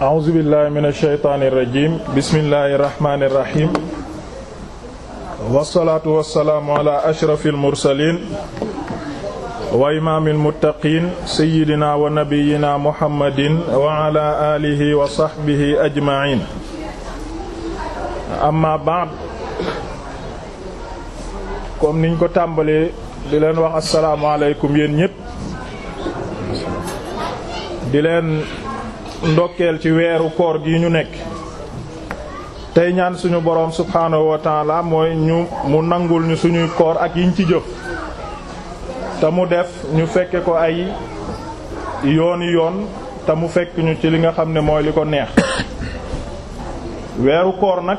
a'uuzu billahi mina shaytaani rajiim bismillahi rahmaani rahiim. wasalaatu wasalaamu ala ashrafil mursaliin. wa imaamil muttaqiin sayyidina wa nabiyyina muhammadin wa ala aalihi wa sahbihi ajma'iin. amma ba'd. comme niñ ko tàmbalee di leen wax asalaamualeykum yéen ñépp. di leen. ndokkeel ci weeru koor gi ñu nekk tey ñaan suñu boroom subhaanahu wa mooy ñu mu nangul ñu suñuy koor ak yiñ ci jëf te mu def ñu fekke ko ay yooni yoon te mu fekk ci li nga xam ne mooy li ko neex weeru koor nag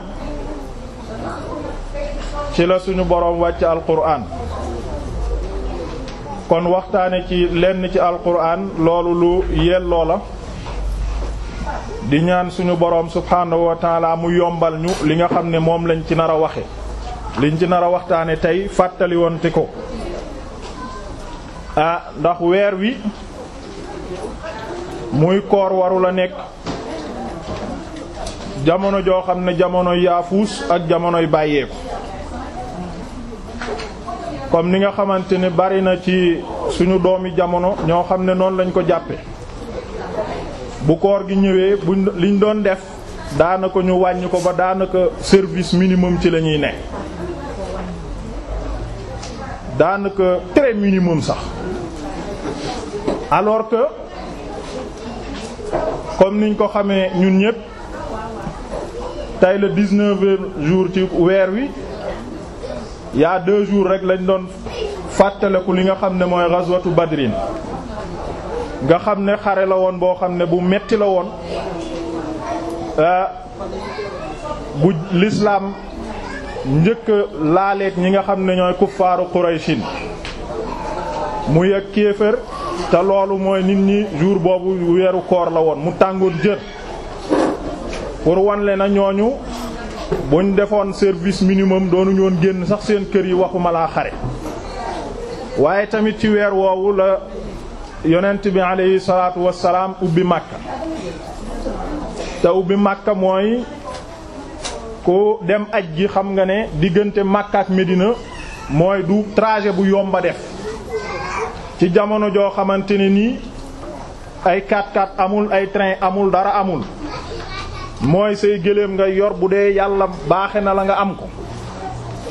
ci la suñu boroom wàcc alquran kon waxtaane ci lenn ci alquran loolu lu yelloo la di ñaan suñu boroom subhaanahu wa mu yombal ñu li nga xam ne moom lañ ci nar a waxe liñ ci nar a waxtaane tey fàttali woon te ko ah ndax weer wi muy koor waru la nekk jamono joo xam ne jamonoy yaafuus ak jamonoy bàyyeeku comme ni nga xamante ne bari na ci suñu doomi jamono ñoo xam ne noonu lañ ko jàppe bu koor gi ñëwee bu liñ doon def daanaka ñu wàññi ko ba daanaka service minimum ci la ñuy ne daanaka très minimum sax alors que comme niñ ko xamee ñun ñépp tey le 19e jour ci weer wi y'a deux jours rek lañ doon fàttaleku li nga xam ne mooy ghazwatu Badrin nga xam ne xare la woon boo xam ne bu metti la woon euh, bu lislaam njëkk laaleeg ñi nga xam ne ñooy kuffaaru Qurayshin mu yëg kéefër te loolu mooy nit ñi jur boobu weeru koor la woon mu tàngoon jër pour wanle na ñooñu buñ defoon service minimum doonu ñoon génn sax seen kër yi waxuma laa xare waaye tamit ci weer woowu la yonent bi aleyhi salaatu wassalaam ubbi Makka te ubbi Makka mooy ku dem aj gi xam nga ne diggante Makka ak Medina mooy du trajet bu yomba def ci jamono joo xamante ni nii ay 4 x amul ay train amul dara amul mooy say gëléem nga yor bu dee yàlla baaxe na la nga am ko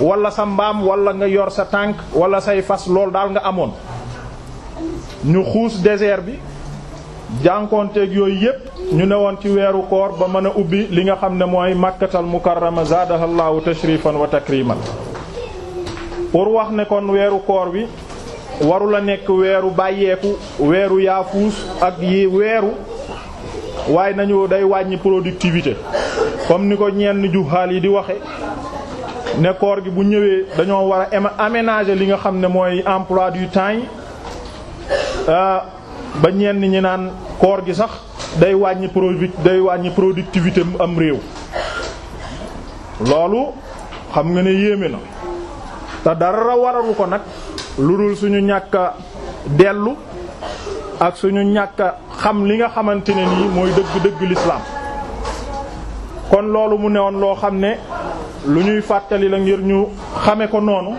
walla sa mbaam wala nga yor sa tànk wala say fas lool daal nga amoon ñu xuus désert bi jànkoonteeg yooyu yépp ñu newoon ci weeru koor ba mën a ubbi li nga xam ne mooy makkatal mukarrama zaadahallaahu tashrifan wa takriman pour wax ne kon weeru koor bi waru la nekk weeru bàyyeeku weeru yaafuus ak yi weeru waaye nañu day wàññi productivité comme ni ko ñenn juhaal yi di waxe ne koor gi bu ñëwee dañoo war a li nga xam ne mooy emploi du temps yi Euh, ba ñenn ñi naan koor gi sax day wàññi produit day wàññi productivité am réew loolu xam nga ne yéeme na te dara waralu ko nag lu dul suñu ñàkk dellu ak suñu ñàkk xam li nga xamante ne nii mooy dëgg-dëgg l'islam kon loolu mu newoon loo xam ne lu ñuy fàttali la ngir ñu xame ko noonu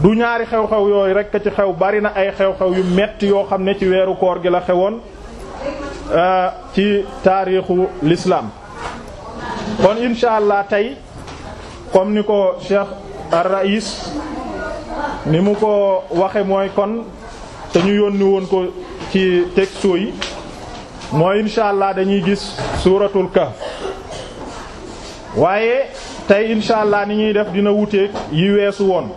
du ñaari xew-xew yooyu rek ci xew bari na ay xew-xew yu metti yoo xam ne ci weeru koor gi la xewoon euh, ci taarixu lislaam kon incha allah tey comme ni ko cheikh ar-rais ni mu ko waxe mooy kon te ñu yónni woon ko ci texto yi mooy incha allah dañuy gis suuratul ka waaye tey incha allah ni ñuy def dina wuteek yi weesu woon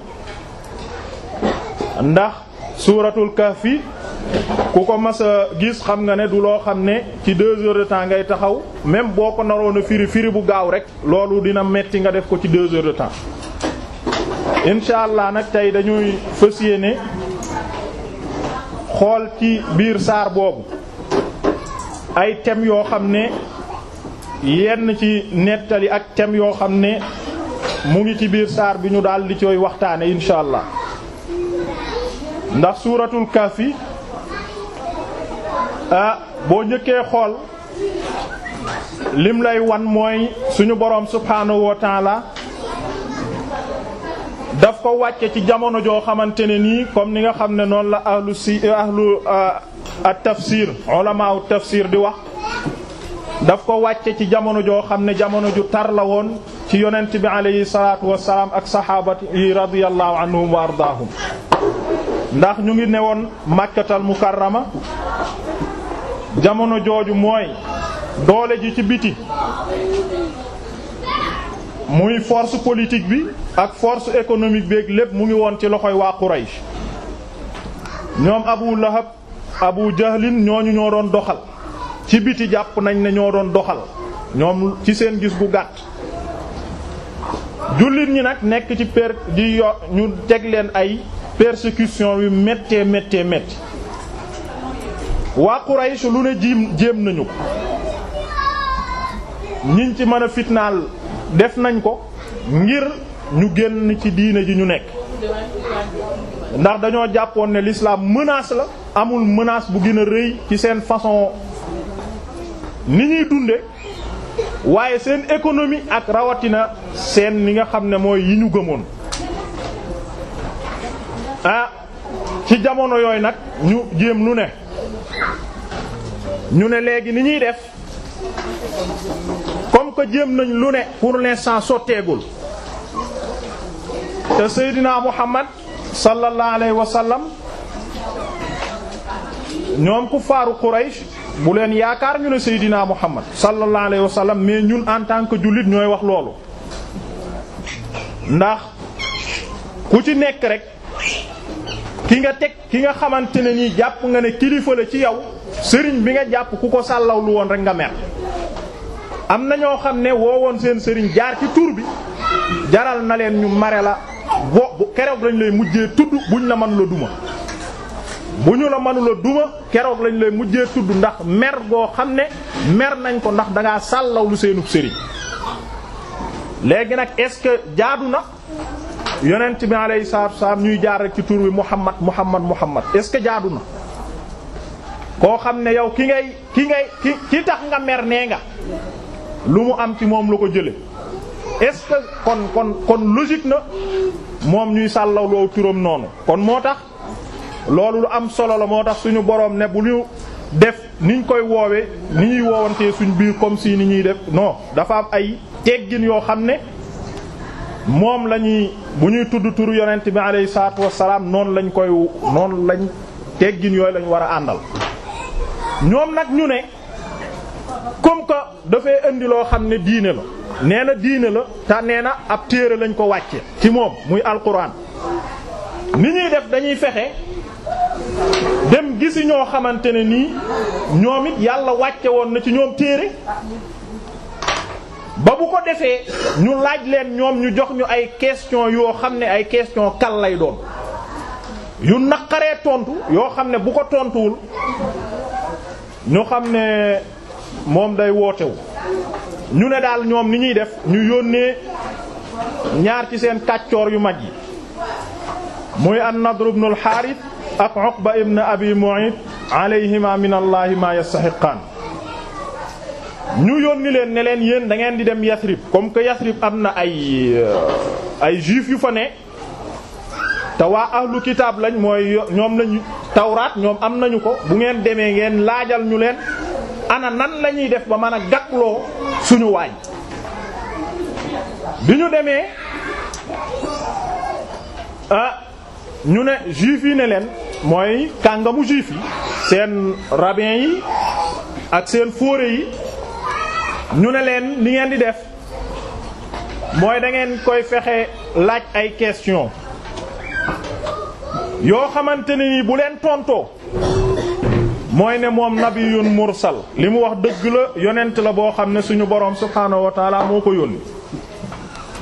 ndax suuratul kahfi ku ko mas a gis xam nga ne du loo xam ne ci deux heures de temps ngay taxaw même boo ko naroon a firi firi bu gaaw rek loolu dina metti nga def ko ci deux heures de temps incha allah nag tey dañuy fas ne xool ci biir saar boobu ay thèmes yoo xam ne yenn ci nettali ak thèmes yoo xam ne mu ngi ci biir saar bi ñu daal di cooy waxtaane incha allah ndax suuratul kahfi ah boo njëkkee xool lim lay wan mooy suñu boroom subhaanahu wa taala daf ko wàcce ci jamono joo xamante ne nii comme ni nga xam ne noonu la ahlu si ahlu at tafsir ulama tafsir di wax daf ko wàcce ci jamono joo xam ne jamono ju tar la woon ci yonent bi alayhi salaatu wassalaam ak sahaabati radiyallahu anhum wa ardaahum ndax ñu ngi ne newoon Makkatal Mukarrama jamono jooju mooy doole ji ci biti muy fors politik bi ak force économique bi ak lépp mu ngi woon ci loxoy waa Quraysh ñoom Abu Lahab Abu Jahlin ñooñu ñoo doon doxal ci biti jàpp nañ ne ñoo doon doxal ñoom ci seen gis gu gàtt jullit ñi nag nekk ci per di yo ñu teg leen ay persécution bi méttee méttee métti waa Quraysh lu ne jiim jéem nañu ko ñiñ ci mën a fitnaal def nañ ko ngir ñu génn ci diine ji ñu nekk ndax dañoo jàppoon ne l'islam menace la amul menace bu gën a rëy ci seen façon ni ñuy dunde waaye seen économie ak rawatina seen li nga xam ne mooy yi ñu gëmoon ah ci jamono yooyu nag ñu jéem lu ne ñu ne léegi ni ñuy def comme que jéem nañ lu ne pour l'instant sotteegul te Seydina Muhammad sallallahu alayhi wa sallam ñoom ku faaru Quraysh bu leen yaakaar ñu ne Seydina Muhammad sallallahu alayhi wa sallam mais ñun en tant que jullit ñooy wax loolu ndax ku ci nekk rek. ki nga teg ki nga xamante ne nii jàpp nga ne kilifa la ci yow sëriñ bi nga jàpp ku ko sàllawlu woon rek nga mer am na ñoo xam ne woowoon seen sëriñ jaar ci tur bi jaral na leen ñu mare la bo keroog lañ lay mujjee tudd buñ la mënula duma bu ñu la mënula duma keroog lañ lay mujjee tudd ndax mer goo xam ne mer nañ ko ndax dangaa sàllaw lu seenub sëriñ léegi nag est jaadu na yonent bi alayhi salaatu wa ñuy jaar rek ci tur bi Muhammad Muhammad Muhammad est-ce que jaadu na koo xam ne yow ki ngay ki ngay ki tax nga mer nee nga lu mu am ci moom lu ko jële est-ce que kon kon kon logique na moom ñuy sàllaw loow turam noonu kon moo tax loolu lu am solo la moo tax suñu boroom ne bu ñu def niñ koy woowee ni ñuy woowantee suñ biir comme si ni ñuy def non dafa am ay teggin yoo xam ne moom lañuy bu ñuy tudd turu yonent bi alayhi salaatu wassalaam noonu lañu koy noonu lañ teggin yooyu lañu war a àndal ñoom nag ñu ne comme que dafay indi loo xam ne diine la nee na diine la te nee na ab téere lañ ko wàcce ci moom muy alquran ni ñuy def dañuy fexe dem gisi ñoo xamante ne nii ñoom yàlla wàcce woon na ci ñoom téere ba bu ko defee ñu laaj leen ñoom ñu jox ñu ay question yoo xam ne ay question kal lay doon yu naqaree tontu yoo xam ne bu ko tontuwul ñu xam ne moom day wootewu ñu ne daal ñoom ni ñuy def ñu yónnee ñaar ci seen kàccoor yu mag yi muy an-Nadr ibn al-Harith ak Uqba ibn Abi Mu'ayt alayhima min allahi ma yastahiqaan ñu yónni leen ne leen yéen da ngeen di dem Yasrib comme que Yasrib am na ay euh, ay juif yu fa ne te waa ahlu kitaab lañ mooy ñoom lañu tawraat ñoom am nañu ko bu ngeen demee ngeen laajal ñu leen ana nan la ñuy def ba mën a gàkloo suñu waañ bi ñu demee ah, ñu ne juif yi ne leen mooy kàngamu juif yi seen rabbin yi ak seen fóore yi ñu ne leen li ngeen di def mooy dangeen koy fexe laaj ay question yoo xamante ni bu leen tontoo mooy ne moom nabiyun mursal li mu wax dëgg la yonent la boo xam ne suñu boroom subhaanahu wa taala moo ko yónni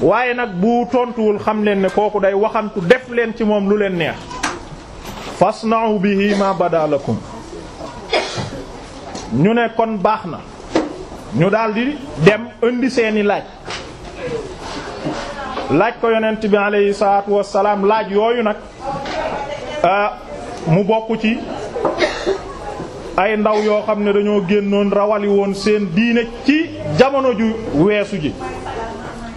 waaye nag bu tontuwul xam leen ne kooku day waxantu def leen ci moom lu leen neex fas bihi ma bada lakum ñu ne kon baax na ñu daldi dem indi seeni laaj laaj ko yonent bi alayhi salaatu wassalaam laaj yooyu nag ah, mu bokk ci ay ndaw yoo xam ne dañoo génnoon rawali woon seen diine ci jamono ju weesu ji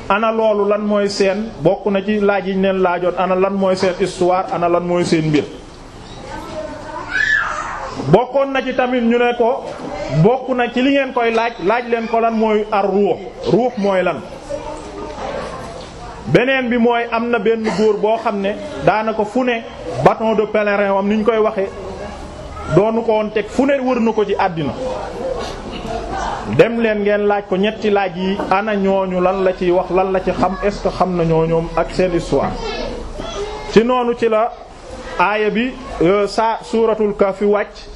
ana loolu lan mooy seen bokk na ci laaj yiñ leen laajoon ana lan mooy seen histoire ana lan mooy seen mbir bokkoon na ci tamit ñu ne ko bokk na ci li ngeen koy laaj laaj leen ko lan mooy ar ruux ruux mooy lan beneen bi mooy am na benn góor boo xam ne daanaka fu ne bâton de pèlerin am ni koy waxee doonu ko woon teg fu ne wër ko ci àddina dem leen ngeen laaj ko ñetti laaj yi ana ñooñu lan la ciy wax lan la ci xam est xam na ñooñoom ak seen histoire ci noonu ci la aaya bi euh, saa suuratul Kahf wàcc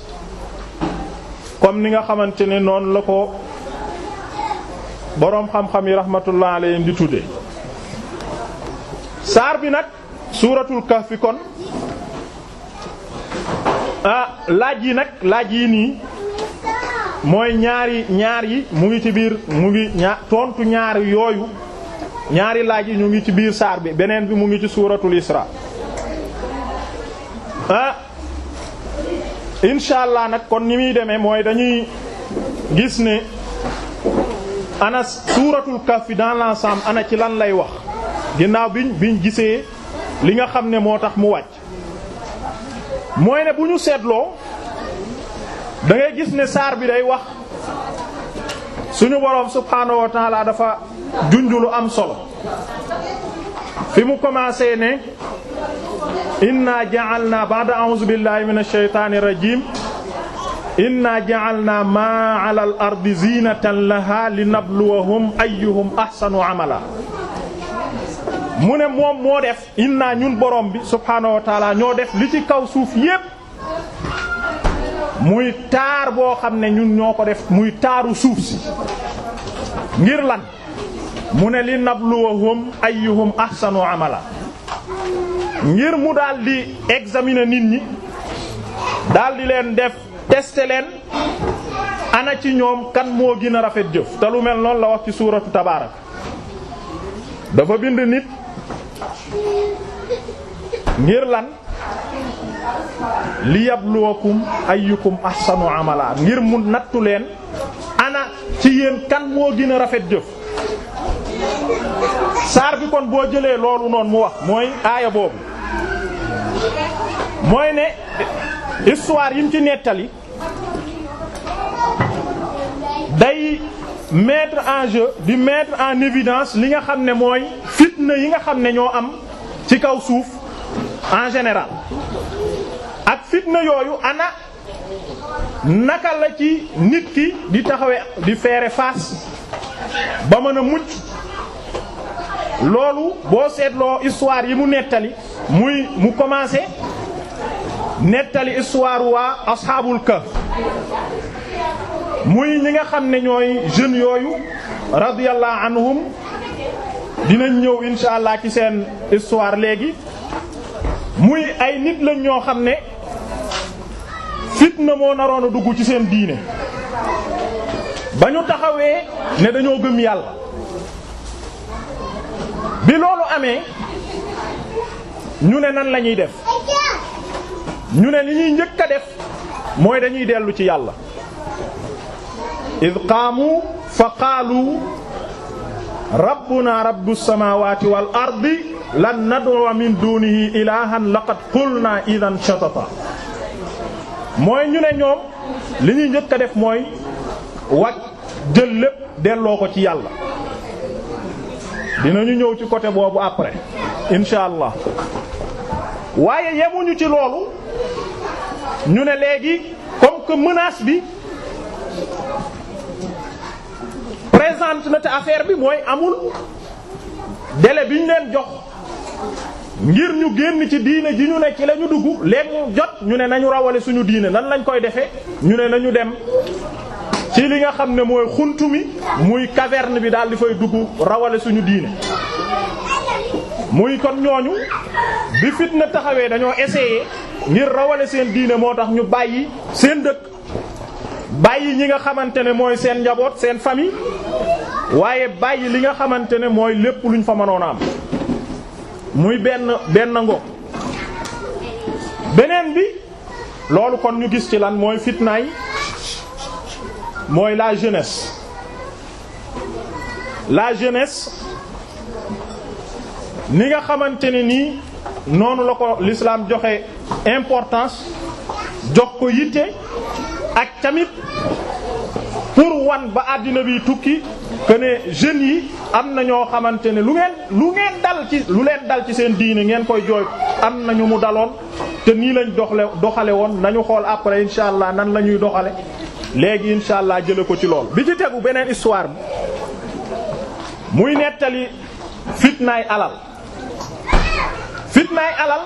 comme ni nga xamante ne noonu la ko boroom xam-xam yi rahmatullah alayhim di tudde saar bi nag suuratul kahfi kon laaj yi nag laaj yi nii mooy ñaari ñaar yi mu ngi ci biir mu ngi tontu ñaari yooyu ñaari laaj yi ñu ngi ci biir saar bi beneen bi mu ngi ci suuratul isra ah incha allah nag kon ni muy demee mooy dañuy gis ne ana suuratul kaf fi dans l'ensemble ana ci lan lay wax ginnaaw biñ biñ gisee li nga xam ne moo tax mu wàcc mooy ne bu ñu seetloo da ngay gis ne saar bi day wax suñu boroom subhaanahu wa taala dafa junjulu am solo fi mu commencé ne inna ja'alna ba'da a'udhu billahi minash shaytanir rajim inna ja'alna ma 'ala al-ardi zinatan laha linabluwahum ayyuhum ahsanu 'amala mu ne moom moo def inna ñun borom bi subhaanahu wa taala ñoo def li ci kaw suuf yépp muy taar boo xam ne ñun ñoo ko def muy taaru suuf si ngir lan mu ne li nabluwahum ayyuhum ahsanu amala ngir mu daldi di nit ñi daldi leen def tester leen ana ci ñoom kan moo gën a rafet jëf te lu mel noonu la wax ci suuratu tabaarak dafa bind nit ngir lan li yabluwakum ayyukum ahsanu amala ngir mu nattu leen ana ci yéen kan moo gën rafet jëf saar bi kon boo jëlee loolu noonu mu wax mooy aaya boobu mooy ne histoire yim ci nettali day mettre en jeu di mettre en évidence li nga xam ne mooy fitna yi nga xam ne ñoo am ci kaw suuf en général ak fitna yooyu ana naka la ci nit ki di taxawe di faire face ba mën a mucc loolu boo seetloo histoire yi mu nettali muy mu commencé nettali histoire waa asxaabul kahf muy ñi nga xam ne ñooy jeunes yooyu radiyallahu anhum dinañ ñëw insha allah ci seen histoire léegi muy ay nit lañ ñoo xam ne fitna moo naroon a dugg ci seen diine ba ñu taxawee ne dañoo gëm yàlla bi loolu amee ñu ne nan lañuy def ñu ne li ñuy njëkk def mooy dañuy dellu ci yàlla id qaamu fa qaalu rabbuna rabbu samawati wal ardi lan nad'u min dunihi ilahan laqad qulna idan shatata mooy ñu ne ñoom li ñuy njëkk a def mooy wàcc jël lépp delloo ko ci yàlla dinañu ñëw ci côté boobu après incha allah waaye yemuñu ci loolu ñu ne léegi comme que menace bi présente na te affaire bi mooy amul délai bi ñu leen jox ngir ñu génn ci diine ji ñu ne ci la ñu dugg léegi jot ñu ne nañu rawale suñu diine nan lañ koy defee ñu ne nañu dem ci li nga xam ne mooy xuntu wi muy caverne bi daal di fay dugg rawale suñu diine muy kon ñooñu bi fitna taxawee dañoo essayer ngir rawale seen diine moo tax ñu bàyyi seen dëkk bàyyi ñi nga xamante ne mooy seen njaboot seen famille waaye bàyyi li nga xamante ne mooy lépp luñ fa mënoon a am muy benn benn ngo beneen bi loolu kon ñu gis ci lan mooy fitnaay mooy la jeunesse la jeunesse ni nga xamante ne nii noonu la ko lislaam joxe importance jox ko yitte ak tamit pour wan ba àddina bi tukki que ne jeunes yi am na ñoo xamante ne lu ngeen lu ngeen dal ci lu leen dal ci seen diine ngeen koy jooy am na ñu mu daloon te nii lañ doxle doxale woon nañu xool après insha allah nan la ñuy doxale léegi incha allah jële ko ci lool bi ci tegu beneen histoire muy nettali fitnaay alal fitnaay alal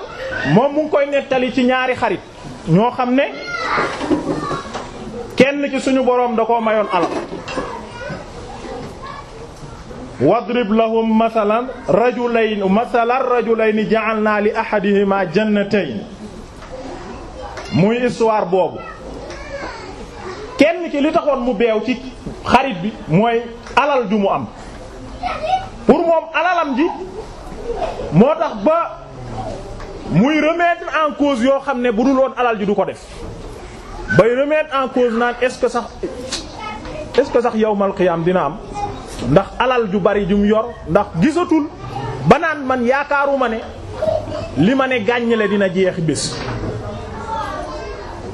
moom mu koy nettali ci ñaari xarit ñoo xam ne kenn ci suñu boroom da koo mayoon alal wadrib lahum mathalan rajulayn mathalan rajulayn ja'alna li ahadihima jannatayn muy histoire boobu kenn ci li taxoon mu beew ci xarit bi mooy alal ju mu am pour moom alalam ji moo tax ba muy remettre en cause yoo xam ne bu dul woon alal ji du ko def bay remettre en cause naan est sax est-ce que sax yawmal qiyaam dina am ndax alal ju bari jum yor ndax gisatul ba naan man yaakaaruma ne li ma ne gàññale dina jeex bés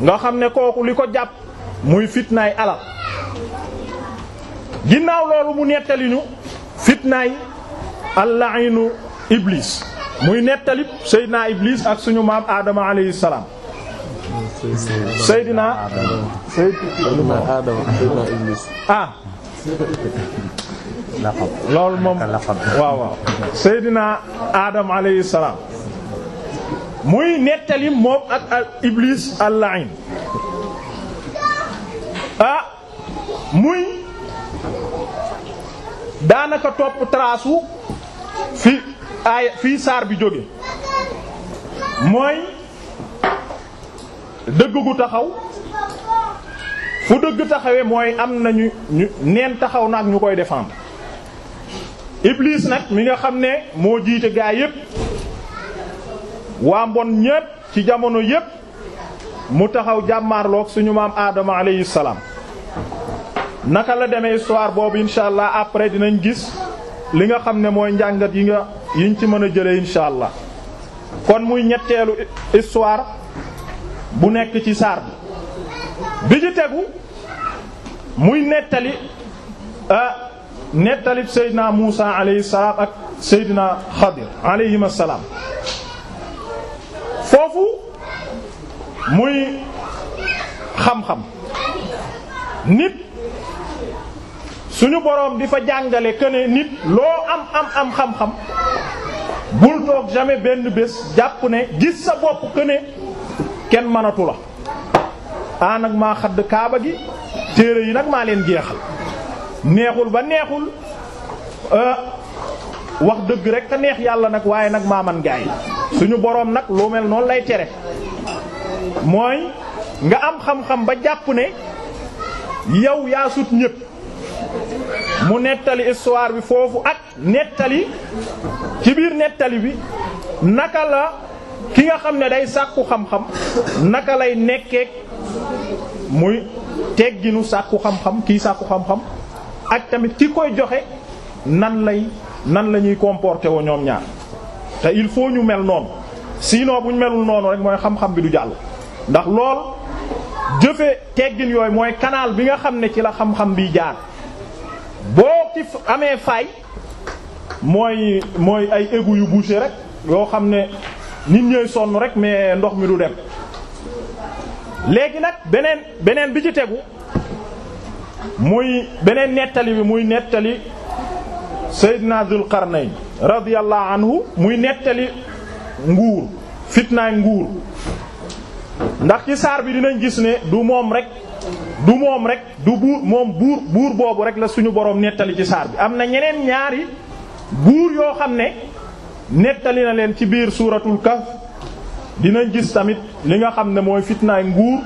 nga xam ne kooku li ko jàpp muy fitnaay alal ginnaaw loolu mu nettali ñu fitnaay al-la'inu iblis muy nettalib Seydina Iblis ak suñu maam Adama alayhi salaam. Seydina Seydina Adama Seydina ah. Iblis. moom waaw waaw Seydina Adama alayhi salaam muy nettali moom ak Iblis al-la'in ah muy daanaka topp trace wu fi aaya fii saar bi jóge mooy dëgg gu taxaw fu dëgg taxawee mooy am nañu ñu neen taxaw na ak ñu koy défendre Iblis nag mi nga xam ne moo jiite gaa yépp waa mbon ñépp ci jamono yépp mu taxaw jàmmaarlook suñu maam aadama alayhi salaam naka la demee histoire boobu incha allah après dinañ gis li nga xam ne mooy njàngat yi nga yiñ ci mën a jëlee incha allah kon muy ñetteelu histoire bu nekk ci saar bi bi ci tegu muy nettali ah nettali Seydina Muusa alayhi salaam ak Seydina Xadir alayhima salaam foofu. muy xam-xam nit suñu boroom di fa jàngale këne nit loo am am am xam-xam bul toog jamais benn bés jàpp ne gis sa bopp këne kenn mënatu la nag maa xadd kaaba gi téere yi nag maa leen jeexal neexul ba neexul euh, wax dëgg rek a neex yàlla nag waaye nag maa man gaay suñu boroom nag lu mel noonu lay tere mooy nga am xam-xam ba jàpp ne yow yaasut sut ñépp mu nettali histoire bi foofu ak nettali ci biir nettali bi naka la ki nga xam ne day sàkku xam-xam naka lay nekkeek muy tegginu sàkku xam-xam kii sàkku xam-xam ak tamit ki koy joxe nan lay nan la ñuy comporté woo ñoom ñaar te il faut ñu mel noonu sinon bu melul noonu rek mooy xam-xam bi du jàll. ndax lool jëfe teggin yooyu mooy kanaal bi nga xam ne ci la xam-xam bi jaar boo ci amee fay mooy mooy ay égout yu bouché rek yoo xam ne nit ñooy sonn rek mais ndox mi du dem léegi nag beneen beneen bi ci tegu muy beneen nettali bi muy nettali Seydina Dul Qarnayn radiyallahu anhu muy nettali nguur fitnaay nguur ndax ci saar bi dinañ gis ne du moom rek du moom rekk du buur moom buur buur boobu rek la suñu boroom nettali ci saar bi am na ñeneen ñaari buur yoo xam ne nettali na leen ci biir suuratul Kahf dinañ gis tamit li nga xam ne mooy fitnaay nguur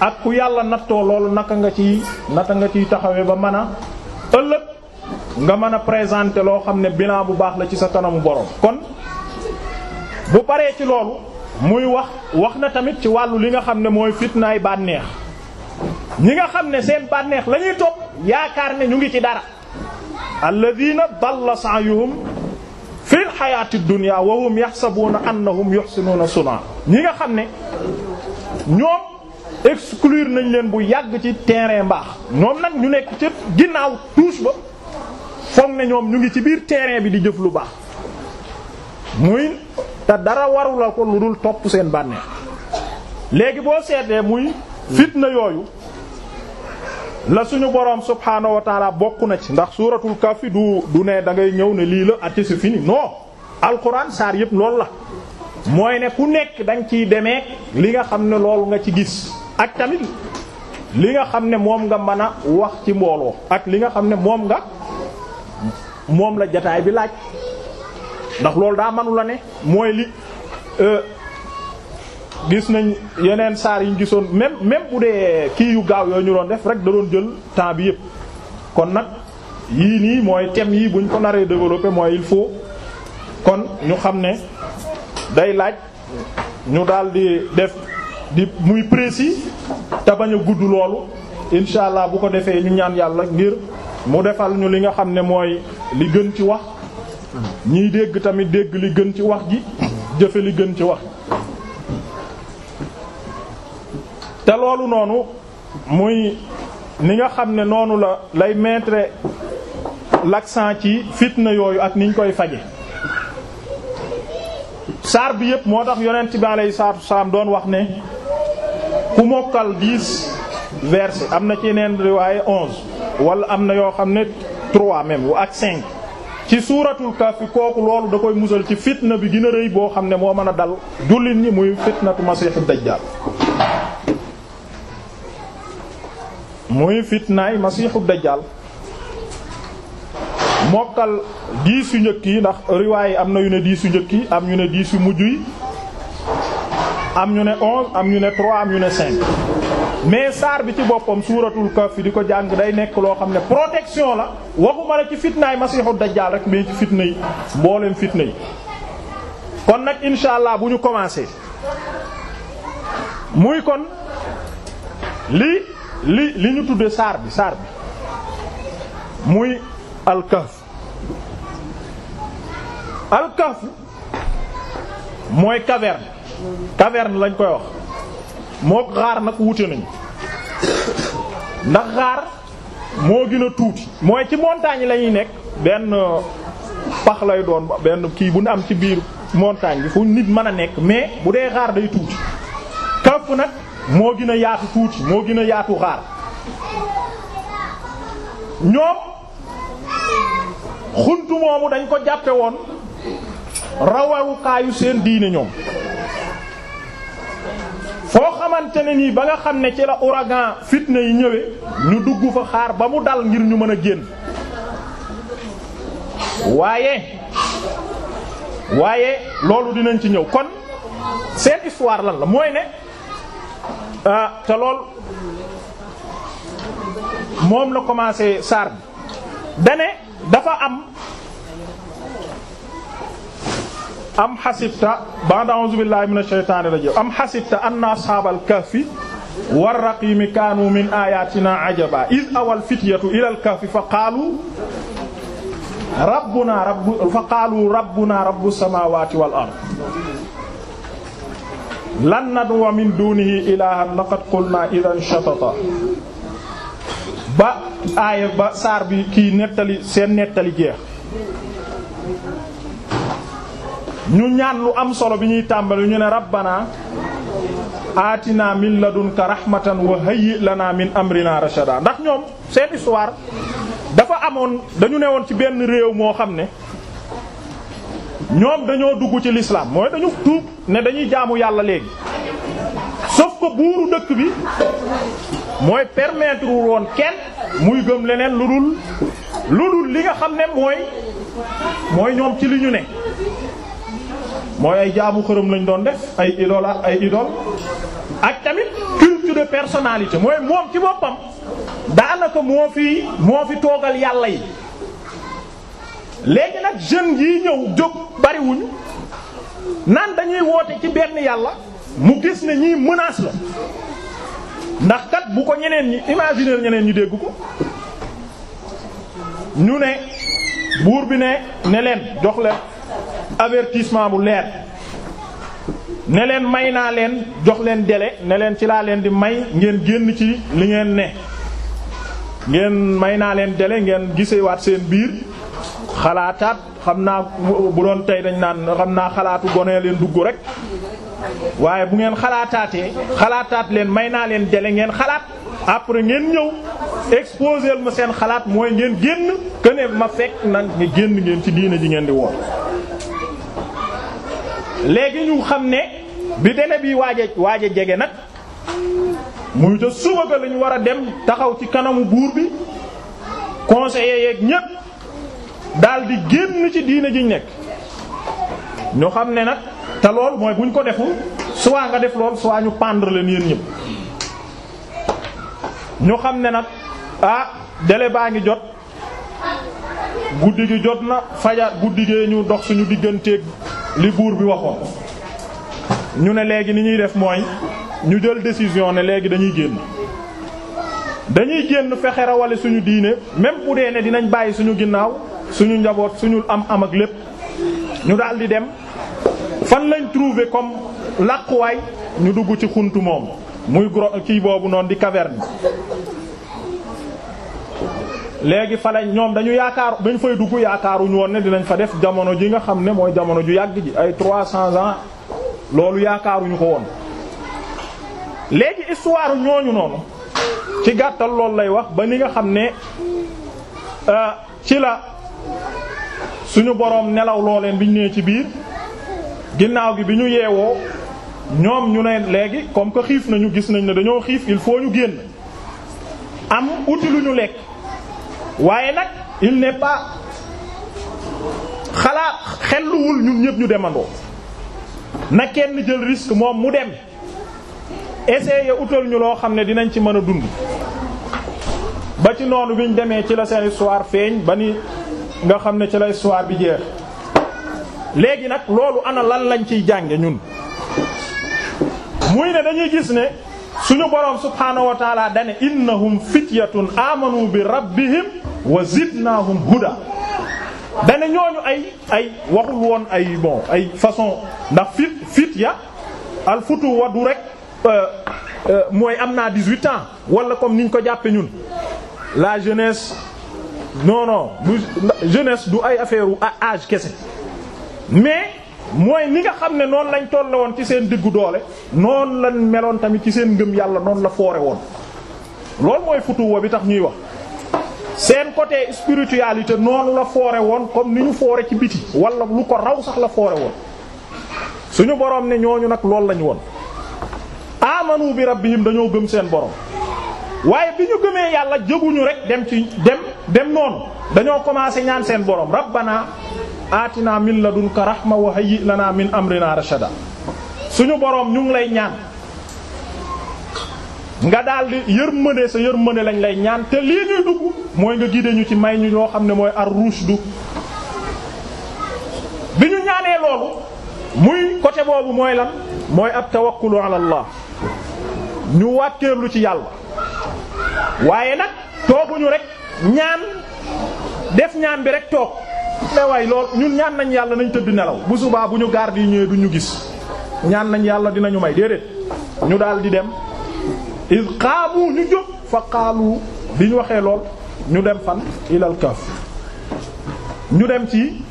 ak ku yàlla nattoo loolu naka nga ciy naka nga ciy taxawee ba mën a ëllëg nga mën a présenter loo xam ne binaa bu baax la ci sa kanamu boroom kon bu paree ci loolu muy wax wax na tamit ci wàllu li nga xam ne mooy fitnaay bànneex ñi nga xam ne seen bànneex la ñuy yaakaar ne ñu ngi ci dara alladina dalla sa'yuhum fil hayati dunya wa hum yahsabuna annahum yuhsinuna suna ñi nga xam ne ñoom exclure nañ leen bu yàgg ci terrain mbaax ñoom nag ñu nekk ci ginnaaw tuus ba foog ne ñoom ñu ngi ci biir terrain bi di jëf lu baax muy te dara warula ko lu dul topp seen bànneex léegi boo seetee muy na yooyu la suñu boroom subhaanahu wa taala bokk na ci ndax suuratul kahfi du du ne da ngay ñëw ne lii la ati si fini non alquran saar yëpp loolu la mooy ne ku nekk da ciy demee li nga xam ne loolu nga ci gis ak tamit li nga xam ne moom nga mën a wax ci mbooloo ak li nga xam ne moom nga moom la jataay bi laaj ndax loolu daa manu la ne mooy li euh, gis nañ yeneen saar yi ñu gisoon même même bu dee kii yu gaaw yooyu ñu doon def rek da doon jël temps bi yëpp kon nag yii nii mooy thème yi buñ ko naree développer mooy il faut kon ñu xam ne day laaj ñu daal di def di muy précis te bañ a gudd loolu incha allah bu ko defee ñu ñaan yàlla ngir mu defal ñu li nga xam ne mooy li gën ci wax ñiy dégg tamit dégg li gën ci wax ji jëfe li gën ci wax te loolu noonu muy ni nga xam ne noonu la lay mettre l'accent ci fitna yooyu ak niñ koy faje saar bi yépp moo tax yonent bi alayhi saatu saam doon wax ne ku mokkal dix versets am na ci yeneen riwaaye onze wala am na yoo xam ne trois même ak cinq ci suuratul kahfi kooku loolu da koy musal ci fitna bi gën a rëy boo xam ne moo mën a dal jullit ñi muy fitnatu masiixu dajjaal muy fitnaay masiixu dajjaal mokkal diis yu njëkk yi ndax riwaay am na yu ne diis yu njëkk yi am yu ne diis yu mujj yi am yu ne onze am yu ne trois am ñu ne mais saar bi ci boppam suuratul kahf di ko jàng day nekk loo xam ne protection la waxuma la ci fitnaay masiixu dajjaal rek mais ci fitna yi mboolem fitna yi kon nag insha allah bu ñu commencé muy kon li li li ñu tudde saar bi saar bi muy alkahf alkahf mooy caverne caverne lañ koy wax moo xaar nag wute nañu ndax xaar moo gën a tuuti mooy ci montagne la nekk benn euh, pax lay doon benn kii bu ñu am ci biir montagne bi fu nit mën a nekk mais bu dee xaar day tuuti kaf nag moo gën a yaatu tuuti moo gën a yaatu xaar ñoom xunt moomu dañ ko jàppe woon rawawukaayu seen diine ñoom foo xamante ne nii ba nga xam ne ci la ouragan fitna yi ñëwee ñu dugg fa xaar ba mu dal ngir ñu mën a génn waaye waaye loolu dinañ ci ñëw kon seen histoire lan la mooy ne ah te lool moom la commencé saar bi dane dafa am am xasibta ba'da a'uuzu billaahi mina shaytaani rajiim am xasibta anna ashaabal kahfi war raqiimi kaanu min aayaatinaa ajabaa iz awal fityatu ilal kahfi fa qaalu rabbunaa rabbu fa qaalu rabbunaa rabbu samaawaati wal ard lan nad'uwa min duunihi ilaahan laqad qulnaa izan shatata ba aaya ba saar bi kii nettali seen nettali jeex. ñu ñaan lu am solo bi ñuy tàmbali ñu ne rabbana aatina min ladunka rahmatan wa hayyi lana min amrina rashada ndax ñoom seen histoire dafa amoon dañu ne woon ci benn réew moo xam ne ñoom dañoo dugg ci lislaam mooy dañu tuub ne dañuy jaamu yàlla léegi sauf ko buuru dëkk bi mooy permettre woon kenn muy gëm leneen lu dul lu dul li nga xam ne mooy mooy ñoom ci li ñu ne mooy ay jaamu xërëm lañu doon def ay idole ay idole ak tamit culte de personnalité mooy moom ci boppam daanaka moo fi moo fi toogal yàlla yi léegi nag jeunes yi ñëw jóg bariwuñu nan dañuy woote ci benn yàlla mu gis ne ñii menace la ndax kat bu ko ñeneen ñi imaginer ñeneen ñi dégg ko ñu ne buur bi ne ne leen jox leen avertissement bu leer ne may naa leen jox leen délai ne leen ci laa leen di may ngeen génn ci li ngeen ne ngeen may naa leen délai ngeen gisewaat seen biir xalaataat xam naa bu doon tey dañ naan xam naa xalaatu gone leen dugg rek waaye bu ngeen xalaataatee xalaataat leen may naa leen délai ngeen xalaat après ngeen ñëw exposer ma seen xalaat mooy ngeen génn que ma fekk na nga génn ngeen ci diine ji ngeen di woo léegi ñu xam ne bi délai bi waaje a waaj jege nag muy te suba ga lañ war a dem taxaw ci kanamu buur bi conseiller yeeg ñépp daldi génn ci diina jiñ nekk ñu xam ne nag te lool mooy buñ ko deful soit nga def lool soit ñu pendre leen yéen ñépp ñu xam ne nag ah délai baa ngi jot guddi gi jot na fajar guddi gee ñu dox suñu digganteeg li buur bi waxoon ñu ne léegi ni ñuy def mooy ñu jël décision ne léegi dañuy génn dañuy génn fexe rawale suñu diine même bu dee ne dinañ bàyyi suñu ginnaaw suñu njaboot suñu am amag lépp ñu daldi dem fan lañ trouver comme làquwaay ñu dugg ci xuntu moom muy gro kii boobu noonu di caverne léegi fa ñoom dañu yaakaar dañ fay dugg yaakaaruñu woon ne dinañ fa def jamono ji nga xam ne mooy jamono ju yàgg ji ay 300 ans loolu yaakaaruñu ko woon. léegi histoire ñooñu noonu ci gàttal loolu lay wax ba ni nga xam ne euh, ci la suñu boroom nelaw loo leen biñ nee ci biir ginnaaw gi bi ñu yeewoo ñoom ñu ne léegi comme que xiif nañu gis nañ ne dañoo xiif il foo ñu génn am uti lu ñu lekk. waaye nag il ne pas xalaat xelluwul ñun ñëpp ñu demandoo na kenn jël risque moom mu dem essayer utal ñu loo xam ne dinañ ci mën a dund ba ci noonu bi ñu demee ci la seen histoire feeñ ba ni nga xam ne ci la histoire bi jeex léegi nag loolu ana lan lañ ciy jànge ñun muy ne dañuy gis ne suñu boroom subhaanahu wa taala dane innahum fityatun amanu bi rabbihim wa zidnaahum huda dane ñooñu ay ay waxul woon ay bon ay façon ndax fit fitya al futu wa du rek euh, euh, mooy am naa 18 ans wala comme niñ ko jàppe ñun la jeunesse non jeunesse du ay affaire u âge kese mais mooy ni nga xam ne noonu lañ toll woon ci seen diggu doole noonu lañ meloon tamit ci seen ngëm yàlla noonu la foore woon loolu mooy futuwa bi tax ñuy wax seen côté spiritualité noonu la foore woon kon ni ñu foore ci biti wala lu ko raw sax la foore woon suñu borom ne ñooñu nag loolu lañu woon amanu bi rabbihim dañoo gëm seen borom waaye bi ñu gëmee yàlla jëguñu rek dem ci dem dem noonu dañoo commencé ñaan seen borom rabbana aatinaa min ladunka rahma wa hayyi lanaa min amrinaa rashada suñu boroom ñu ngi lay ñaan nga daldi yërmande sa yërmande lañ lay ñaan te lii ñuy dugg mooy nga gide ñu ci may ñu ñoo xam ne mooy ar du bi ñu ñaanee loolu muy côté boobu mooy lan mooy ab tawakkulu ala Allah ñu wàkkeerlu ci yàlla waaye nag tooguñu rek ñaan def ñaan bi rek toog mais lool ñun ñaan nañ yàlla nañ tëdd nelaw bu subaa bu ñu gaar yi ñëwee du ñu gis ñaan nañ yàlla dinañu may déedéet ñu daal dem iz qaamu ñu jóg fa qaalu bi ñu waxee lool ñu dem fan ilal kaf ñu dem ci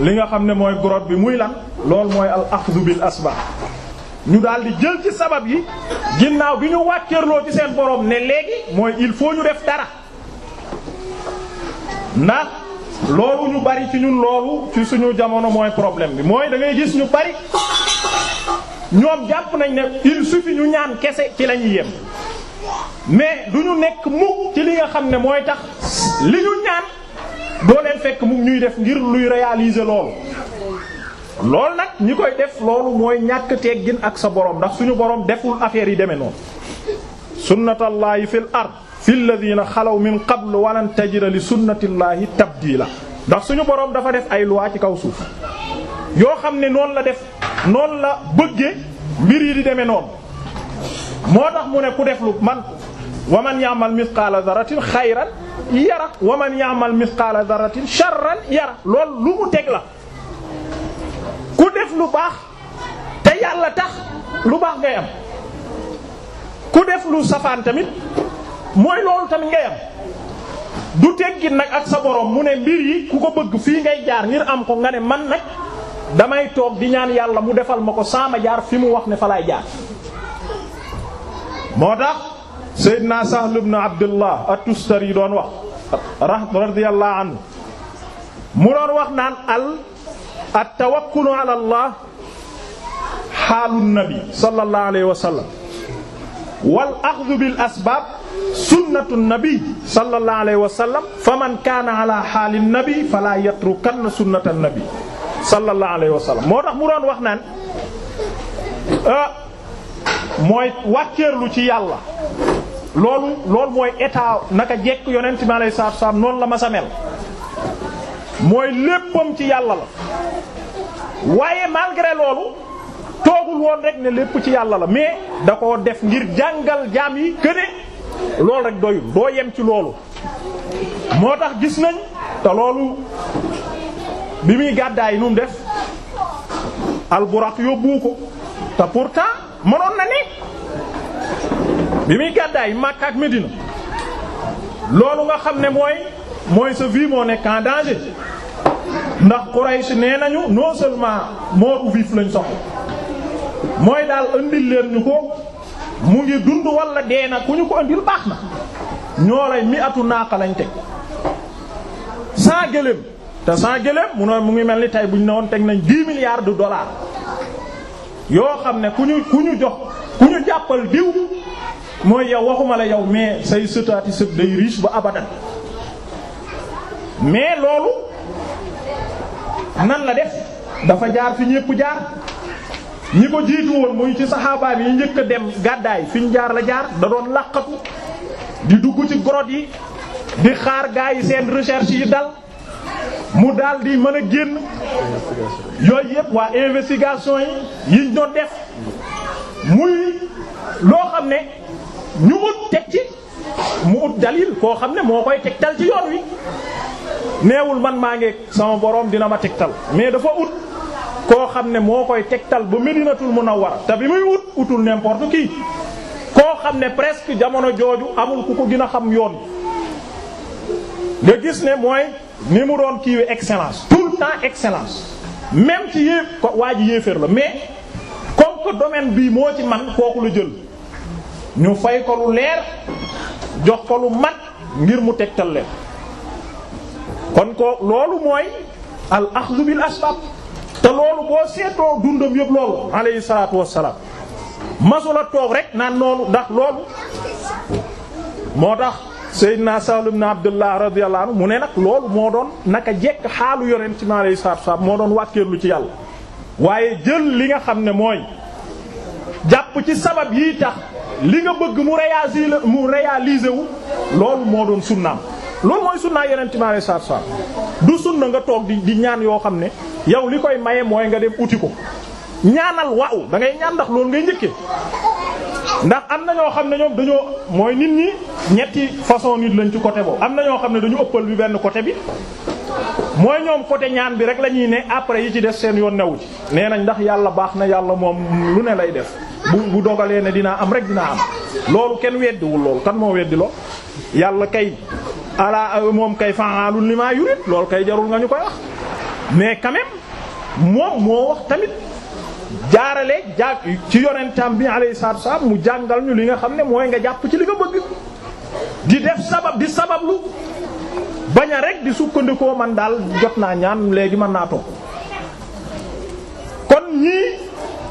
li nga xam ne mooy grotte bi muy lan lool mooy al axdu bil asbab ñu daldi jël ci sabab yi ginnaaw bi ñu wàcceerloo ci seen borom ne léegi mooy il faut ñu def dara ndax loolu ñu bari ci ñun loolu ci suñu jamono mooy problème bi mooy da gis ñu bari ñoom jàpp nañ ne il suffit ñu ñaan kese ci lañuy yem mais du ñu nekk mukk ci li nga xam ne mooy tax li ñu ñaan doo leen fekk mukk ñuy def ngir luy réaliser loolu. loolu nag ñi koy def loolu mooy ñàkk teggin ak sa borom ndax suñu borom deful affaire yi demee noonu sunnatallahi fil ard fi alladhina xalaw min qabl walan tajida li sunnatillahi tabdila ndax suñu boroom dafa def ay loi ci kaw suuf yoo xam ne noonu la def noonu la bëggee mbir yi di demee noonu moo tax mu ne ku def lu man wa man ya'mal mithqala dharratin xayran yara wa man ya'mal mithqala dharratin sharran yara loolu lu mu teg la ku def lu baax te yàlla tax lu baax ngay am ku def lu safaan tamit mooy loolu tamit ngay am du teggin nag ak sa borom mu ne mbir yi ku ko bëgg fii ngay jaar ngir am ko nga ne man nag damay toog di ñaan yàlla mu defal ma ko saama jaar fi mu wax ne fa laay jaar moo tax Seydina Sahl ibn Abdullah at-Tustari doon wax radiyallahu anhu mu doon wax naan al at-tawakkulu ala Allah xaalu nabi sallallahu alayhi wa wal axdu asbaab sunnatu nabi sallallahu alayhi wa sallam faman kaana ala xaali nabi fala yatrukanna sunnata nabi sallallahu alayhi wa moo tax mu doon wax naan ah, mooy wàcceerlu ci yàlla loolu loolu mooy état naka jekk yonent mi alayhi salaatu salaam noonu la ma sa mel mooy léppam ci yàlla la waaye malgré loolu toogul woon rek ne lépp ci yàlla la mais da koo def ngir jàngal jaam yi këne loolu rek doyul doo yem ci loolu moo tax gis nañ te loolu bi muy gàddaay nu mu def alburak yóbbu ko te pourtant mënoon na ne bi muy gàddaay Makka ak Medina loolu nga xam ne mooy mooy sa vie moo nekk en danger ndax Quraysh nee nañu non seulement mort ou vif lañ soxla mooy daal andil leen ñu ko mu ngi dund walla dee na ku ñu ko andil baax na ñoo lay mi atu naaqa lañ teg sans gëléem te sans gëléem mu noon mu ngi mel ni tey buñ ñu ne woon teg nañ 10 milliards de dollars yoo xam ne ku ñu ku ñu jox ku ñu jàppal diw mooy yow waxuma la yow mais say sëtaati sët day riche ba abadan mais loolu nan la def dafa jaar fi ñépp jaar ñi ko jiitu woon muy ci saxaabaa yi njëkk a dem gàddaay fi jaar la jaar da doon laqatu di dugg ci grotte yi di xaar gaa yi seen recherche yi dal mu dal di mën a génn yooyu yëpp waa investigation yi yiñ doon def muy loo xam ne ñu ut teg ci mu ut dalil koo xam ne moo koy tegtal ci yoon wi neewul man maa ngi sama borom dina ma tegtal mais dafa ut. koo xam ne moo koy tegtal ba Medinatul Munawwara te bi muy wut utul n'importe qui koo xam ne presque jamono jooju amul ku ko gin a xam yoon nga gis ne mooy ni mu doon kiiwe excellence tout le temps excellence même ci yéef ko waa ji yéeféer la mais comme que domaine bii moo ci man kooku la jël ñu fay ko lu leer jox kolu lu mat ngir mu tegtal leen kon ko loolu mooy al axdu bil te loolu boo seetoo dundam yëpp loolu alayhi salaatu wassalaam la toog rek naan noonu ndax loolu moo tax Seydina Sahl ibn Abdullah radiyallahu mu ne nag loolu moo doon naka jekk xaalu yonent mi alayhi salaatu wassalaam moo doon wàkkeerlu ci yàlla waaye jël li nga xam ne mooy jàpp ci sabab yi tax li nga bëgg mu réaliser mu réaliser wu loolu moo doon sunnaam loolu mooy sunna yonent mi alayhi salaatu salaam du sunna nga toog di di ñaan yoo xam ne yow li koy maye mooy nga dem uti ko ñaanal waaw da ngay ñaan ndax lool ngay njëkkee ndax am na ñoo xam ne ñoom dañoo mooy nit ñi ñetti façon nit lañ ci côté boobu am na ñoo xam ne dañu ëppal bi benn côté bi mooy ñoom côté ñaan bi rek la ñuy ne après yi ci des seen yoon newu ci nee nañ ndax yàlla baax na yàlla moom lu ne lay def bu bu dogalee ne dinaa am rek dinaa am loolu kenn weddiwul kan moo weddi loo yàlla kay ala euh, moom kay fa'alun lima yurid loolu kay jarul nga ñu koy wax mais quand même moom moo wax tamit jaarale jàng ci yonentam bi alayhi salaatu wasallam mu jàngal ñu li nga xam ne mooy nga jàpp ci li nga bëgg di def sabab di sabablu bañ rek di sukkandikoo man daal jot naa ñaan léegi mën naa toog kon ñii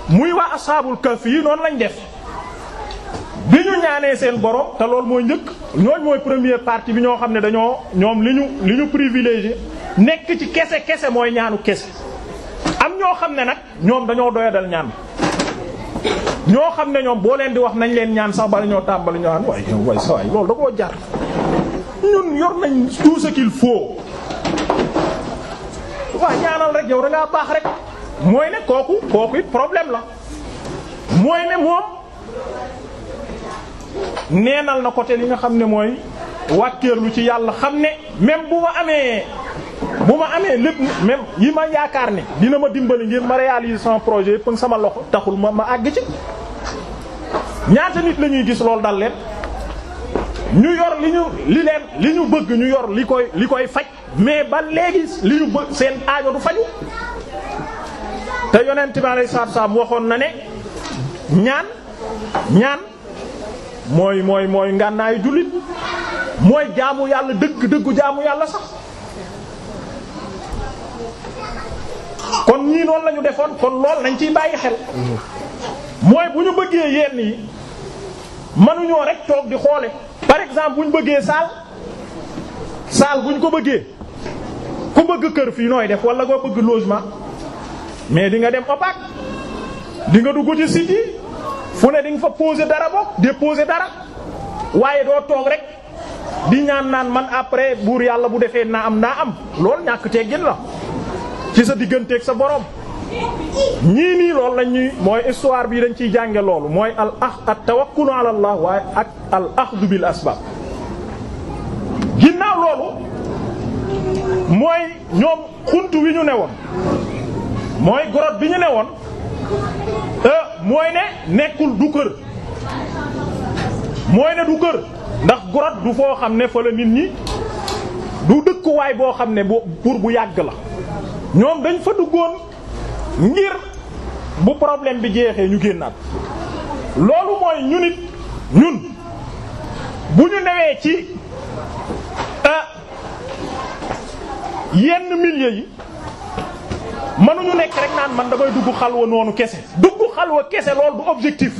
muy waa ashabul kahf yi noonu lañ def bi ñu ñaanee seen boro te loolu mooy njëkk ñooñ mooy première parti bi ñoo xam ne dañoo ñoom li ñu li ñu privilégié nekk ci kese kese mooy ñaanu kese am ñoo xam ne nag ñoom dañoo doyadal ñaan ñoo xam ne ñoom boo leen di wax nañ leen ñaan sax bala ñoo tàmbali ñaan waaye waaye sa waay loolu da koo jaar ñun yor nañ tout ce foo faut waaw ñaanal rek yow da baax rek mooy ne kooku kooku it problème la mooy ne moom neenal na côté li nga xam ne mooy wàkkeerlu ci yàlla xam ne même bu ma amee bu ma amee lépp même yi ma yaakaar ne dina ma dimbali ngir ma réaliser sama projet yëpp sama loxo taxul ma ma àgg ci ñaata nit la ñuy gis loolu dal leen ñu yor li ñu li leen li ñu bëgg ñu yor li koy li koy faj mais ba léegi li ñu bëgg seen aajo du faju te yonent bi alayhi salaatu salaam waxoon na ne ñaan ñaan mooy mooy mooy ngànnaayu jullit mooy jaamu yàlla dëgg dëggu jaamu yàlla sax kon ñii noonu lañu defoon kon lool nañ ciy bàyyi xel mooy bu ñu bëggee yenn yi mënuñoo rek toog di xoole par exemple bu ñu bëggee saal saal bu ñu ko bëggee ku bëgg kër fii nooy def walla ko bëgg logement mais di nga dem opac di nga dugg ci site fu ne di nga fa poser dara bokk déposer dara waaye doo toog rek di ñaan naan man après buur yàlla bu defee naa am naa am loolu ñàkk teggin la ci sa digganteek sa borom. ñii nii loolu la ñuy mooy histoire bi dañ ciy jànge loolu mooy al ax ah, at tawakkulu ala allah waaye ak al axdu bil asbab ginnaaw loolu mooy ñoom xunt wi ñu ne woon mooy grotte bi ñu ne woon Euh, mooy ne nekkul du kër mooy ne du kër ndax grotte du foo xam ne fa la nit ñi du dëkkuwaay boo xam ne pour bu yàgg la ñoom dañ fa duggoon ngir bu problème bi jeexee ñu génnaat loolu mooy ñu nit ñun bu ñu newee ci euh, yenn milieu yi manuñu nekk rek naan man damay dugg xalwa noonu kese dugg xalwa kese lool du objectif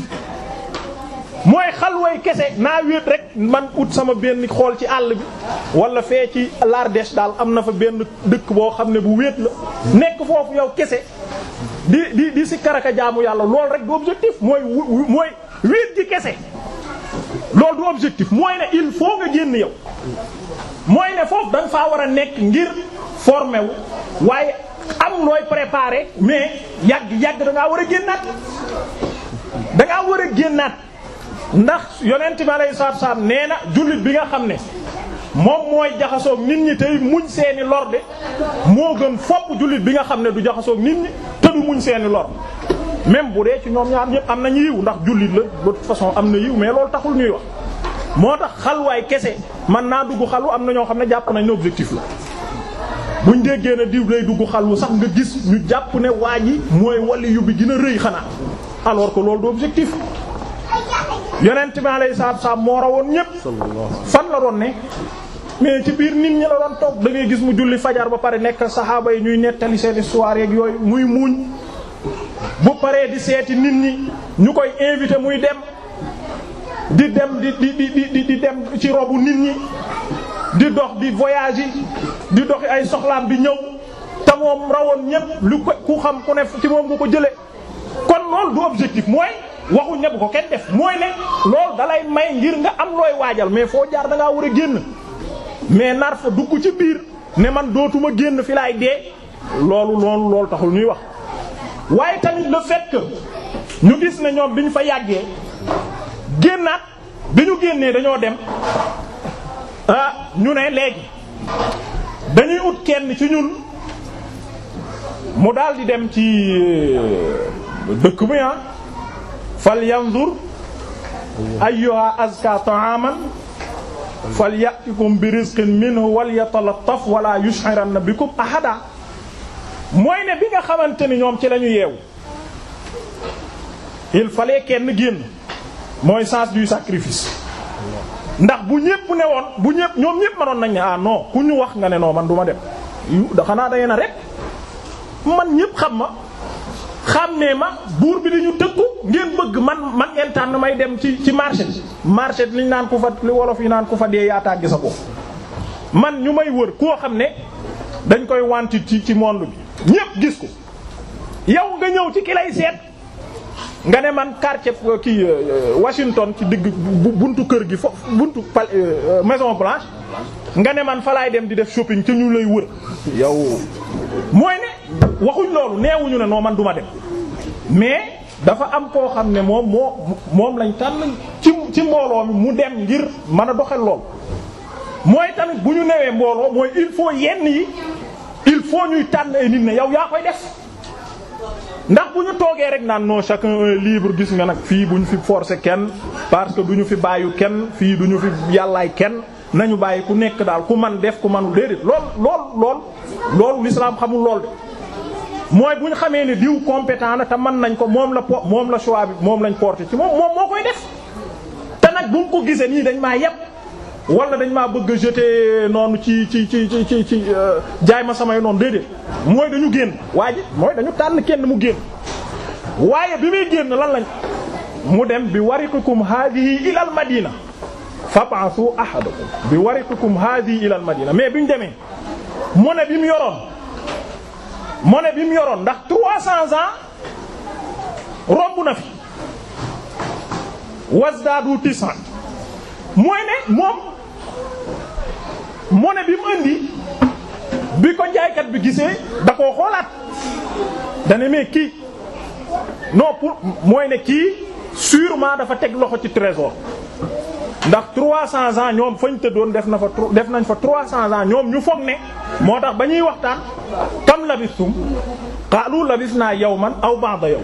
mooy xalway kese naa wéet rek man ut sama benn xool ci àll bi walla fee ci l'Ardèche daal am na fa benn dëkk boo xam ne bu wéet la nekk foofu yow kese di di di si karaka jaamu yàlla lool rek du objectif mooy wéet ji kese loolu du objectif mooy ne il faut nga génn yow mooy ne foofu da faa war a nekk ngir former wu waaye am looy préparer mais yàgg yàgg dangaa war a génnaat da ngaa war a génnaat ndax yonent bi alayhi salaatu nee na jullit bi nga xam ne moom mooy jaxasoog nit ñi tey muñ seeni lor de moo gën fopp jullit bi nga xam ne du jaxasoog nit ñi te du muñ seeni lor même bu dee ci ñoom ñaar ñëpp am nañu yiw ndax jullit la de façon am na yiw mais loolu taxul ñuy wax moo tax xalwaay kese man naa dugg xalwu am na ñoo xam ne jàpp nañ ne objectif la buñ déggee ne diw lay dugg xalwu sax nga gis ñu jàpp ne waa ji mooy waliyu bi dina rëy xanaa alors que loolu du objectif yonent bi alayhi salaatu salaam moo rawoon ñépp fan la doon ne mais ci biir nit ñi la doon toog da ngay gis mu julli fajar ba pare nekk saxaaba yi ñuy nettali seen histoire yeeg yooyu muy muuñ bu paree di seeti nit ñi ñu koy invité muy dem di dem di di di di di dem ci robu nit ñi di dox di voyage di doxi ay soxlaan bi ñëw te moom rawoon ñépp lu ko ku xam ku ne ci moom nga ko jële kon loolu du objectif mooy waxuñ ne ko kenn def mooy ne loolu dalay may ngir nga am looy waajal mais foo jaar dangaa ngaa war a génn mais nar fa dugg ci biir ne man dootuma génn fi laay dee loolu loolu loolu taxul ñuy wax waaye tamit le fait ñu gis ne ñoom bi ñu fa yàggee génnaat bi ñu génnee dañoo dem ah ñu ne léegi dañuy ut kenn ci ñun mu daal di dem ci euh, dëkk bi ah fal yanzur ayyuha azka ta'aman fal ya'tikum bi rizqin minhu wal yatalattaf wala yush'iranna bikum ahada mooy ne bi nga xamante ni ñoom ci lañu ñu yeewu il fallait kenn génn mooy sens du sacrifice ndax bu ñépp ne woon bu ñépp ñoom ñépp manoon nañ ne ah non ku ñu wax nga ne non man duma ma dem xanaa dangeen a rek man ñépp xam ma xam ne ma buur bi dañu ñu tëkku ngeen bëgg man man ngeen tànn may dem ci ci marché bi marché bi naan ku fa li wolof yi naan ku fa dee yaataag sa ko man ñu may wër koo xam ne dañ koy wanti ci ci monde bi ñépp gis ko yow nga ñëw ci ki lay seet nga ne man quartier euh, kii euh, euh, Washington ci digg buntu kër gi foofu buntu Maison Blanche nga ne man fa laay dem di def shopping ci ñu lay wër yow mooy ne waxuñ loolu neewuñu ne noo man duma dem mais dafa am koo xam ne moom moo moom lañ tànn ci ci mbooloo mi mu dem ngir mën a doxal lool mooy tamit bu ñu newee mbooloo mooy il faut yenn yi il faut ñuy tànn ay nit ne yow yaa koy def ndax bu ñu toogee rek naan noo chaque est libre gis nga nag fii bu ñu fi forcer kenn parce que du ñu fi bàyyu kenn fii du ñu fi yàllaay kenn nañu bàyyi ku nekk daal ku man def ku manu déedéet lool lool lool loolu l'islam xamul lool de mooy bu ñu xamee ne diw compétent na te mën nañ ko moom la po moom la choix bi moom lañ porté ci moom moom moo koy def te nag bu ñu ko gisee nii dañ maa yépp wala dañ maa bëgg a jeter noonu ci ci ci ci ci ci euh, jaay ma samay noonu déedéet mooy dañu génn waa ji mooy dañu tànn kenn mu génn waaye bi muy génn lan lañ mu dem bi wariqukum haadihi ila al madina fab'athu ahadakum bi wariqukum haadihi ila al madina mais bi ñu demee mu ne bi mu yoroon mu ne bi mu yoroon ndax trois cents ans romb na fi wasdaadu tisan mooy ne moom moo ne bi mu indi bi ko jaaykat bi gisee da koo xoolaat dana mais kii non mooy ne kii sûrement dafa teg loxo ci trésor ndax trois 300 ans ñoom fañ tëddoon def na fa def nañ fa 300 ans ñoom ñu foog ne moo tax ba ñuy waxtaan kam labistum qaalu labisna yawman aw ba'da yawm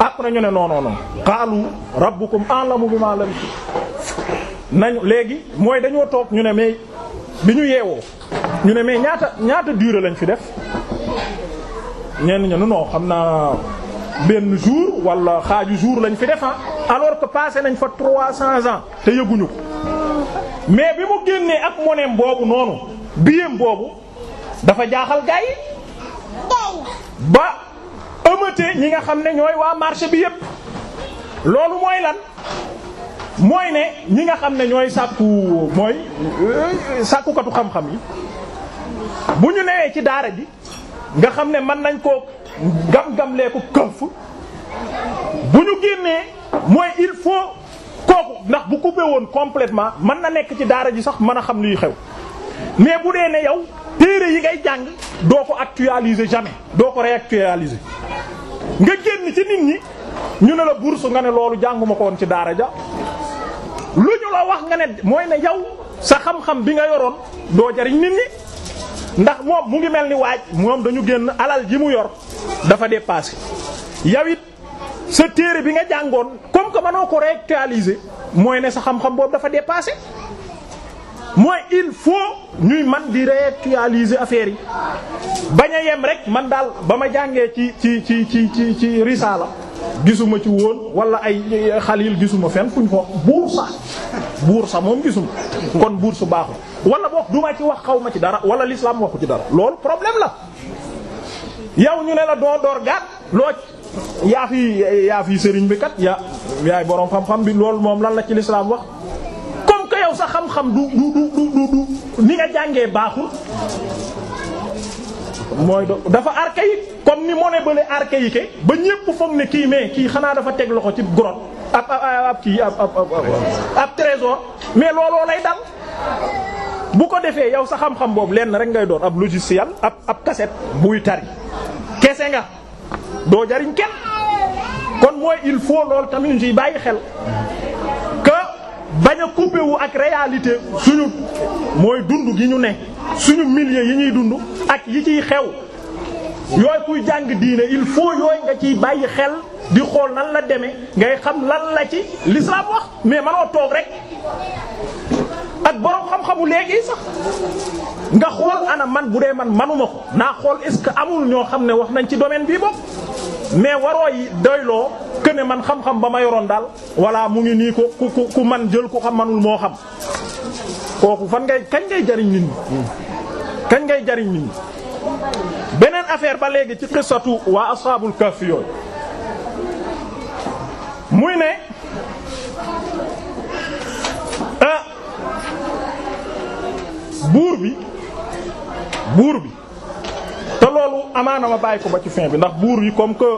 après ñu ne non non non qaalu rabbukum a'lamu bima labistum nañ léegi mooy dañoo toog ñu ne mais bi ñu yeewoo ñu ne mais ñaata ñaata durée lañ fi def ñeen ña non xam naa benn jour wala xaaju jour lañ fi def ah. alors que passé nañ fa trois cents ans te yëguñu ko mais bi mu génnee ak moneem boobu noonu biyem boobu dafa jaaxal gay ba ëmmate ñi nga xam ne ñooy waa marché bi yépp loolu mooy lan. mooy ne ñi nga xam ne ñooy sàkku mooy euh, sàkkukatu xam-xam yi bu ñu newee ci daara ji nga xam ne mën nañ koo gam lee ko këf bu ñu génnee mooy il faut kooku ndax bu coupé woon complètement mën na nekk ci daara ji sax mën a xam luy xew mais bu dee ne yow téere yi ngay jàng doo ko actualiser jamais doo ko réactualiser nga génn ci nit ñi ñu ne la bourse nga ne loolu jànguma ko ci daara ja lu ñu la wax nga ne mooy ne yow sa xam-xam bi nga yoroon doo jariñ nit ñi ndax moom mu ngi mel ni waaj moom dañu génn alal yi mu yor dafa dépassé yow it sa téere bi nga jàngoon comme que mënoo ko réactualiser mooy ne sa xam-xam boobu dafa dépassé mooy il faut ñuy man di réactualiser affaire yi bañ a yem rek man daal ba ma jàngee ci ci ci ci ci ci la gisuma ci woon wala ay xalil gisuma fenn kuñ ko wax buur sax buur sax moom gisuma kon buur su baaxul wala boog duma ci wax xaw ma ci dara wala l'islam waxu ci dara loolu problème la yow ñu ne la doo door gaat loo yaa fi yaa fi sëriñ bi kat yaa yaay boroom xam-xam bi loolu moom lan la ci l'islam wax comme que yow sa xam-xam du du du du du ni nga jàngee baaxul mooy dafa archaïque kon ni monnaie bële archaïque ba ñépp foog ne kii mais kii xanaa dafa teg loxo ci grotte ab ab kii ab ab trésor mais looloo lay dal bu ko defee yow sa xam-xam boobu lenn rek ngay doon ab logiciel ab ab cassette buy tari kese nga doo jariñ kenn kon mooy il faut loolu tamit ñu ciy bàyyi xel bañ a coupé wu ak réalité suñu mooy dund gi ñu ne suñu milieu yi ñuy dund ak yi ciy xew yooyu kuy jàng diine il faut yooyu nga ciy bàyyi xel di xool nan la demee ngay xam lan la ci l'islam wax mais manoo toog rek ak borom xam-xamu léegi sax nga xool ana man bu dee man manuma ko naa xool est-ce que amul ñoo xam ne wax nañ ci domaine bii bopp mais waroo yi doyloo que man xam-xam ba ma yoroon daal walla mu ngi nii ko ku ku ku man jël ku xam manul moo xam kooku fan ngay kañ ngay jariñ nit ñi beneen affaire ba léegi ci qissatu waa ashabul kahf muy ne ah, buur bi buur bi te loolu amaana ma bàyyi ko ba ci fin bi ndax buur yi comme que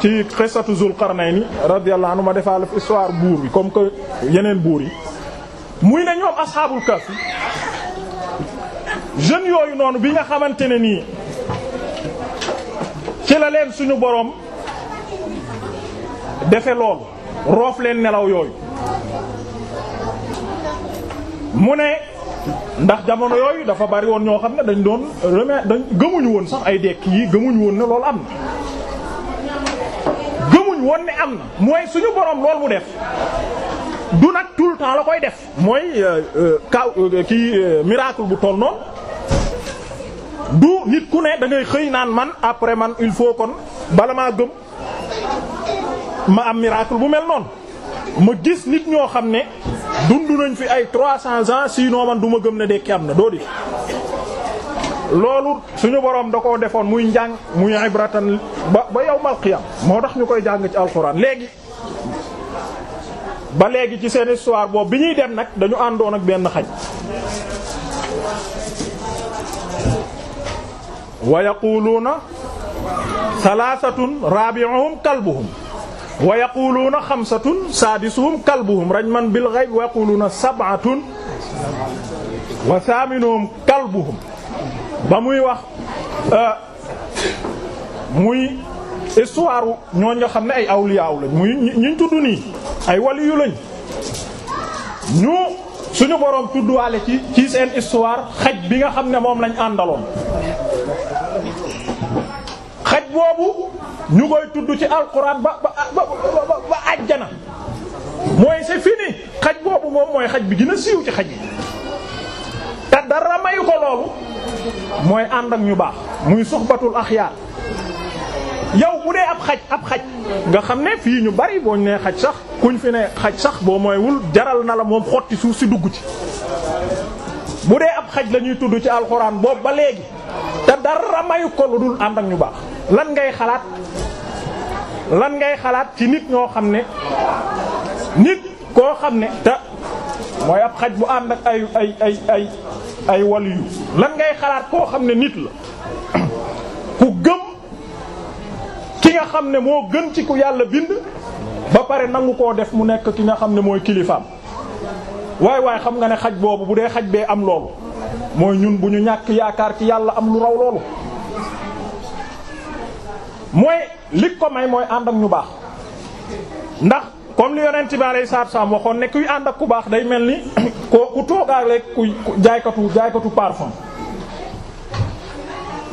ci xisatu Zul Qarnayni radiyallahu anhu ma defaa la histoire buur bi comme que yeneen buur yi muy ne ñoom asxaabul kahf jeunes yooyu noonu bi nga xamante ne nii ci la leen suñu borom defe loolu roof leen nelaw yooyu mu ne ndax jamono yooyu dafa bari woon ñoo xam ne dañ doon remet dañ gëmuñu woon sax ay dekk yi gëmuñu woon ne loolu am na gëmuñu woon ne am na mooy suñu borom lool mu def du nag tout le temps la koy def mooy euh, euh, kaw euh, kii miracle bu toll noonu du nit ku ne da ngay xëy naan man après man il faut kon bala maa gëm ma am miracle bu mel noonu ma gis nit ñoo xam ne dund nañ fi ay trois cents ans sinon man duma gëm na dekki am na doo di loolu suñu borom da koo defoon muy njàng muy ibratan ba yow yawmal moo tax ñu koy jàng ci alxuraan léegi ba léegi ci seen histoire boobu bi ñuy dem nag dañu àndoon ak benn xaj wa yaquluuna salaasatun rabi'uhum kalbuhum wa yaquluuna xamsatun saadisuhum kalbuhum rajman bil ghayb wa yaquluuna sab'atun wa saaminuhum kalbuhum ba muy wax euh, muy histoire ñoo ñoo xam ne ay awliyaaw lañ muy ñuñ tudd nii ay waliyu lañ ñu suñu boroom tuddwaale ci ci seen histoire xaj bi nga xam ne moom lañ àndaloon boobu ñu koy tudd ci alxuraan ba ba ba ba àjjana mooy c'est fini xaj boobu moom mooy xaj bi dina siiw ci xaj yi te dara mayu ko loolu mooy ànd ak ñu baax muy suxbatul axyaar yow bu dee ab xaj ab xaj nga xam ne fii ñu bari boo ñu nee xaj sax kuñ fi ne xaj sax boo mooywul jaral na la moom xotti suuf si dugg ci bu dee ab xaj la ñuy tudd ci alxuraan boobu ba léegi te dara mayu ko lu dul ànd ak ñu baax lan ngay xalaat lan ngay xalaat ci nit ñoo xam ne nit koo xam ne te mooy ab xaj bu ànd ak ay ay ay ay ay waliyu lan ngay xalaat koo xam ne nit la ku gëm ki nga xam ne moo gën ci ku yàlla bind ba pare nangu koo def mu nekk ki nga xam ne mooy kilifaam waay waay xam nga ne xaj boobu bu dee xaj bee am loolu mooy ñun bu ñu ñàkk yaakaar ci yàlla am lu raw loolu mooy li ko may mooy ànd ak ñu baax ndax kon li yonent bi alayhi salaatu salaam waxoon ne kuy ànd ak ku baax day mel ni ko ku toogaal rek ku jaaykatu jaaykatu parfum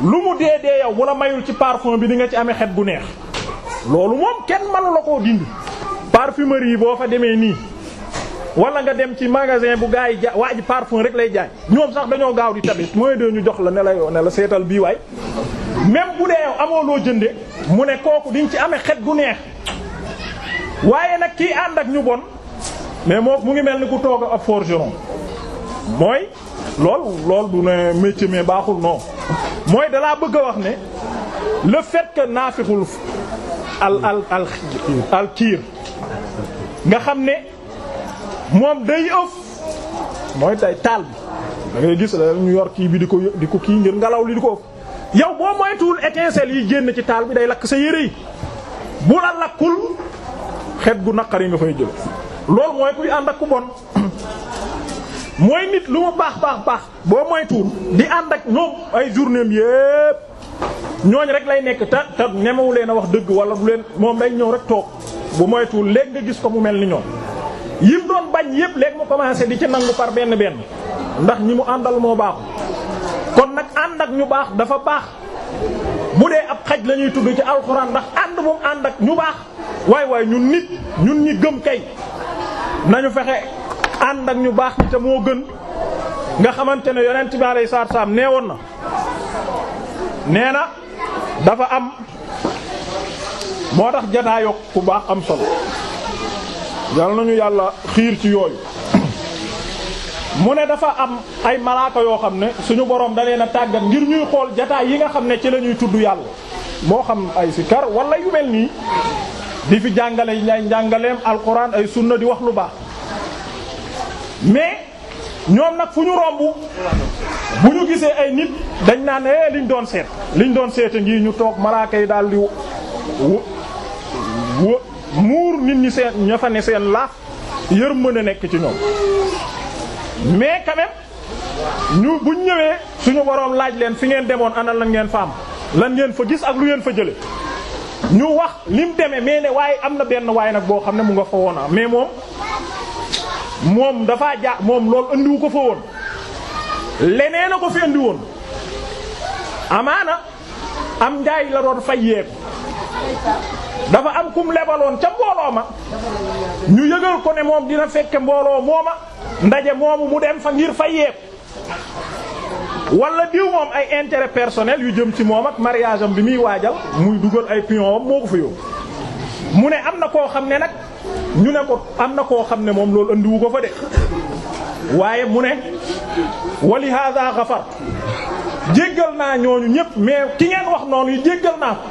lu mu dee dee yow bu la mayul ci parfum bi di nga ci ame xet bu neex loolu moom kenn mënu la koo dindi parfumerie yi boo fa demee nii wala nga dem ci magasin bu gaa yi ja waa ji parfum rek lay jaay ñoom sax dañoo gaaw di tamit mooy de ñu jox la ne la yoo ne la seetal bii waay même bu dee amoo loo jënde mu ne kooku diñ ci amee xet gu neex waaye nag kii ànd ak ñu bon mais moo mu ngi mel ni ku toog a forgeron mooy lool lool du ne métier mais baaxul noo mooy dalaa bëgg a wax ne le fait que naafixul al al al kiir nga xam ne moom day ëf mooy tay taal bi da gis la ñu yor kii bi di ko di ko kii ngir ngelaw li di ko ëf yow boo moytuwul étincelle yi génn ci taal bi day lakk sa yére yi bu la lakkul xet gu naqari nga fay jël loolu mooy kuy ànd ak ku bon mooy nit lu mu baax baax baax boo moytuwul di ànd ak ñoom ay journéem yépp ñooñ rek lay nekk ta ta ñemewu leen a wax dëgg wala du leen moom day ñëw rek toog bu moytuwul léegi nga gis ko mu mel ni ñoom yim doon bañ yépp léegi mu commencé di ci nangu par benn benn ndax ñi mu àndal moo baaxul kon nag ànd ak ñu baax dafa baax bu dee ab xaj lañuy ñuy tudd ci alxuraan ndax ànd moom ànd ak ñu baax waay waay ñun nit ñun ñi gëm kay nañu fexe ànd ak ñu baax ñi te moo gën nga xamante ne yonent bi alayhi salaatu salaam nee woon na nee na dafa am moo tax jataayoo ku baax am solo yal nañu yàlla xiir ci yooyu mu ne dafa am ay malaaka yoo xam ne suñu borom da leen a tàggat ngir ñuy xool jataay yi nga xam ne ci lañuy tudd yàlla boo xam ay sikar wala yu mel nii di fi jàngale ay njàngaleem alxuraan ay sunna di wax lu baax mais ñoom nag fu ñu romb bu ñu gisee ay nit dañ naan eh liñ doon seet liñ doon seete ngi ñu toog malaaka yi daal di wo muur nit ñi seen fa ne seen laaf yër mën a nekk ci ñoom mais quand ñu buñ ñëwee suñu boroom laaj leen fi ngeen demoon an lan ngeen fa lan ngeen fa gis ak lu ngeen fa jële ñu wax li mu demee mais ne waaye am na benn waaye nag boo xam ne mu nga fa woon a mais moom moom dafaa ja moom lool andiwu ko fa woon leneen a ko fi andi woon amaana am njaay la doon fa yeeku dafa am kum lebaloon ca mbooloo ma ñu yëgal ko ne moom dina fekke mbooloo moo mooma ndaje moomu mu dem fa ngir fa yeeku wala diw moom ay intérêt personnel yu jëm ci moom ak bi muy waajal muy dugal ay pion am moo ko fa yow mu ne am na koo xam ne nag ñu ne ko am na koo xam ne moom loolu andiwu ko fa de waaye mu ne wali hada xafar jéggal naa ñooñu ñépp mais ki ngeen wax noonu yi jéggal naa ko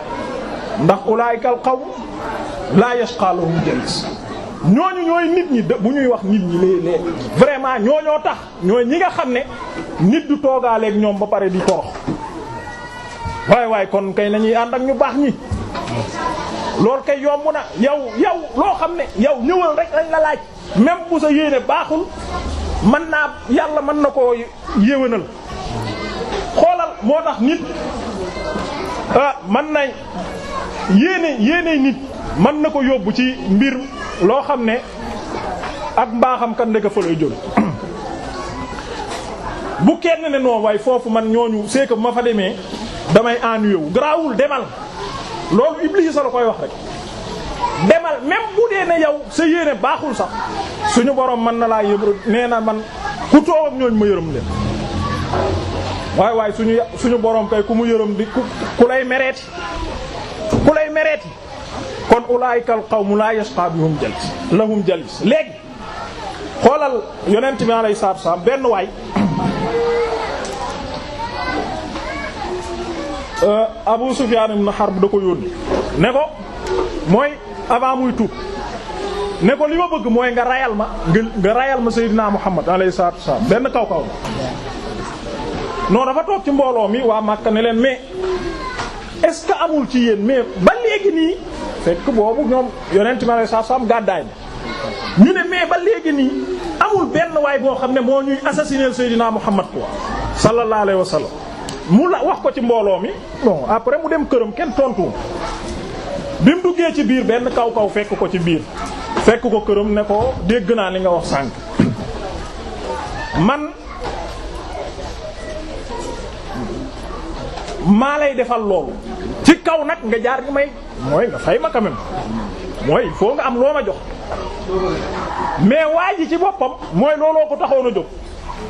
ndax ulaayikal qawm la yashqa lahum jalis ñooñu ñooy nit ñi bu ñuy wax nit ñi léeg-léeg vraiment ñooñoo tax ñooy ñi nga xam ne nit du toogaaleeg ñoom ba pare di torox waay waay kon kay nañuy ànd ak ñu baax ñi loolu kay yomb na yow yow loo xam ne yow ñëwal rek lañ la laaj même bu sa yéene baaxul mën naa yàlla mën na koo yéwénal xoolal moo tax nit ah mën nañ yéene yéene nit mën na ko yóbbu ci mbir loo xam ne ak mbaaxam kan ndeka fa lay jël bu kenn ne noo waaye foofu man ñooñu c'est ma fa demee damay ennuyé wu garaawul demal loolu Iblis la koy wax rek demal même bu dee ne yow sa yéene baaxul sax suñu boroom mën na laa yëbër nee na man ku toog ak ñooñu ma yërëm leen waay waay suñu suñu boroom kay ku mu yërëm di ku lay mereeti ku lay mereeti kon ulaayika al qawmu la yasqa bihum jalis lahum jalis léegi xoolal yonent bi alayhi salaatu wassalaam benn waay euh, Abu Sufyaan ibn Harb da ko yónni ne ko mooy avant muy tuub ne ko li ma bëgg mooy nga rayal ma nga rayal ma Seydina Muhammad alayhi salaatu wassalaam benn kaw kaw non dafa toog ci mbooloo mi waa Makka ne leen mais est-ce que amul ci yéen mais ba léegi nii fekk boobu ñoom yonent ma lay saa saam gàddaay na ñu ne mais ba léegi nii amul benn waay boo xam ne moo ñuy assassiner Seydina Muhammad quoi sallallahu alayhi wa sallam mu la wax ko ci mbooloo mi après mu dem këram kenn tontuwul bi mu duggee ci biir benn kaw kaw fekk ko ci biir fekk ko këram ne ko dégg naa li nga wax sànk man maa lay defal loolu ci kaw nag nga jaar gi may mooy nga fay ma quand mooy foo nga am loo ma jox mais waa ji ci boppam mooy looloo ko taxoon a jóg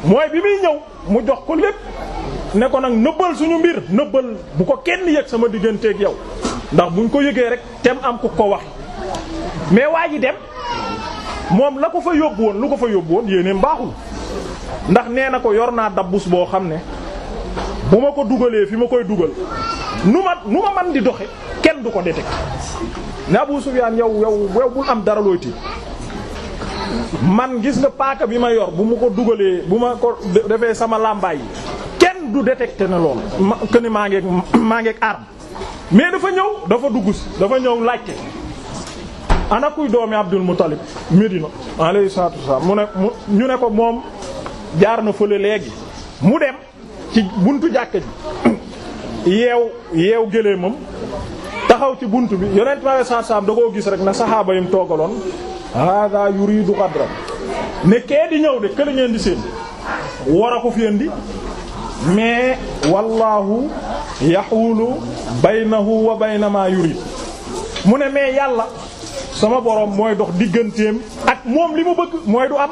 mooy bi muy ñëw mu jox ko lépp ne ko nag nëbbal suñu mbir nëbbal bu ko kenn yëg sama digganteeg yow ndax buñ ko yëgee rek tem am ku ko wax mais waa ji dem moom la ko fa yóbbu woon lu ko fa yóbbu woon yéeneem baaxul ndax nee na ko yor naa dabbus boo xam ne bu ma ko dugalee fi ma koy dugal nu ma nu ma man di doxe kenn du ko détecté ne Abu Sufyaan yow yow yow bul am dara looy tiit man gis nga paaka bi ma yor bu ma ko dugalee bu ma ko defee sama làmbaay yi kenn du détecté ne loolu ma que maa ngi maa ngeeg arme mais dafa ñëw dafa dugg si dafa ñëw laajte ana kuy doomi Abdul Muttalib Medina alayhi salaatu wassalaam mu ne mu ñu ne ko moom jaar na fële léegi mu dem ci buntu jàkka ji yeew yeew gëléemam taxaw ci bunt bi yonent ma saa saam da koo gis rek na saxaaba yim toogaloon hada du qadra ne kee di ñëw de kële di séen war ko fi indi mais wallahu yaxuulu baynahu wa bayna ma yurid mu ne mais yàlla sama borom mooy dox digganteem ak moom li mu bëgg mooy du am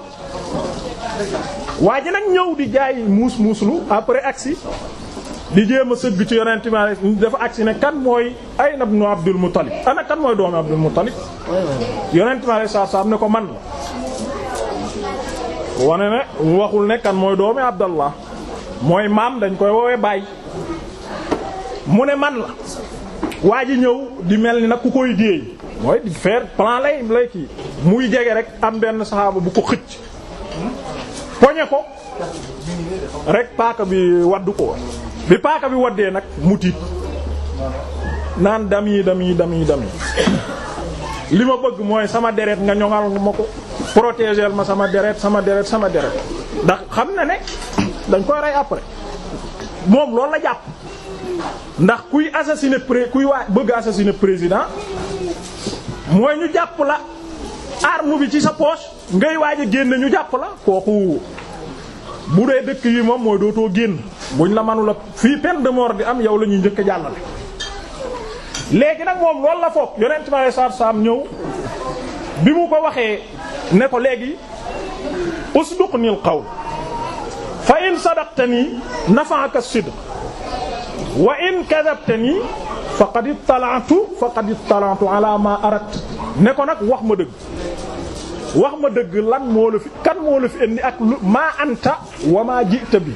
waa ji nag ñëw di jaay muus muuslu après agsi di jéem a sëgg ci yonent bi dafa agsi ne kan mooy ayna ibnu Abdul Muttalib ana kan mooy doomu Abdul Muttalib yonent bi saa saa am ne ko man la wane ne waxul ne kan mooy doomi Abdallah mooy maam dañ koy woowee baay mu ne man la waa ji ñëw di mel ni nag ku koy déey mooy di faire plan lay lay kii muy jege rek am benn saxaaba bu ko xëcc poñe ko rek paaka bi waddu ko bi paaka bi waddee nag mu tiit naan dam yi dam yi dam li ma bëgg mooy sama deret nga ñoŋal ma ko protéger ma sama deret sama deret sama deret ndax xam na ne dañ koy rey après moom lool la jàpp ndax kuy assassiner pré kuy waa bëgg assassiner président mooy ñu jàpp la arme bi ci sa poos ngay waaj a génn ñu jàpp la kooku bu dee dëkk yi moom mooy dootoo génn buñ la manula fii peine de mort di am yow la ñuy njëkk jàllale léegi nag moom loolu la foog yonent ma sar sam ñëw bi mu ko waxee ne ko léegi usduqnil xaw fa in sadaqtani nafa'aka sidq wa in kadhabtani faqad ittala'tu faqad ittala'tu ala ma arat ne ko nag wax ma dëgg wax ma dëgg lan moo la fi kan moo la fi indi ak lu maa anta wa maa ji'ta bi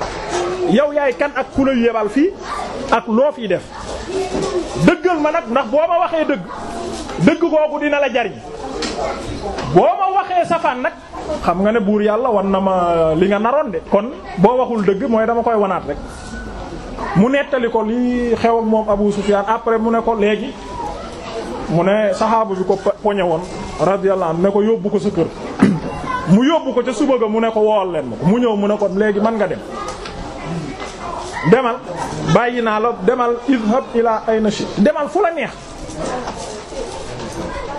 yow yaay kan ak ku la yebal fii ak loo fi def dëggal ma nag ndax boo ma waxee dëgg dëgg googu dina la jariñ boo ma waxee safaan nag xam nga ne buur yàlla wan na ma euh, li nga naroon de kon boo waxul dëgg mooy dama koy wanaat rek mu nettali ko li xew ak moom Abu Sufyaan après mu ne ko léegi mu ne saxaabu bi ko poñe woon radiyallahu anhu ne ko yóbbu ko sa kër mu yóbbu ko ca suba ga mu ne ko wool leen ma ko mu ñëw mu ne ko léegi man nga dem demal bàyyi naa la demal izhab ila ayna shi demal fu la neex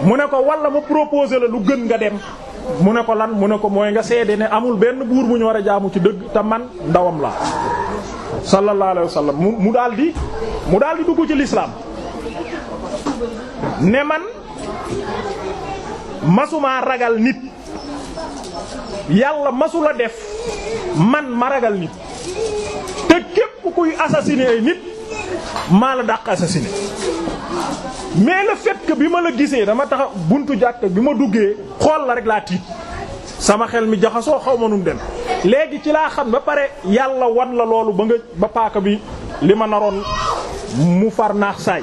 mu ne ko walla ma proposé la lu gën nga dem mu ne ko lan mu ne ko mooy nga seede ne amul benn buur bu ñu war a jaamu ci dëgg te man ndawam la sallallahu alayhi wa mu daal di mu daal di dugg ci lislaam ne man masumaa ragal nit yàlla masula def man ma ragal nit te képp kuy assassiner ay nit maa la dàq assassiner mais le fait bi ma la gisee dama tax buntu jàkk bi ma duggee xool la rek laa tiit sama xel mi jaxasoo xaw ma num dem léegi ci laa xam ba pare yàlla wan la loolu ba nga ba paaka bi li ma naroon mu far naax saay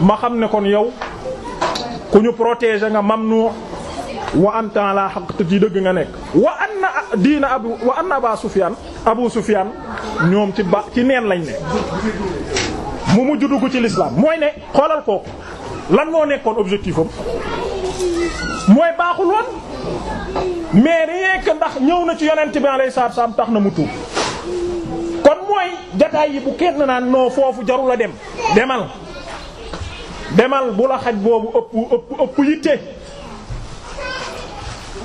ma xam ne kon yow ku ñu protéger nga mamnu wa anta ala haqq te ci dëgg nga nekk wa anna diina abu wa anna aba sufyan abu sufyan ñoom ci ba ci neen lañ ne mu mujj dugg ci lislaam mooy ne xoolal kooku lan moo nekkoon objectif am mooy baaxul woon mais rien que ndax ñëw na ci yonent bi alayhi salaam tax na mu tuub kon mooy jataay yi bu kenn naan noo foofu jarul a dem demal demal bu la xaj boobu ëpp ëpp ëpp yitte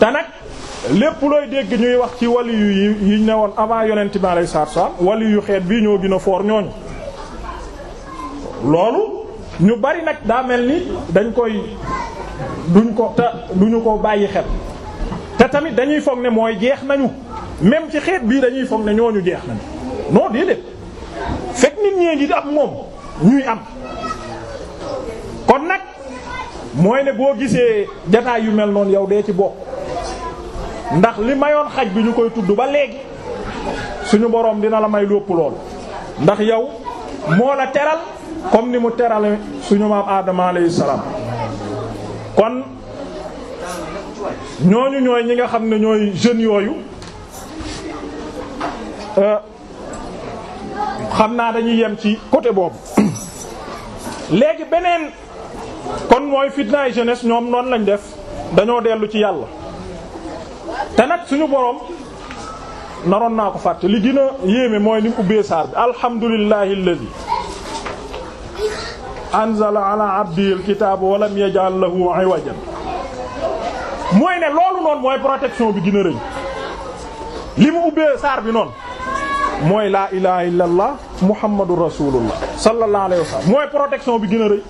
te nag lépp looy dégg ñuy wax ci wali yu yi ne woon avant yonent bi alayhi salaatu salaam wali yu xeet bii ñoo gën a foor ñooñu loolu ñu bari nag daa mel ni dañ koy duñ ko te duñu ko bàyyi xel te tamit dañuy foog ne mooy jeex nañu même ci xeet bii dañuy foog ne ñooñu jeex nañu non déedéet fekk nit ñee ngi am moom ñuy am kon nag mooy ne boo gisee jataay yu mel noonu yow dee ci bokk ndax li mayoon xaj bi ñu koy tudd ba léegi suñu boroom dina la may lu lool ndax yow moo la teral comme ni mu terale suñu maam Adama alayhi salaam kon ñooñu ñooy ñi nga xam ne ñooy jeunes yooyu. Euh, xam naa dañuy yem ci côté boobu léegi beneen kon mooy fitnaay jeunesse ñoom noon lañ def dañoo dellu ci yàlla te nag suñu borom naroon naa ko fàtte li gën yéeme mooy ni mu ubbee saar bi alhamdulillahi alladi anzala ala abdihil kitaaba wa lam yaj'al lahu iwajan mooy ne loolu noonu mooy protection bi gën a rëy li mu ubbee saar bi noonu mooy laa ilaha illallah muhammadu rasulullah sallallahu alayhi wa sallam mooy protection bi gën a rëy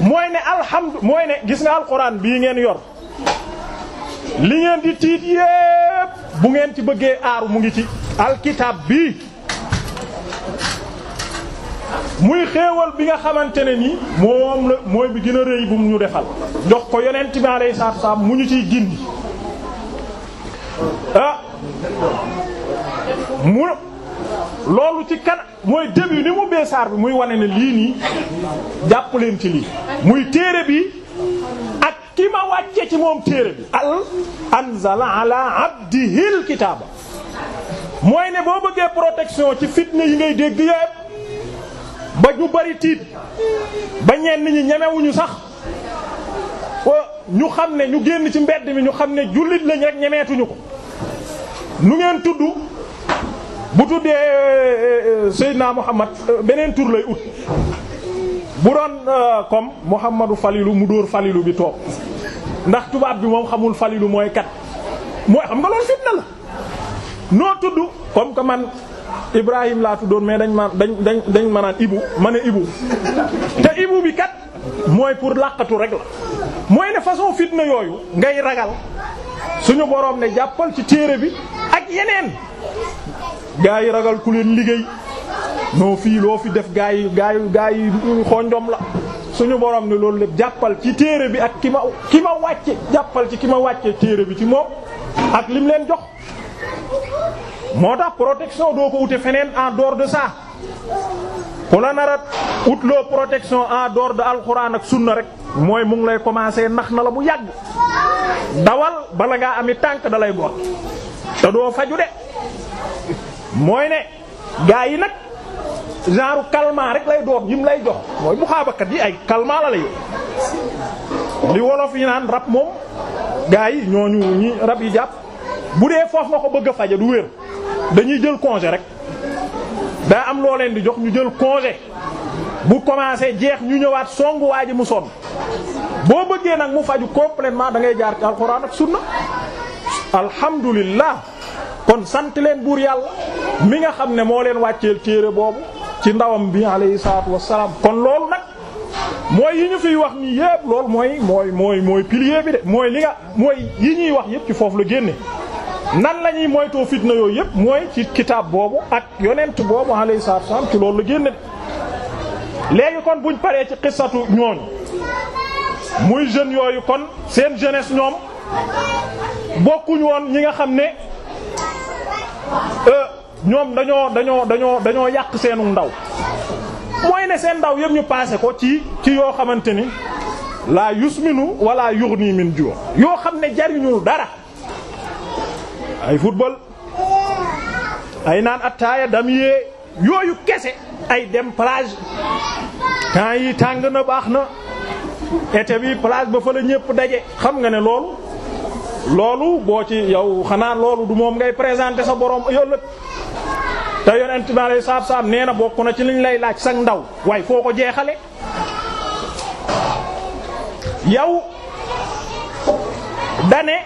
mooy ne alhamdu mooy ne gis nga alquran bii ngeen yor li ngeen di tiit yépp bu ngeen ci bëggee aaru mu ngi ci alkitab bii muy xéewal bi nga xamante ne ni moom mooy bi gën a rëy bu mu ñu defal jox ko yonent bi alayhi salaatu salaam mu ñu ciy gindi ah, mu loolu ci kan mooy début ni mu beesaar bi muy wane ne lii nii jàpp leen ci lii muy téere bi ak ki ma wàcce ci moom téere bi al anzala ala abdihil kitaaba mooy ne boo bëggee protection ci fitna yi ngay dégg yépp ba ñu bari tiit ba ñenn ñi ñemewuñu sax ñu xam ne ñu génn ci mbedd mi ñu xam ne jullit lañ rek ñemeetuñu ko nu ngeen tudd bu tuddee euh, Seydina Muhammad euh, beneen tur lay ut bu doon euh, comme Muhammadu Falilu mu dóor Falilu bi toog ndax tubaab bi moom xamul Falilu mooy kat mooy xam nga loolu fitna la noo tudd comme que man Ibrahim laa tuddoon mais dañ ma dañ dañ dañ ma naan Ibu ma ne Ibu te Ibu bi kat mooy pour làqatu rek la mooy ne façon fitna yooyu ngay ragal suñu boroom ne jàppal ci téere bi ak yeneen. gaa yi ragal ku leen liggéey non fii loo fi def gaa yi gaa yi gaa yi xonjom la suñu borom ne loolu lépp jàppal ci téere bi ak ki ma ki ma wàcce jàppal ci ki ma wàcce téere bi ci moom ak lim leen jox moo tax protection doo ko wute feneen en dehors de ça ku la narat utloo protection en dehors de alxuraan ak sunna rek mooy mu lay commencer nax na la bu yàgg dawal bala ngaa ami tànk da lay boot te doo faju de mooy ne gaa yi nag genre calmant rek lay doon yim lay jox mooy muxaabakat yi ay calmant la lay li wolof yi naan rab moom gaa yi ñooñu ñi rab yi jàpp bu dee foofu nga ko bëgg faje du wér dañuy jël congé rek daa am loo leen di jox ñu jël congé bu commencé jeex ñu ñëwaat songu waa ji mu sonn boo bëggee nag mu faju complètement da ngay jaar ci alxuraan ak sunna alhamdulillah kon sant leen buur yàlla mi nga xam ne moo leen wàcceel téere boobu ci ndawam bi alayhi salaatu wassalaam kon loolu nag mooy yi ñu fiy wax nii yépp loolu mooy mooy mooy mooy pilier bi de mooy li nga mooy yi ñuy wax yépp ci foofu la génne nan lañuy ñuy moytoo fitna yooyu yépp mooy ci kitaab boobu ak yonent boobu alayhi salaatu wassalaam ci loolu la génne de léegi kon buñ paree ci xisatu ñooñ muy jeunes yooyu kon seen jeunesse ñoom bokkuñ woon ñi nga xam ne Euh, ñoom dañoo dañoo dañoo dañoo yàq seenu ndaw mooy ne seen ndaw yëpp ñu passé ko ci ci yoo xamante ni la yusminu wala yughni min ju yoo xam ne jariñul dara ay football ay naan attaaya damiyee yooyu kese ay dem plage temps yi tàng na baax na été bi plage ba fa la ñépp daje xam nga ne loolu loolu boo ci yow xanaa loolu du moom ngay présenter sa borom yëllëg te yonent bi alei saatu salaam nee na bokk na ci liñ lay laaj sax ndaw waaye foo ko jeexale yow dane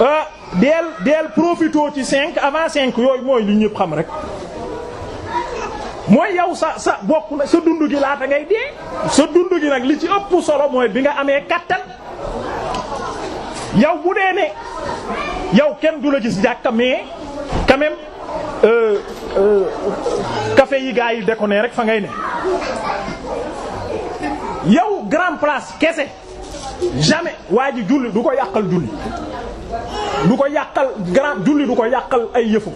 euh, deel deel profité ci cinq avant cinq yooyu mooy li ñëpp xam rek mooy yow sa sa bokk na sa dund gi laata ngay dee sa dund gi nag li ci ëpp solo mooy bi nga amee kattan yow bu dee ne yow kenn du la gis jàkka mais quand même euh, euh, yi gaa yi déconné rek fa ngay ne yow grand place kese jamais waa ji julli du ko yàqal julli du ko yàqal grand julli du ko yàqal ay yëfu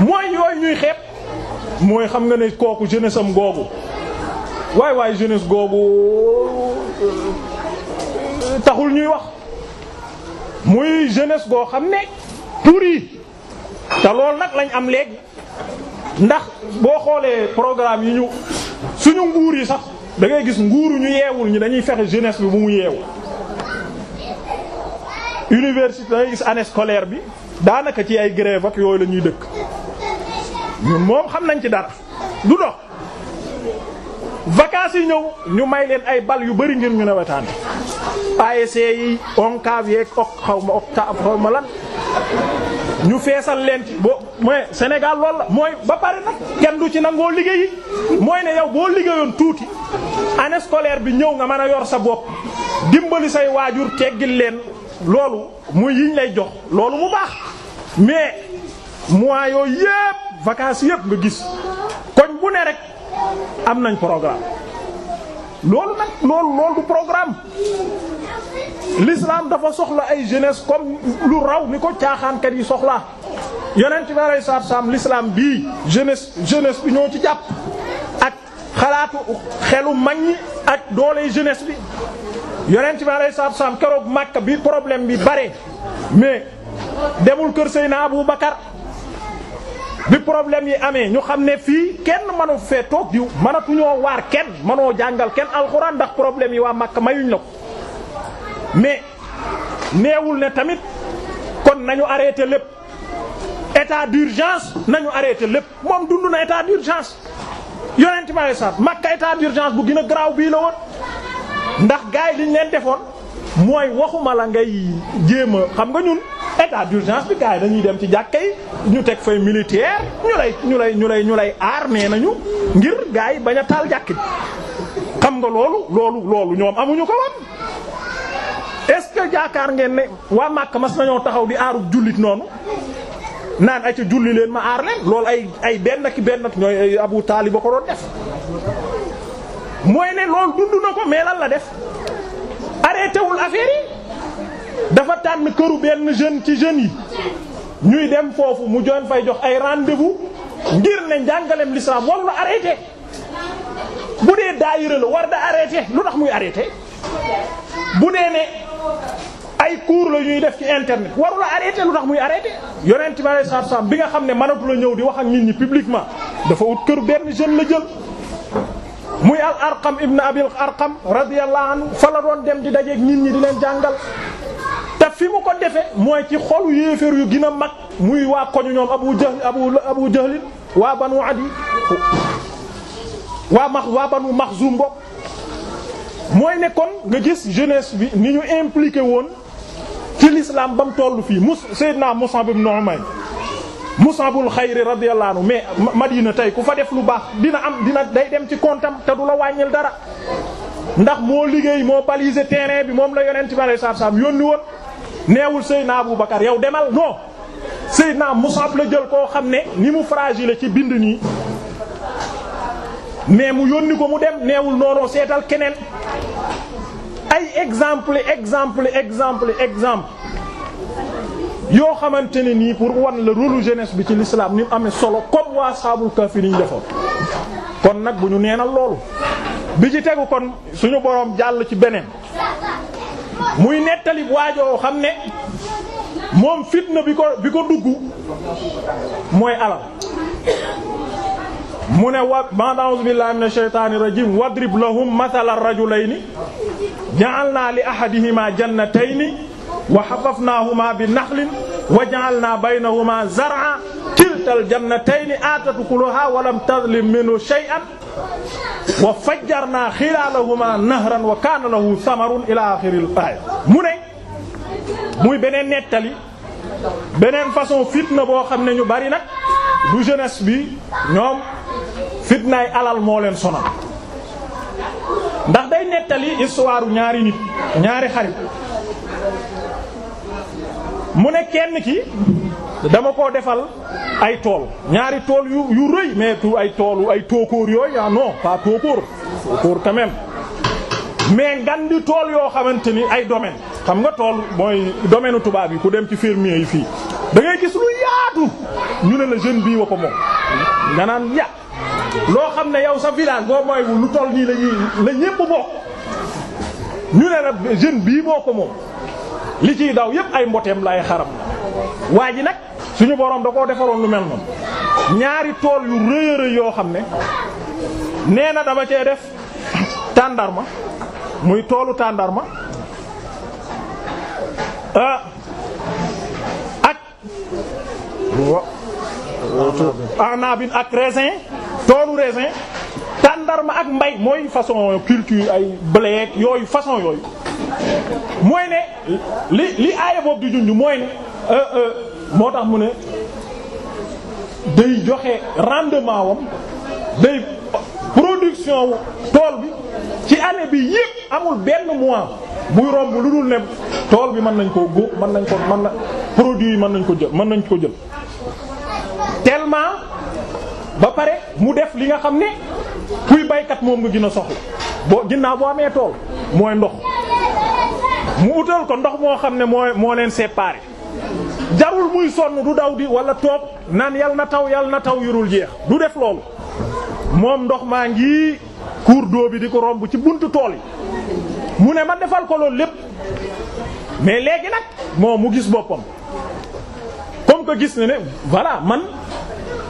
mooy yooyu ñuy xeeb mooy xam nga ne kooku jeunesse am googu waay waay jeunes googu euh, taxul ñuy wax muy jeunesse goo xam ne pourri te loolu nag lañ am léegi ndax boo xoolee programme yi ñu suñu nguur yi sax da ngay gis nguuru ñu yeewul ñi dañuy fexe jeunesse bi bu mu yeewu université da ngay gis année scolaire bi daanaka ci ay grève ak yooyu la ñuy dëkk ñun moom xam nañ ci dara du dox vacances ñëw ñu may leen ay bal yu bari ngir ñu nawetaan ASC yi ONCAV yeeg ok xaw ma octave xaw ma ñu feesal leen ci boo mooy Sénégal loolu la mooy ba pare nag kenn du ci nangoo liggéeyi mooy ne yow boo liggéeyoon tuuti année scolaire bi ñëw nga mën a yor sa bopp dimbali say waajur teggil leen loolu muy yiñ lay jox loolu mu baax mais mois yooyu yépp vacances yépp nga gis koñ bu ne rek am nañ programme loolu nag loolu loolu du programme l'islam dafa soxla ay jeunesse comme lu raw ni ko caaxaankat yi soxlaa yonent bi alayhi salaatu salaam l'islam bii jeunesse jeunesse bi ñëw ci jàpp ak xalaatu xelu mag ñi ak doole jeunesse bi yonent bi alayhi salaatu salaam keroog Makka bi problème bi bare mais demul kër Seyna Abu Bakar bi problème yi amee ñu xam ne fii kenn mënu fee toog diw mënatuñoo waar kenn mënoo jàngal kenn alxuraan ndax problème yi waa Makka mayuñ la ko mais neewul ne tamit kon nañu arrêté lépp état d'urgence nañu arrêté lépp moom dund na état d'urgence yonent ma lay sax Makka état d'urgence bu gën garaaw bii la woon ndax gars yi liñ leen defoon. mooy waxuma la ngay jéem a xam nga ñun état d'urgence bi gars dañuy dem ci jàkka ñu teg fay militaire ñu lay ñu lay ñu lay ñu lay aar nee nañu ngir gaay yi bañ a taal jàkk xam nga loolu loolu loolu ñoom amuñu ko woon est-ce que jaakaar ngeen ne waa Màkka mas nañoo taxaw di aaru jullit noonu naan ay ca julli leen ma aar leen loolu ay ay benn ki benn ñooy Abu Taalib ko doon def mooy ne loolu dund na ko mais la def arrêté wul affaire dafa tànn këru benn jeune ci jeunes yi ñuy dem foofu mu joon fay jox ay rendez-vous ngir ne njàngaleem l'islam waru la arrêté bu dee daayira la war da arrêté lu tax muy arrêté bu dee ne ay cours la ñuy def ci internet waru la lu tax muy arrêté yonent bi sallallahu alayhi wasallam bi nga xam ne mënatu ñëw di wax ak nit ñi publiquement dafa ut këru benn jeune la jël muy al arqam ibn abil arqam radiyallahu fa la doon dem di dajeeg nit ñi di leen jàngal te fi mu ko defe mooy ci xolu yéeféer yu gën mag muy waa koñu ñoom abu jahl abu abu jahl waa banu adi waa max waa banu maxzum bokk mooy nekkoon nga gis jeunesse bi ni ñu impliqué woon ci l'islam ba mu tollu fii mus sayyidna Mus'ab ibn Umayr Musabul xayri radiyallahu anhu mais Madina tey ku fa def lu baax dina am dina day dem ci kontam te du la wàññil dara ndax moo liggéey moo balisé terrain bi moom la yonent bi alayhi salaam yónni woon neewul naa Abu Bakar yow demal non naa Musab la jël koo xam ne ni mu fragile ci bind nii mais mu yónni ko mu dem neewul noonu seetal keneen ay exemple exemple exemple exemple yoo xamante ne nii pour wan la rôle jeunesse bi ci l'islam ni amee solo comme waa saabul kafi ni ñu defoon kon nag bu ñu neenal loolu bi ci tegu kon suñu boroom jàll ci beneen muy nettali waajoo xam ne moom fitna bi ko bi ko dugg mooy alal mu ne wa a'uuzu billahi minash shaytaanir rajiim wadrib lahum mathala rajulayni ja'alna li na ahadihima jannatayni wa hafafnahuma bi naxlin wa ja'alna baynahuma zar'a kilta aljannatayni atat ukulaha wa lam tadlim minhu shay'an wa fajjarna xilaalahuma nahran wa kaana lahu samarun ila axiril aaya mu ne muy beneen nettali beneen façon fitna boo xam ne ñu bari nag du jeunesse bi ñoom fitnaay alal moo leen ndax day nettali histoire ñaari nit ñaari xarit mu ne kenn ki dama ko defal ay tool ñaari tool yu yu rëy mais tu ay toolu ay tookóor yooyu ah non pas tookóor tookóor quand même mais ngan di tool yoo xamante ni ay domaine xam nga tool mooy domaine tubaab yi ku dem ci fermier yi fii da ngay gis lu yaatu ñu ne la jeune bii wa ko moom nga naan ya loo xam ne yow sa village boo mooy lu toll nii lañuy la ñépp bokk ñu ne la jeune bii moo ko moom li ciy daw yépp ay mboteem la ay xaram waa ji nag suñu borom da koo defaroon lu mel noonu ñaari tool yu rëy rëy yoo xam ne nee na dama cee def tàndarma muy toolu tàndarma ah ak anabin ak raisin toolu raisin tàndarma ak mbay mooy façon culture ay blé yooyu façon yooyu mooy ne li li aaya boobu di junj mooy ne euh, euh, moo tax mu ne day joxe rendement wam day production tool bi ci année bi yépp amul benn mois buy romb lu dul ne tool bi mën nañ koo góob mën nañ ko mën na produit yi mën nañ ko jël mën nañ ko jël tellement ba pare mu def li nga xam ne kuy baykat moom nga gën a soxla boo ginnaaw boo amee tool mooy ndox mu utal ko ndox moo xam ne mooy moo leen séparé jarul muy sonn du daw di wala toog naan yal na taw yal na taw yurul jeex du def loolu moom ndox maa ngi cours d'eau bi di ko romb ci buntu tool yi mu ne ma defal ko loolu lépp mais léegi nag moom mu gis boppam comme que gis na ne voilà man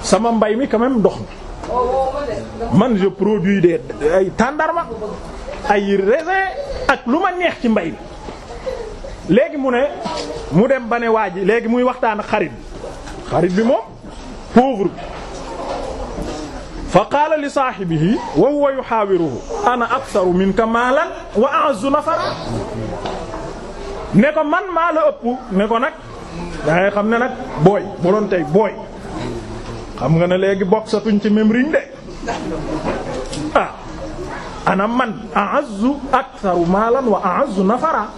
sama mbay mi quand même dox na man je produis des ay ay raisin ak lu ma neex ci mbay mi léegi mu ne mu dem bane ne waa ji léegi muy waxtaan xarit bi xarit bi moom pauvre bi fa qaala li saahibihi wa huwa yuhaawiruhu ana aktharu minka maalan wa a'zu nafara ne ko man maa la ëpp ne ko nag dangay xam ne nag booy bu booy xam nga ne léegi boksatuñ ci même ring de ah ana man a'azzu aktharu maalan wa a'azzu nafara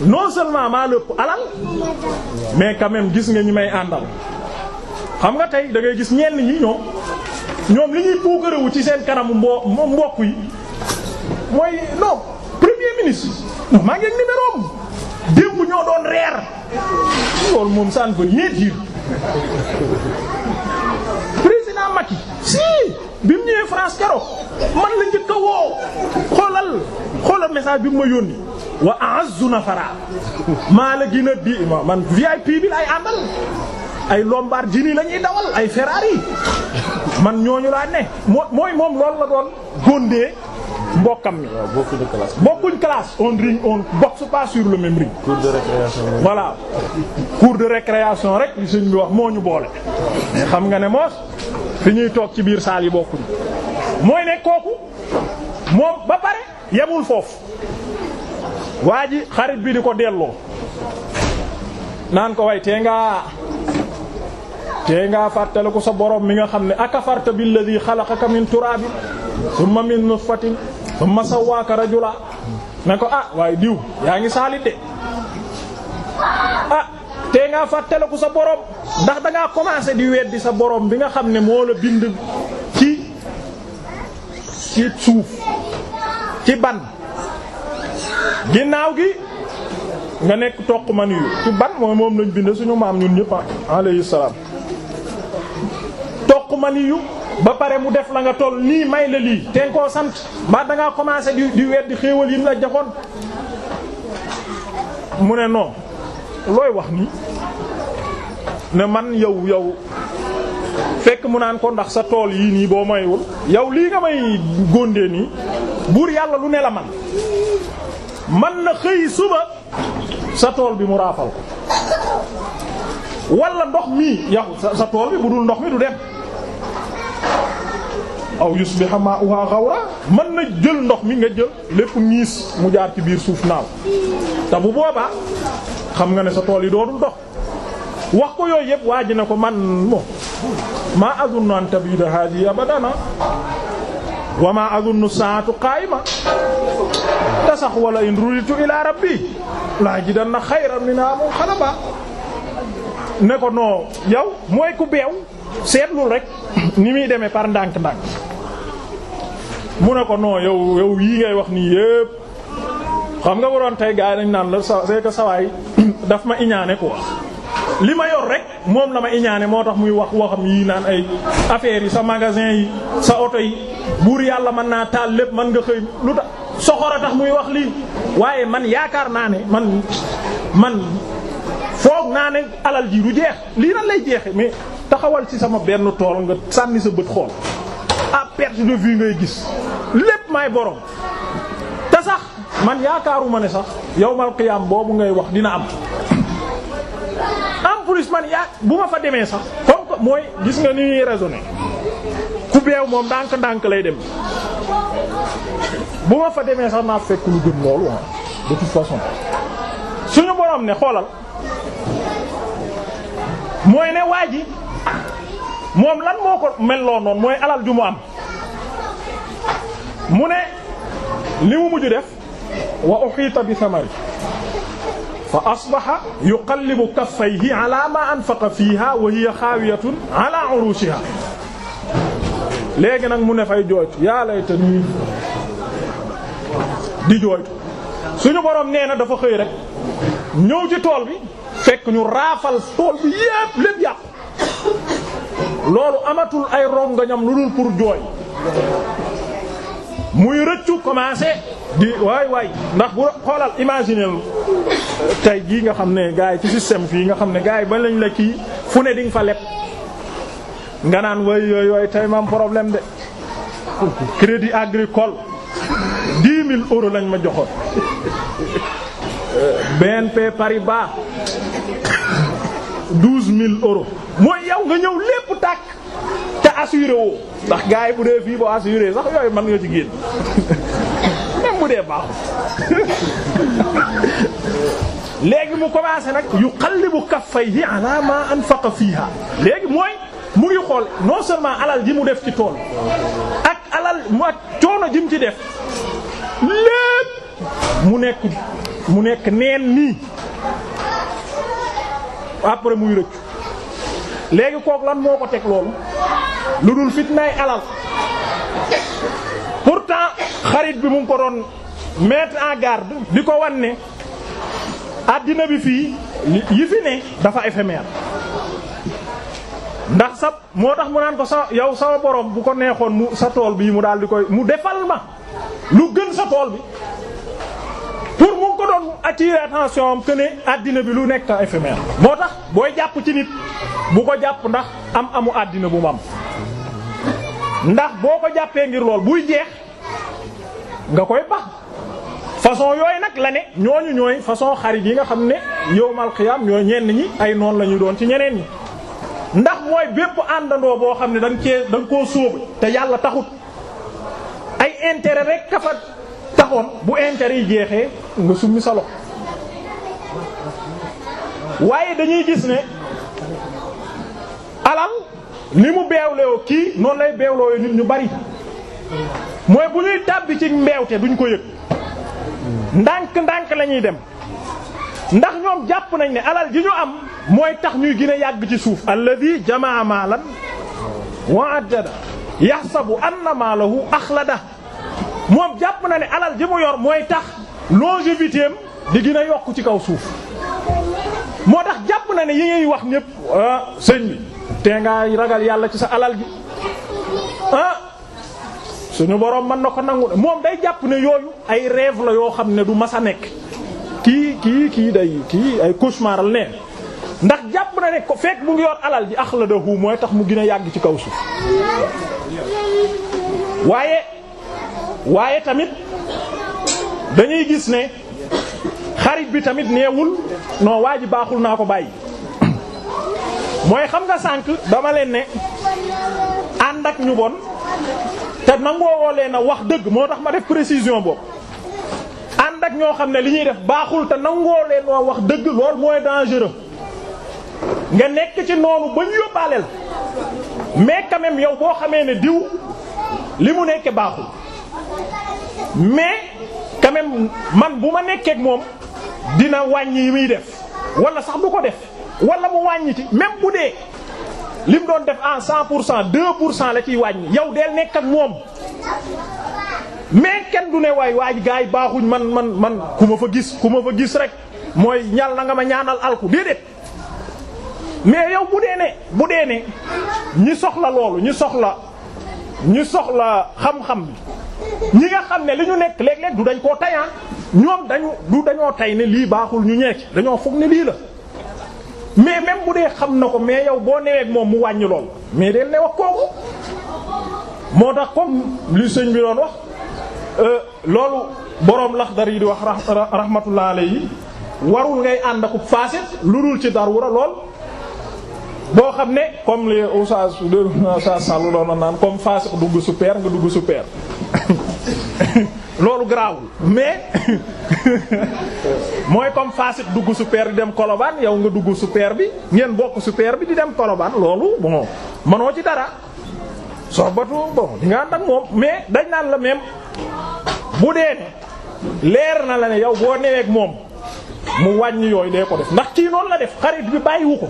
non seulement maa lëpp alal mais quand gis nga ñi may àndal xam nga tey dangay ngay gis ñenn ñi ñoom ñoom li ñuy puukarewu ci seen kanamu mbo mbokk yi mooy non premier ministre maa ngi ak numéro am démb ñoo doon reer loolu moom ça ne veut rien Macky si bi mu France keroog man la njëkk woo xoolal xoolal message bi mu ma yónni wa a'azzu nafara maa la gën a ma man VIP bi laay àndal ay Lamborghini la ñuy dawal ay Ferrari man ñooñu laa mooy moom loolu la doon mbokkam mi. waaw bokkuñu classe. bokkuñu classe on ring on boxe pas sur le même ring. cours de récréation. voilà de récréation rek li sëñ bi wax moo ñu boole. mais xam nga ne moos fi ñuy toog ci biir saal yi bokkuñu. mooy ne kooku moom ba pare yemul foofu waa ji xarit bi di ko delloo naan ko way tee nga tey ngaa fàttaliku sa borom bi nga xam ne akafarta billadhi xalaqaka min turaabin thumma min nutfatin thumma sawwaaka rajula ne ko ah waaye diw yaa ngi saalit de ah tey ngaa fàttaliku sa borom ndax da ngaa commencé di weddi sa borom bi nga xam ne moo la bind ci ci suuf ci ban ginnaaw gi nga nekk toq ma yu ci ban mooy moom lañ bind suñu maam ñun ñëpp alayhi maniyu ba pare mu def la nga toll nii may la lii te koo sant ba da ngaa commencé di di weddi xéewal yi mu la joxoon mu ne non looy wax nii ne man yow yow fekk mu naan ko ndax sa tool yii nii boo mayul yow lii nga may góndee nii buur yàlla lu ne la man man na xëy suba sa tool bi mu raafal ko wala ndox mii yow sa tool bi bu dul ndox mi du dem aw yusbiha ma'uha ghawra mën na jël ndox mi nga jël lépp ñiis mu jaar ci biir suuf naaw te bu boobaa xam nga ne sa tool yi doodul dox wax ko yooyu yëpp waa ji ne ko man mo maa azunnu an tabida hadihi abadana wa ma azunnu saatu qaayima te sax wala in ruditu ila rabbi laa jidanna xayran minha munqalaba ne ko non yow mooy ku beew seetlul rek ni muy demee par ndànk-ndànk mu ne ko non yow yow yii ngay wax nii yépp xam nga waroon tey gars yi naan la c'est que sawaay daf ma iñaane quoi li ma yor rek moom la ma iñaane moo tax muy wax waxam yii naan ay affaires yi sa magasin yi sa oto yi buur yàlla mën naa taal lépp man nga xëy lu tax soxora tax muy wax lii waaye man yaakaar naa ne man man foog naa ne alal ji du jeex lii nan lay jeexe mi taxawal ci sama benn tool nga sànni sa bët xool à perte de vue ngay gis lépp may borom te sax man yaakaaruma ne sax yawmal qiyaam boobu ngay wax dina am en plus man yaa bu ma fa demee sax comme mooy gis nga ni ñuy raisonner ku beew moom ndànk-ndànk lay dem bu ma fa demee sax naa fekk lu gën loolu ah de toute façon suñu borom ne xoolal mooy ne waa ji moom lan moo ko melloo noonu mooy alal ju am mu ne li mu mujj def wa uxiita bi samari fa asbaha yuqallibu kaffayhi ala ma anfaqa fiha wa hiya xaawiyatun ala urushiha léegi nag mu ne fay jooytu yaa layta nii di jooytu suñu borom nee na dafa xëy rek ñëw ci tool bi fekk ñu raafal tool bi yépp lépp yàqu loolu amatul ay rongañam lu dul pour jooy muy rëccu commencé di waay waay ndax bu xoolal imaginer tey jii nga xam ne gars yi ci système fii nga xam ne gars yi ba lañ la kii fu ne di fa leb nga naan way yooyu yooyu tey ma problème de crédit agricole dix mille euros lañ ma joxoon BNP Paribas mille euros mooy yow nga ñëw lépp tàkk te assuré woo ndax gars yi bu dee fii boo assuré sax yooyu mën nga ci génn même bu dee baaxul léegi mu commencé nag yu qallibu kaffayhi ala ma anfaqa fiha léegi mooy mu ngi xool non seulement alal ji mu def ci tool ak alal mu ak coono ji ci def lépp mu nekk mu nekk neen nii après muy rëccu léegi kook lan moo ko teg loolu lu dul fitnaay alal pourtant xarit bi mu ko doon mettre en garde di ko wan àddina bi fii yi fi ne dafa éphémère ndax sa moo tax mu naan ko sa yow sama borom bu ko neexoon mu sa tool bii mu daal di koy mu defal ma lu gën sa tool bi pour mu ko doon attirer attention am que ne addina bi lu nekk éphémère moo tax booy jàpp ci nit bu ko jàpp ndax am amu addina bu mam ndax boo ko jàppee ngir lool buy jeex nga koy bax façon yooyu nag la ne ñooñu ñooy façon xarit yi nga xam ne yowmal xiyaam ñooy ñenn ñi ay noon lañuy doon ci ñeneen yi ndax mooy bépp àndandoo boo xam ne da nga cee koo sóobu te yàlla taxut ay intérêt rek kafa taxoon bu intérêt yi jeexee nga summi sa loxo waaye dañuy gis ne alal li mu beewloo kii noonu lay beewloo nit ñu bari mooy bu ñuy tàbbi ci mbeewte duñ ko yëg ndànk ndànk lañuy dem ndax ñoom jàpp nañ ne alal ji ñu am mooy tax ñuy gën a yàgg ci suuf alladi jamaa maalan wa addada yaxsabu anna maalahu axlada moom jàpp na ne alal ji mu yor mooy tax longévité am di gën a yokk ci kaw suuf moo tax jàpp na ne yi ngay wax ñépp ah sëñ bi te nga ragal yàlla ci sa alal ji ah, suñu boroom mën na ko nangu ne moom day jàpp ne yooyu ay rêve la yoo xam ne du ma sa nekk kii kii kii day kii ay cauchemar la ndax jàpp na ne ko fekk mu ngi yor alal ji axladahu mooy tax mu gin a yàgg ci kaw suuf waaye waaye tamit dañuy gis ne xarit bi tamit neewul non waa ji baaxul naa ko bàyyi mooy xam nga sànq dama leen ne ànd ak ñu bon te nangoo woo leen wax dëgg moo tax ma def précision boobu ànd ak ñoo xam ne li ñuy def baaxul te nangoo leen a wax dëgg lool mooy dangereux nga nekk ci noonu ba ñu yóbbaale la mais quand yow boo xamee ne diw li mu nekk baaxul. mais quand man bu ma nekkee moom dina wàññi yi muy def wala sax du ko def wala mu wàññi ci même bu dee li mu doon def en cent pour cent deux pour cent la ciy wàññi yow deel nekk ak moom mais kenn du ne waay waay gars yi baaxuñ man man man ku ma fa gis ku ma fa gis rek mooy ñal na nga ma ñaanal alku déedéet mais yow bu dee ne bu dee ne ñi soxla loolu ñi soxla ñi soxla xam-xam bi ñi nga xam ne li ñu nekk léeg-léeg du dañ koo tayaan ah. ñoom dañu du dañoo tay ne lii baaxul ñu ñeec dañoo foog ne lii la mais même bu dee xam na ko mais yow boo newee moom mu wàññi lool mais del ne wax kooku moo tax comme li sëñ bi doon wax euh, loolu boroom lax laxdar yi di wax rahmatullah yi warul ngay ànd ak fasit lu dul ci dar darura lool boo xam ne comme li oustaz oustaz Sall doon naan comme faas dugg super nga dugg super loolu garaawul mais mooy comme faasix dugg super di dem kolobaan yow nga dugg super bi ngeen bokk super bi di dem kolobaan loolu bon mënoo ci dara soxbatu bon di nga ànd ak moom mais dañ naan la même bu dee ne leer na la ne yow boo neweeg moom mu wàññi yooyu dee ko def ndax kii noonu la def xarit bi bàyyiwu ko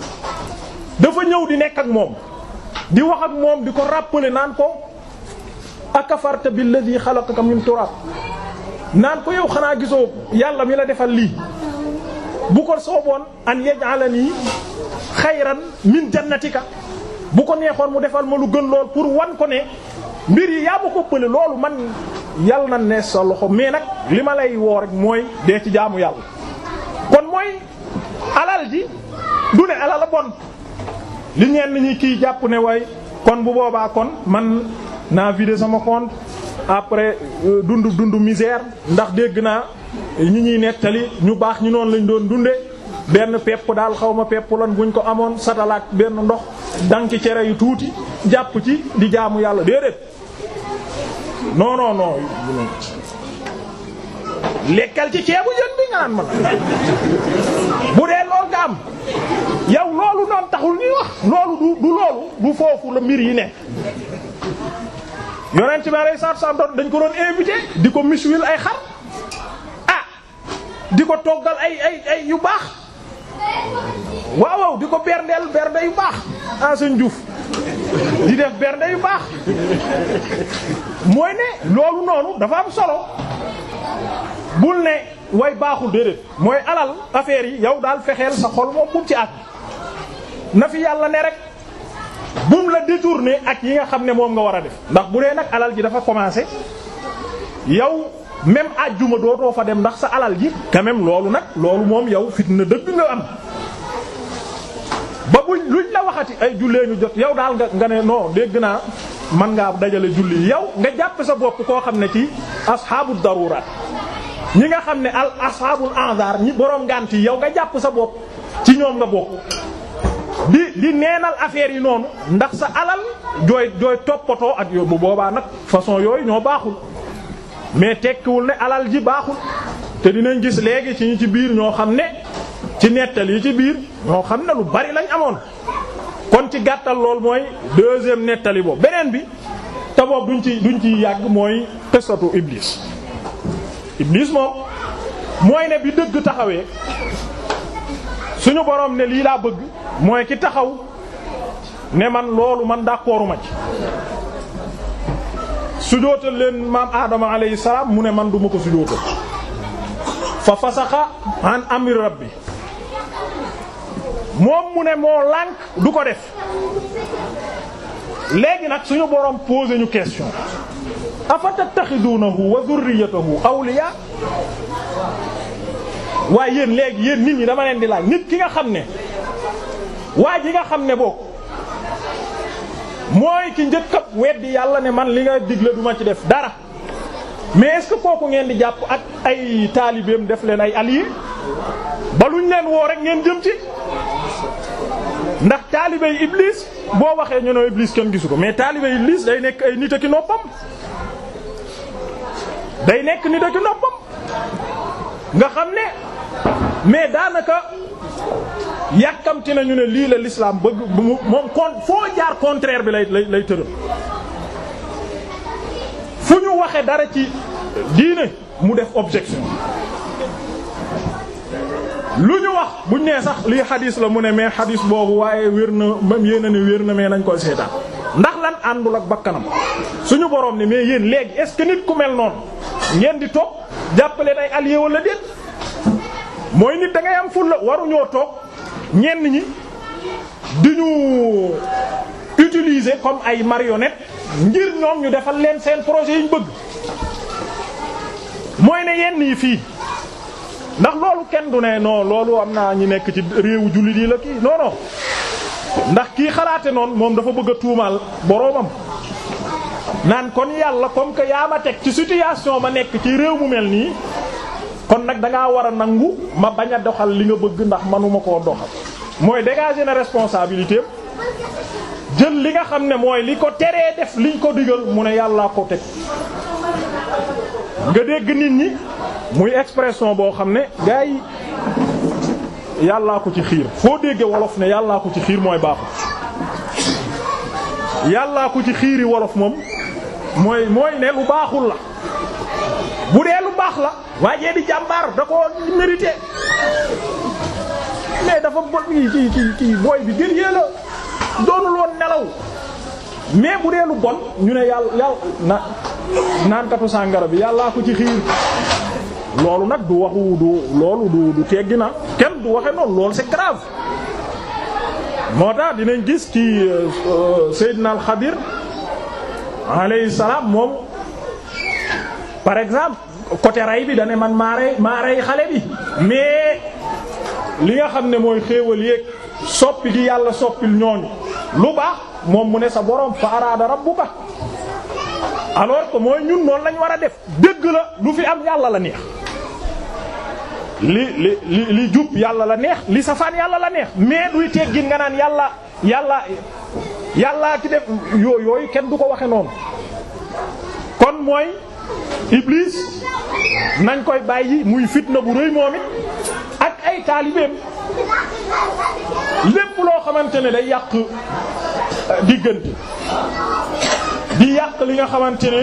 dafa ñëw di nekk ak moom di wax ak moom di ko rappeler naan ko bi akafarta billadhi xalaqaka min turab naan ko yow xanaa gisoo yàlla mi la defal lii bu ko sooboon an yaj'alani xayran min jannatika bu ko neexoon mu defal ma lu gën lool pour wan ko ne mbir yi yaa ma ko pële loolu man yal na ne sa loxo mais nag li ma lay woo rek mooy dee ci jaamu yàlla kon mooy alal ji du ne alal la bon li ñenn ñi kii jàpp ne way kon bu boobaa kon man naa vider sama compte après euh, dund dund misère ndax dégg naa ñi ñuy nettali ñu baax ñu noonu lañ doon dunde benn pepp daal xaw ma pepp lan buñ ko amoon satalaat benn ndox danki cere yu tuuti jàpp ci di jaamu yàlla déedéet non non non lekkal ci ceebu jën bi nga naan ma bu dee lool nga yow loolu noonu taxul ñuy wax loolu du loolu du foofu la mbir yi ne yonent bi alayhi salaatu wassalaam dañ ko doon invité di ko miswil ay xar ah di ko toggal ay ay yu baax waaw waaw di ko berndeel bernde yu baax en ah, seen di def bernde yu baax mooy ne loolu noonu dafa am solo bul ne way baaxul déedéet mooy alal affaire yi yow daal fexeel sa xol moom bu ci at na fi yàlla ne rek bum la détourner ak yi nga xam ne moom nga war a def ndax bu dee nag alal ji dafa commencé yow même àjjuma dootoo fa dem ndax sa alal ji quand même loolu nag loolu moom yow fitna dëgg nga am ba buñ luñ la waxati ay jullee ñu jot yow daal nga nga ne non dégg naa man ngaa dajale julli yow nga jàpp sa bopp koo xam ne ci asxaabu daruraat ñi nga xam ne al asxaabul anzar ñi borom ngànt yi yow nga jàpp sa bopp ci ñoom nga bokk di di neenal affaire yi noonu ndax sa alal jooy jooy toppatoo ak yo bu boobaa nag façon yooyu ñoo baaxul mais tekkiwul ne alal ji baaxul te dinañ gis léegi ci ñu ci biir ñoo xam ne ci nettal yi ci biir ñoo xam ne lu bari lañ amoon kon ci gàttal lool mooy deuxième nettali boobu beneen bi te boobu duñ ci duñ ci yàgg mooy xisatu iblis iblis moom mooy ne bi dëgg taxawee suñu borom ne lii laa bëgg mooy ki taxaw ne man loolu man d'accorduma ci sujootal leen maam aadama alayhi salaam mu ne man duma ko sujootal fa fasaxa an amri rabbi moom mu ne moo lànk du ko def léegi nag suñu borom poser ñu question afa tattaxiduunahu wa zurriyatahu awliya waaye yéen léegi yéen nit ñi dama leen di laaj nit ki nga xam ne waa ji nga xam ne bokk mooy ki njëkk a weddi yàlla ne man li nga digle duma ci def dara mais est-ce que kooku ngeen di jàpp ak ay taalibeem def leen ay alliés ba luñ leen woo rek ngeen jëm ci ndax taalibey Iblis boo waxee ñu ne Iblis kenn gisu ko mais taalibey Iblis day nekk ay nit ak i noppam day nekk nit ak i noppam nga xam ne mais daanaka. yàkkamti nañu ne lii la l'islam bëgg moom kon foo jaar contraire bi lay lay lay tëral fu ñu waxe dara ci diine mu def objection lu ñu wax buñ nee sax lii xadiis la mu ne mais xadiis boobu waaye wér na même yéen a na mais nañ koy seetaan ndax lan àndul ak bakkanam suñu borom ne mais yéen léegi est-ce que nit ku mel noonu ngeen di toog jàppale ay allié wala déet mooy nit da ngay am fulla waruñoo toog ñenn ñi di ñu utilise comme ay marionnette ngir ñoom ñu defal leen seen projet yi bëgg mooy ne yenn yi fii ndax loolu kenn du ne noo loolu am naa ñu nekk ci réewu jullit yi la kii non ndax kii xalaate noonu moom dafa bëgg a tuumaal boroomam naan kon yàlla comme que yaa ma teg ci situation ma nekk ci réew mu mel nii kon nag dangaa war a nangu ma bañ a doxal li nga bëgg ndax manuma koo doxal mooy dégager na responsabilité jël li nga xam ne mooy li ko teree def liñ ko digal mu ne yàllaa ko teg nga dégg nit ñi muy expression boo xam ne gars yi yàllaa ko ci xiir foo déggee wolof ne yàllaa ko ci xiir mooy baaxul yàllaa ko ci xiiri wolof moom mooy mooy ne lu baaxul la bu dee lu baax la waajee di jàmbaar da ko mérité mais dafa bon kii kii booy bi gënee la doonul woon nelaw mais bu dee lu bon ñu ne yàll yàlla na naankatu sàngara bi yàllaa ko ci xiir loolu nag du waxu du loolu du du teggi na kenn du waxe noonu loolu c'est grave moo tax dinañ gis ci euh, euh, Seydina al Xadir moom par exemple côté rey bi dana man maa rey xale bi mais li nga xam ne mooy xéewal yéeg soppi gi yàlla soppil ñooñu lu baax moom mu ne sa borom fa araada rabbuka alors que mooy ñun noonu lañ war a def dëgg la lu fi am yàlla la neex li li li jub yàlla la neex li safaan yàlla la neex mais duy teggin nga naan yàlla yàlla yàllaa ci def yooyu kenn du ko waxe noonu kon mooy Iblis nañ koy bàyyi muy fitna bu rëy moom it ak ay taalibeem lépp loo xamante ne day yàq diggante di yàq li nga xamante ne.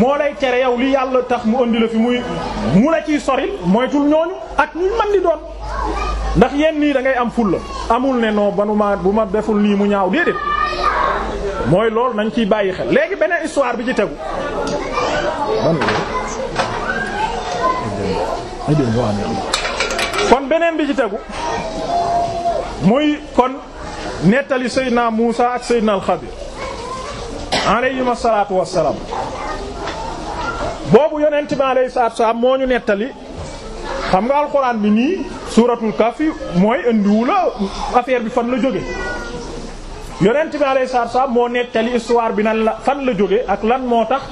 moo lay tere yow li yàlla tax mu andi la fi muy mu la ciy soril moytul ñooñu ak ñu man di doon ndax yenn nii da ngay am fulla amul ne non ba ma bu ma deful nii mu ñaaw déedéet mooy loolu nañ ciy bàyyi xel léegi beneen histoire bi ci tegu. kon beneen bi ci tegu muy kon nettali Seydina Muusa ak Seydina Al Xadir alayhim asalaatu wasalaam boobu yonent bi alayhi salaatu wasalaam moo ñu nettali xam nga alxuraan bi nii suuratul kafi mooy indiwu la affaire bi fan la jóge yonent bi alayhi salaatu wasalaam moo nettali histoire bi nan la fan la jóge ak lan moo tax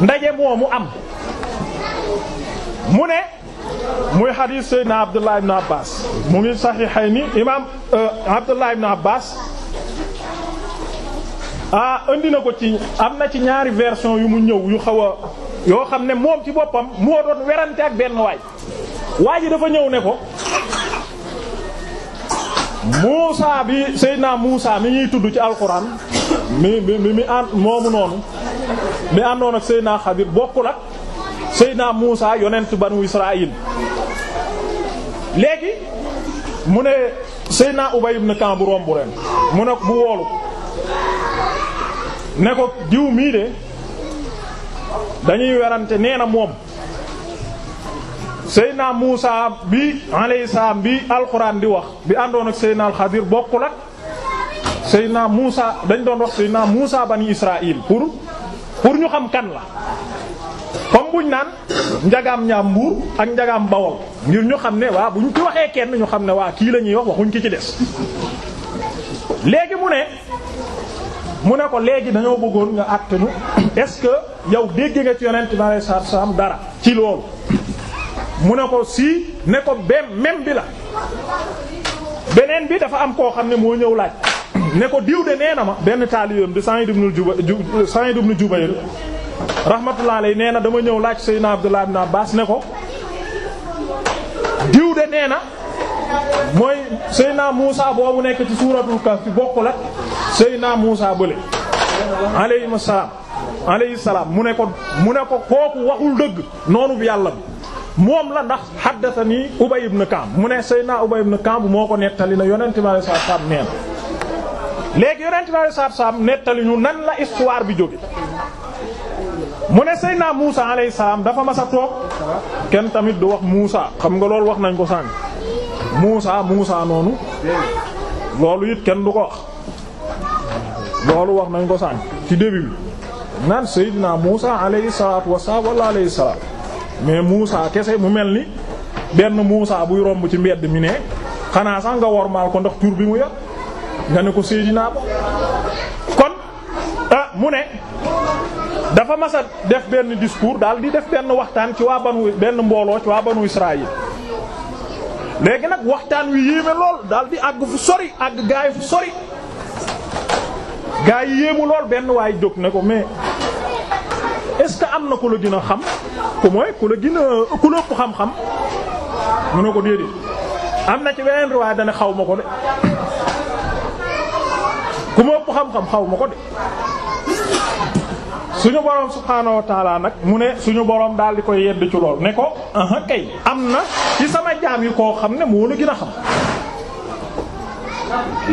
ndaje moomu am mu ne muy xadiis Seydina Abdullah ibn Abbas mu ngi saxiixayni imaam euh, Abdullah ibn Abbas ah indi na ko ci am na ci ñaari version yu mu ñëw yu xaw a yoo xam ne moom ci boppam moo doon werante ak benn waay waa ji dafa ñëw ne ko Muusa bi Seydina muusaa mi ñuy tudd ci alxuraan mi mi mi ànd moomu noonu mi àndoon ak Seydina Xadir bokkul ak Seydina Muusa yonent banu Israayil léegi mu ne Seydina Ubay ibn Ka'b bu rombu mu ne bu woolu ne ko diw mii de dañuy werante nee na moom Seydina Muusa bi alayhi salaam bi alxuraan di wax bi àndoon ak Seydina Alxadir bokkul ak Seydina Muusa dañ doon wax Seydina Muusa bani Israël pour pour ñu xam kan la kom buñ naan njagaam ñaam mbuur ak njagaam bawol ngir ñu xam ne waa buñ ci waxee kenn ñu xam ne waa kii la ñuy wax waxuñ ki ci des léegi mu ne mu ne ko léegi dañoo bëggoon nga àtte ñu ce que yow dégg nga ci yonent bi alayhi salaatu salaam dara ci loolu mu ne ko si ne ko benn même bi la beneen bi dafa am koo xam ne moo ñëw laaj ne ko diw de nee na ma benn taalibeem di Sa'id ibn Jubayr Sa'id ibn Jubayr rahmatullahi alayhi nee na dama ñëw laaj Seydina Abdullah ibn Abbas ne ko diw de nee na mooy Seydina Muusa boobu nekk ci suuratul Kahf bokkul ak Seydina Muusa bële alayhi salaam salaam mu ne ko mu ne ko kooku waxul dëgg noonu bi yàlla bi moom la ndax haddathani Ubay ibn Ka'b mu ne Seydina Ubay ibn Ka'b moo ko nettali na yonent bi alayhi salaam nee na léegi yonent bi alayhi nettali ñu nan la histoire bi jóge mu ne Seydina Muusa alayhi salaam dafa mas toog kenn tamit du wax Muusa xam nga loolu wax nañ ko sànk Muusa Muusa noonu loolu it kenn du ko wax loolu wax nañ ko sànq ci début bi naan Seydina Muusa alayhi salaatu wasalaam wala alayhi salaam mais Muusa kese mu mel ni benn Muusa buy romb ci mbedd mi ne xanaa sax nga wormaal ko ndax tur bi mu yor nga ne ko Seydina ba kon a ah, mu ne dafa mas a def benn discours daal di def benn waxtaan ci waa banu benn mbooloo ci waa banu Israël léegi nag waxtaan wi yéeme lool daal di àgg fu sori àgg gaay fu sori. gaa yi yéemu lool benn waay jóg ne ko mais est-ce am na ku la gën a xam ku mooy ku la gën a ku la ëpp xam-xam mu ne ko déedéet am na ci beneen riwaay dana xaw ma ko de ku ma ëpp xam-xam xaw ma ko de suñu borom subhaanahu wa taala nag mu ne suñu borom daal di koy yedd ci lool ne ko aha kay am na ci sama jaam yi koo xam ne moo la gën a xam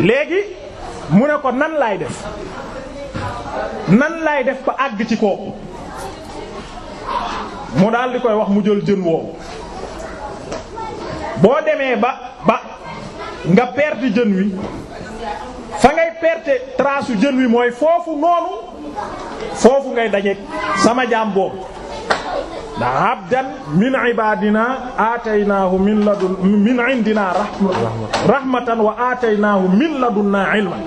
léegi mu ne ko nan laay def nan laay def ba àgg ci kooku mu daal koy wax mu jël jën woowu boo demee ba ba nga perte jën wi fa ngay perte trace jën wi mooy foofu noonu foofu ngay daje sama jaam boobu abdan min ibadina aataynaahu min ladun min indina rahmatan wa aataynaahu min ladunna ilman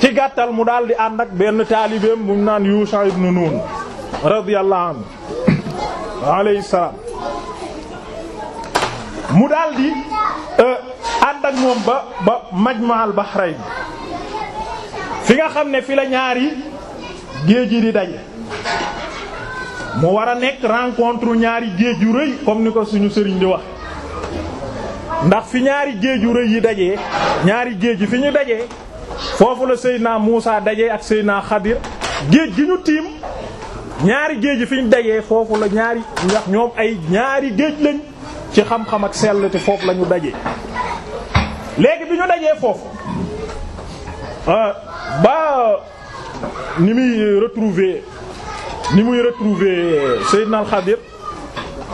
ci gàttal mu daldi di benn taalibeem mu naan Yusha ibn Nun radiyallahu anhu mu daldi di euh, ànd ba ba majmaal bahrayn fi nga xam ne fi la ñaari di daje mu war a nekk rencontre ñaari géej yu rëy comme ni ko suñu sëriñ di wax ndax fi ñaari géej yu rëy yi dajee ñaari géej yi fi ñu dajee foofu la naa Muusa dajee ak naa Xadir géej gi ñu tiim ñaari géej yi fi ñu dajee foofu la ñaari ndax ñoom ay ñaari géej lañ ci xam-xam ak sell te foofu lañu ñu dajee léegi bi ñu dajee foofu euh, ba ni muy retrouver ni muy retrouver euh, Seydina al Xadir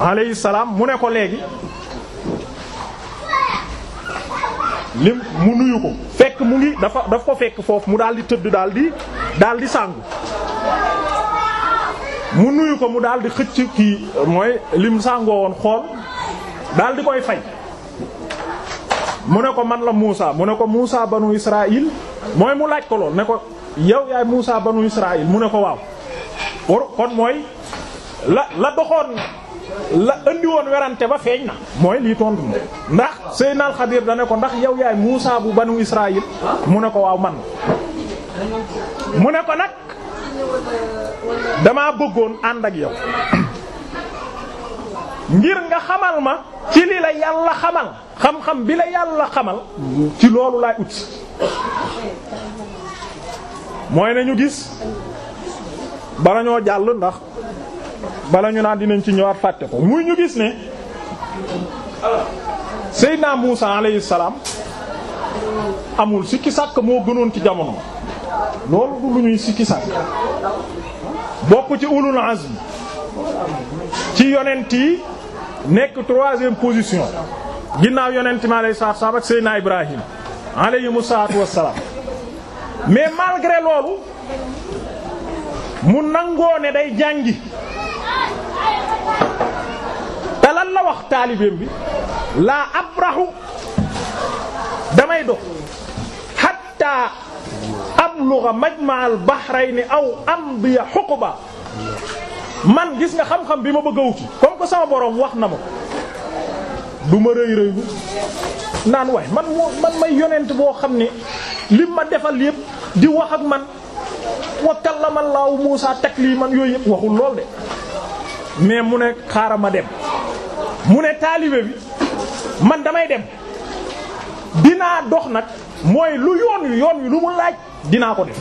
alayhi salaam mu ne ko léegi lim mu nuyu ko fekk mu ngi dafa daf ko fekk foofu mu daal di tëdd daal di daal di mu nuyu ko mu daldi xëcc kii mooy lim sangoo woon xool daal koy fay mu ne ko man la Muusa mu ne ko Muusa banu Israil mooy mu laaj ko lool ne ko yow yaay Muusa banu Israil mu ne ko waaw kon mooy la la doxoon la andi woon werante ba feeñ na mooy lii tontu ndax Seydina Al Xadir da ne ko ndax yow yaay Muusaa bu banu Israayil mu ne ko waaw man mu ne ko nag dama bëggoon ànd ak yow ngir nga xamal ma ci li la yàlla xamal xam-xam bi la yàlla xamal ci loolu laay ut mooy nañu gis bala ñoo jàll ndax bala ñu naan dinañ ci ñëwaat fàtte ko muy ñu gis ne Seydina Muusa alayhi salaam amul sikki sàkk moo gënoon ci jamono loolu du lu ñuy sikki sàkk bokk ci ulul azm ci yonent nekk troisième position ginnaaw yonent mi alayhi salaatu salaam ak Seydina Ibrahim alayhimu salaatu wassalaam mais malgré loolu mu nangoo ne day jàngi te lan la wax taalibeem bi laa raxu damay dox hatta ablugha majma'al bahrayni aw amdiya huquba man gis nga xam-xam bi ma bëgg wuti comme que sama borom wax na ma du ma rëy rëylu naan waay man man may yonent boo xam ne li ma defal yépp di wax ak man wa kallama Allahu Muusaa takliman yooyu yëpp waxul lool de mais mu ne xaaral ma dem mu ne taalibe bi man damay dem dinaa dox nag mooy lu yoon wi yoon wi lu mu laaj dinaa ko def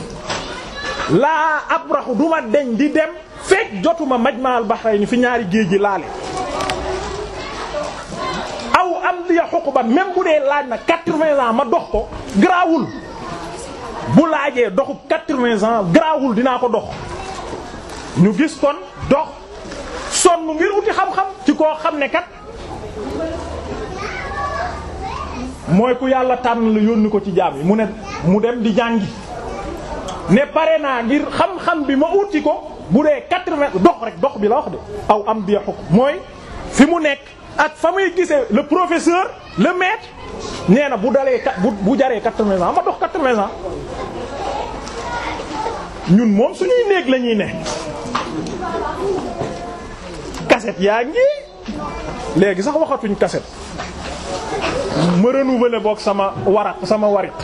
laa abraxu du ma deñ di dem fekk jotuma ma majmaal bahrayni fi ñaari géej gi laale aw am liya xuquba même bu laaj na quatre-vingts ma dox ko garaawul bu laajee doxu quatre-vingts ans garaawul dinaa ko dox ñu gis kon dox sonn ngir uti xam-xam ci koo xam ne kat mooy ku yàlla tànn la yónni ko ci jaam yi mu ne mu dem di jàngi ne pare naa ngir xam-xam bi ma uti ko bu dee quatre-vingts dox rek dox bi la wax de aw am bi xukk mooy fi mu nekk ak fa muy gisee le professeur le maître nee na bu dalee bu bu jaree quatre-vingts ans a dox quatre-vingts ans ñun moom suñuy néeg la ñuy ne kaset yaa ngi léegi sax waxatuñ cassette ma renouveler boog sama wara sama warit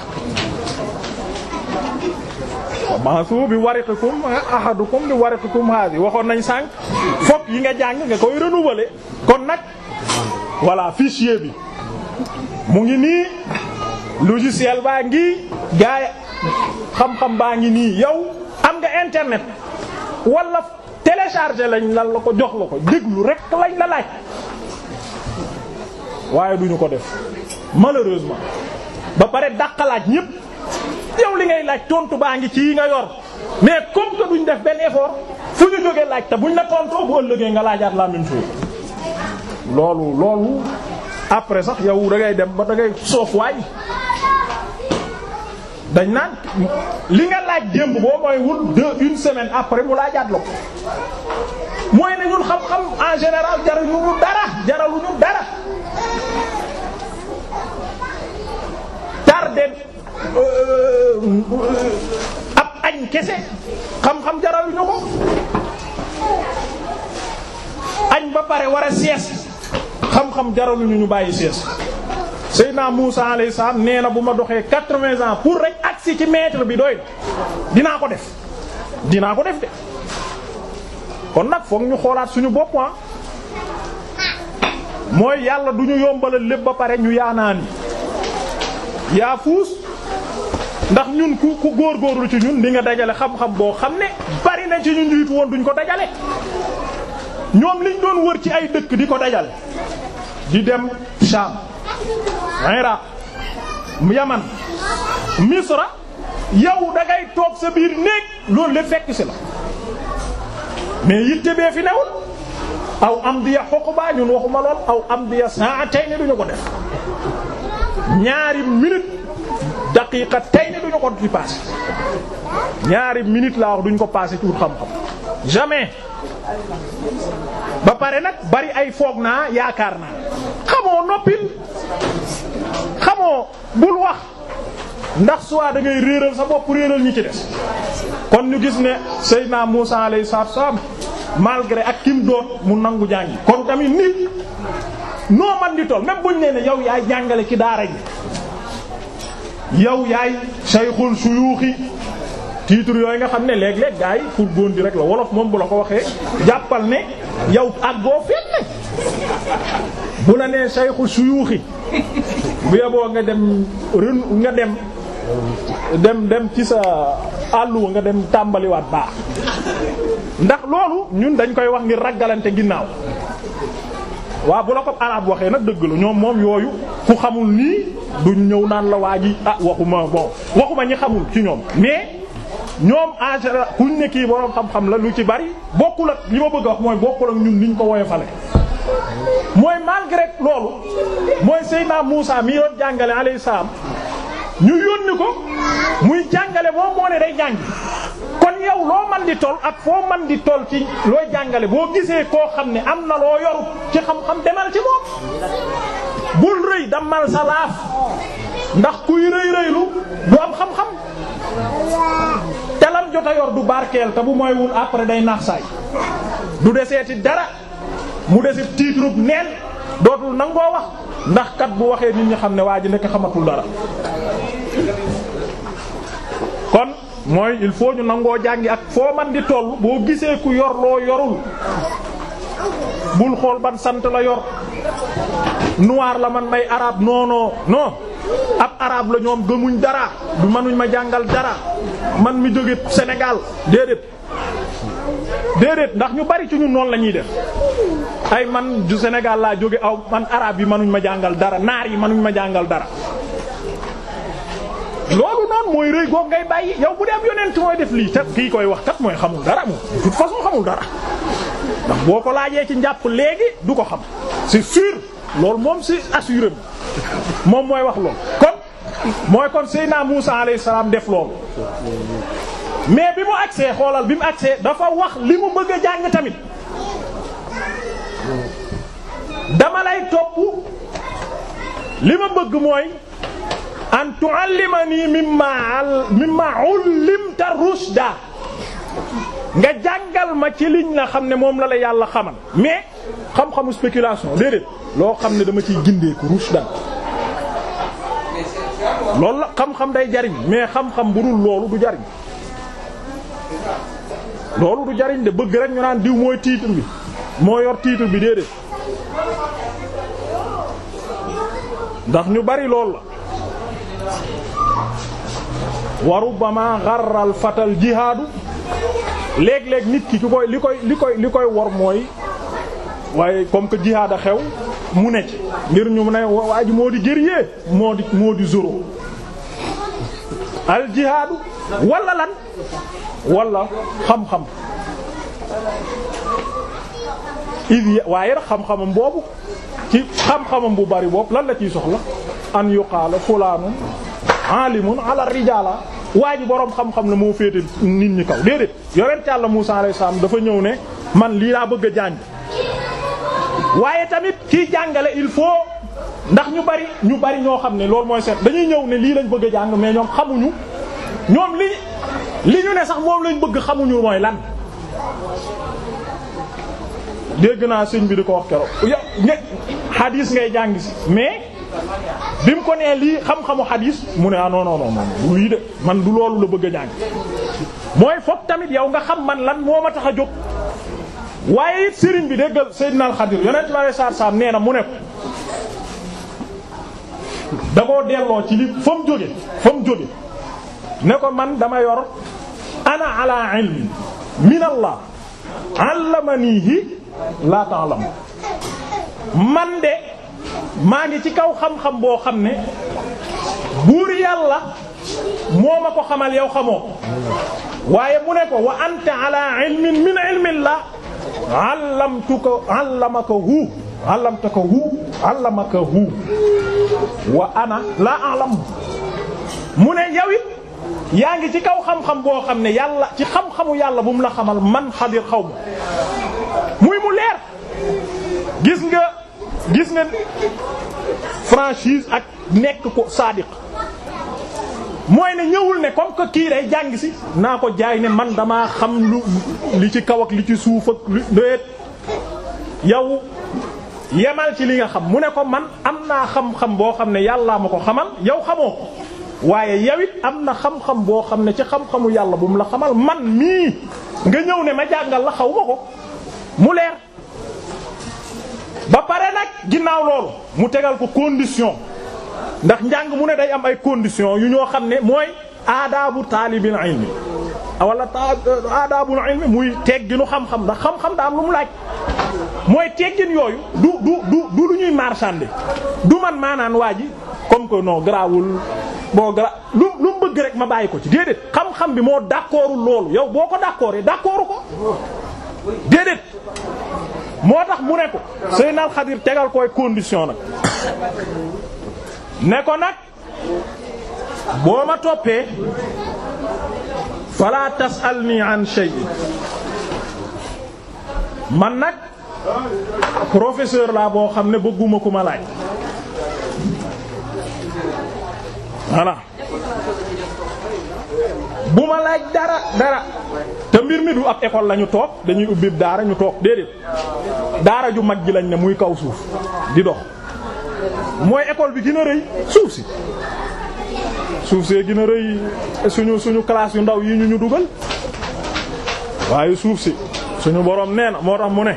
mansu bi waritukum ahadukum bi waritukum haadi waxoon nañ sànq fop yi nga jàng nga koy renouveler kon nag voilà fichier bi mu ngi nii logiciel baa ngi gaay xam-xam baa ngi nii yow am nga internet wala télécharger lañ lan la ko jox la ko déglu rek lañ la laaj waaye duñu ko def malheureusement ba pare laaj ñépp yow li ngay laaj tontu baa ngi ci nga yor mais comme que duñ def benn effort fu ñu jógee laaj te buñ la tontoo bu ëllëgee nga laajaat laa même chose loolu loolu après sax yow da ngay dem ba da ngay soof waay dañ naan li nga laaj démb boo mooy wul deux une semaine après mu laajaat la ko mooy ne ñun xam-xam en général jaraluñu dara jaraluñu dara tardé euh, ab añ kese xam-xam jaraluñu ko añ ba pare war a sees xam-xam jaraluñu ñu bàyyi sées Seydina Muusa alayhi salaam nee na bu ma doxee quatre-vingts ans pour rek agsi ci maître bi doy dinaa ko def dinaa ko def de kon nag foog ñu xoolaat suñu bopp ah mooy yàlla du ñu yombalal lépp ba pare ñu yaanaan yi yaa fuus ndax ñun ku ku góorgóorlu ci ñun di nga dajale xam-xam boo xam ne bari na ci ñu njiitu woon duñ ko dajale ñoom liñ doon wër ci ay dëkk di ko dajal di dem Sham Iraq Yaman Misra yow da toog sa biir néeg loolu lépp fekk si la mais yitte bee fi newul aw am diya xoqubaa ñun waxuma lool aw am diya saatay ne duñu ko def ñaari minute daqiiqa tey ne duñu ko di passé ñaari minute laa wax duñ ko passé ci xam-xam jamais ba pare nag bari ay foog naa yaakaar naa xamoo noppil xamoo bul wax ndax soit da ngay réeral sa bopp réeral ñi ci des kon ñu gis ne Seydina Muusa alayhi salaatu wassalaam malgré ak kim doon mu nangu jàngi kon tamit nit noo man di toll même buñ nee ne yow yaay jàngale ci daara ji yow yaay sayxul suyuuxi titre yooyu nga xam ne léeg-léeg gars yi pour góondi rek la wolof moom bu la ko waxee jàppal ne yow ak boo fenn bu la nee sayxu suyuuxi bu yeboo nga dem ren nga dem dem dem ci sa wa nga dem tàmbaliwaat baax ndax loolu ñun dañ koy wax ngir raggalante ginnaaw waaw bu la ko arab waxee nag dëgg la ñoom moom yooyu ku xamul nii duñ ñëw naan la waa ji ah waxuma bon waxuma ñi xamul ci ñoom mais ñoom en général kuñ ne kii boroom xam-xam la lu ci bari bokkul ak li ma bëgg a wax mooy bokkul ak ñun niñ ko woyofale mooy malgré loolu mooy Seydina Muusa mi yoon jàngale alayhi ñu yónni ko muy jàngale moom moo ne day jàngi kon yow loo man di toll ak foo man di toll ci looy jàngale boo gisee koo xam ne am na loo yoru ci xam-xam demal ci moom bul rëy damal sa laaf ndax kuy rëy rëylu du am xam-xam calam jota yor du barkeel te bu moywul après day naax saay du deseeti dara mu desi tiitrub neen dootul nangoo wax ndax kat bu waxee nit ñi xam ne waa ji nekk xamatul dara kon mooy il faut ñu nangoo jàngi ak foo man di toll boo gisee ku yor loo yorul bul xool ban sant la yor noir la man may arabe non non non ab araab la ñoom gëmuñ dara du mënuñ ma jàngal dara man mi jóge Sénégal déedéet déedéet ndax ñu bari ci ñun noonu la ñuy def ay man ju Sénégal laa jóge aw man arab yi mënuñ ma jàngal dara naar yi mënuñ ma jàngal dara loolu noonu mooy rëy goog ngay bàyyi yow bu dee am yonent mooy def lii te kii koy wax kat mooy xamul dara moom de toute façon xamul dara ndax boo ko laajee ci njàpp léegi du ko xam c'est sûr loolu moom c'est assuré moom mooy wax loolu kon mooy kon Seydina Muusa alayhi salaam def loolu mais bi mu agsee xoolal bi mu agsee dafa wax li mu bëgg a jàng tamit dama lay topp li ma bëgg mooy an tu'allimani mimma mimma 'ullimta rushda nga jàngal ma ci liñ la xam ne moom la la yàlla xamal mais xam-xamu spéculation déedéet loo xam ne dama ciy gindeeku rush dan loolu la xam-xam day jariñ mais xam-xam bu dul loolu du jariñ loolu du jariñ de bëgg rek ñu naan diw mooy titre bi moo yor titre bi déedéet ndax ñu bari lool la wa rubbama gharra al fatal jihaadu léeg-léeg nit ki koy li koy li koy li koy wor mooy waaye comme que jihaad a xew mu ne ci ngir ñu ne waa ji moo di guerrier moo di moo di zoro al jihaadu wala lan wala xam-xam idi waaye rek xam-xamam boobu ci xam-xamam bu bari boobu lan la ciy soxla an yuqaala fulaanun aalimun ala rijaala waa ji boroom xam-xam la moo féete nit ñi kaw déedéet yonent Yàlla Muusa alayhi salaam dafa ñëw ne man lii laa bëgg a jàng waaye tamit kiy jàngale il faut ndax ñu bari ñu bari ñoo xam ne loolu mooy seet dañuy ñëw ne lii lañ bëgg a jàng mais ñoom xamuñu ñoom li li ñu ne sax moom lañ bëgg xamuñu mooy lan dégg naa sëñ bi di ko wax keroog yow ñe xadiis ngay jàng si mais bi mu ko nee lii xam-xamu xadiis mu ne ah non non non lii de man du loolu la bëgg a jàng mooy foog tamit yow nga xam man lan moo ma tax a jóg. waaye it sëriñ bi déggal Seydina Alxadir yonent bi saa saa nee na mu ne ko da ci li fa mu jóge ne ko man dama yor ana ala ilmin min Allah man de. maa ngi ci kaw xam-xam boo xam ne buur yàlla moo ma ko xamal yow xamoo waaye mu ne ko wa anta ala wa alam mu ne yow yaa ngi ci kaw xam-xam boo xam ne yàlla ci xam-xamu yàlla bu mu la xamal man xadir xaw muy mu leer gis nga gis ne franchise ak nekk ko saadiq mooy ne ñëwul ne comme que kii day jàng si naa ko jaay ne man damaa xam lu li ci kaw ak li ci suuf lu déet yow yemal ci li nga xam mu ne ko man am naa xam-xam boo xam ne yàllaa ma ko xamal yow xamoo ko waaye yow am na xam-xam boo xam ne ci xam-xamu yàlla bu mu la xamal man mii nga ñëw ne ma jàngal la xaw ma ko mu leer ba pare nag ginnaaw loolu mu tegal ko condition ndax njàng mu ne day am ay condition yu ñoo xam ne mooy aadaabu taalibil ilmi wala aadaabul ilmi muy tegginu xam-xam ndax xam-xam daa am lu mu laaj mooy teggin yooyu du du du du lu ñuy marchander du man maanaan waa ji comme que noo graawul boo gara lu lu mu bëgg rek ma bàyyi ko ci déedéet xam-xam bi moo d'accordul loolu yow boo ko d'accordee d'accordu ko déedéet moo tax mu ne ko Seydina Al tegal koy condition nag ne ko nag boo ma toppee fala tasalni an shay man nag professeur laa boo xam ne bëgguma ku ma laaj voilà bu ma laaj dara dara mbir mi du ab école la ñu toog dañuy ubbi daara ñu toog déedéet daara ju mag ji lañ ne muy kaw suuf di dox mooy école bi gën rëy suuf si suuf see gën suñu suñu classe yu ndaw yi ñu dugal waaye suuf si suñu borom nee na moo tax mu ne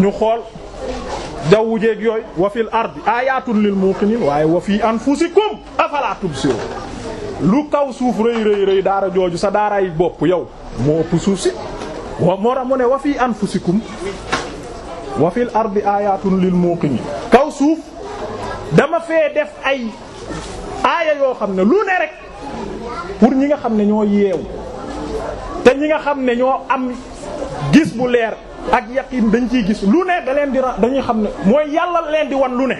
ñu xool jawwu jeeg yooyu wa fil ardi ayatun lil muqinin waaye wa fi anfusikum afala tubsirun lu kaw suuf rëy rëy rëy daara jooju sa daaray bopp yow moo ëpp suuf si wa moo tax mu ne wa fii anfusikum wa fil ardi aayatun lil muuqini kaw suuf dama fee def ay aaya yoo xam ne lu ne rek pour ñi nga xam ne ñoo yeewu te ñi nga xam ne ñoo am gis bu leer ak yaqin dañ ciy gis lu ne da leen di dañuy xam ne mooy yàlla leen di wan lu ne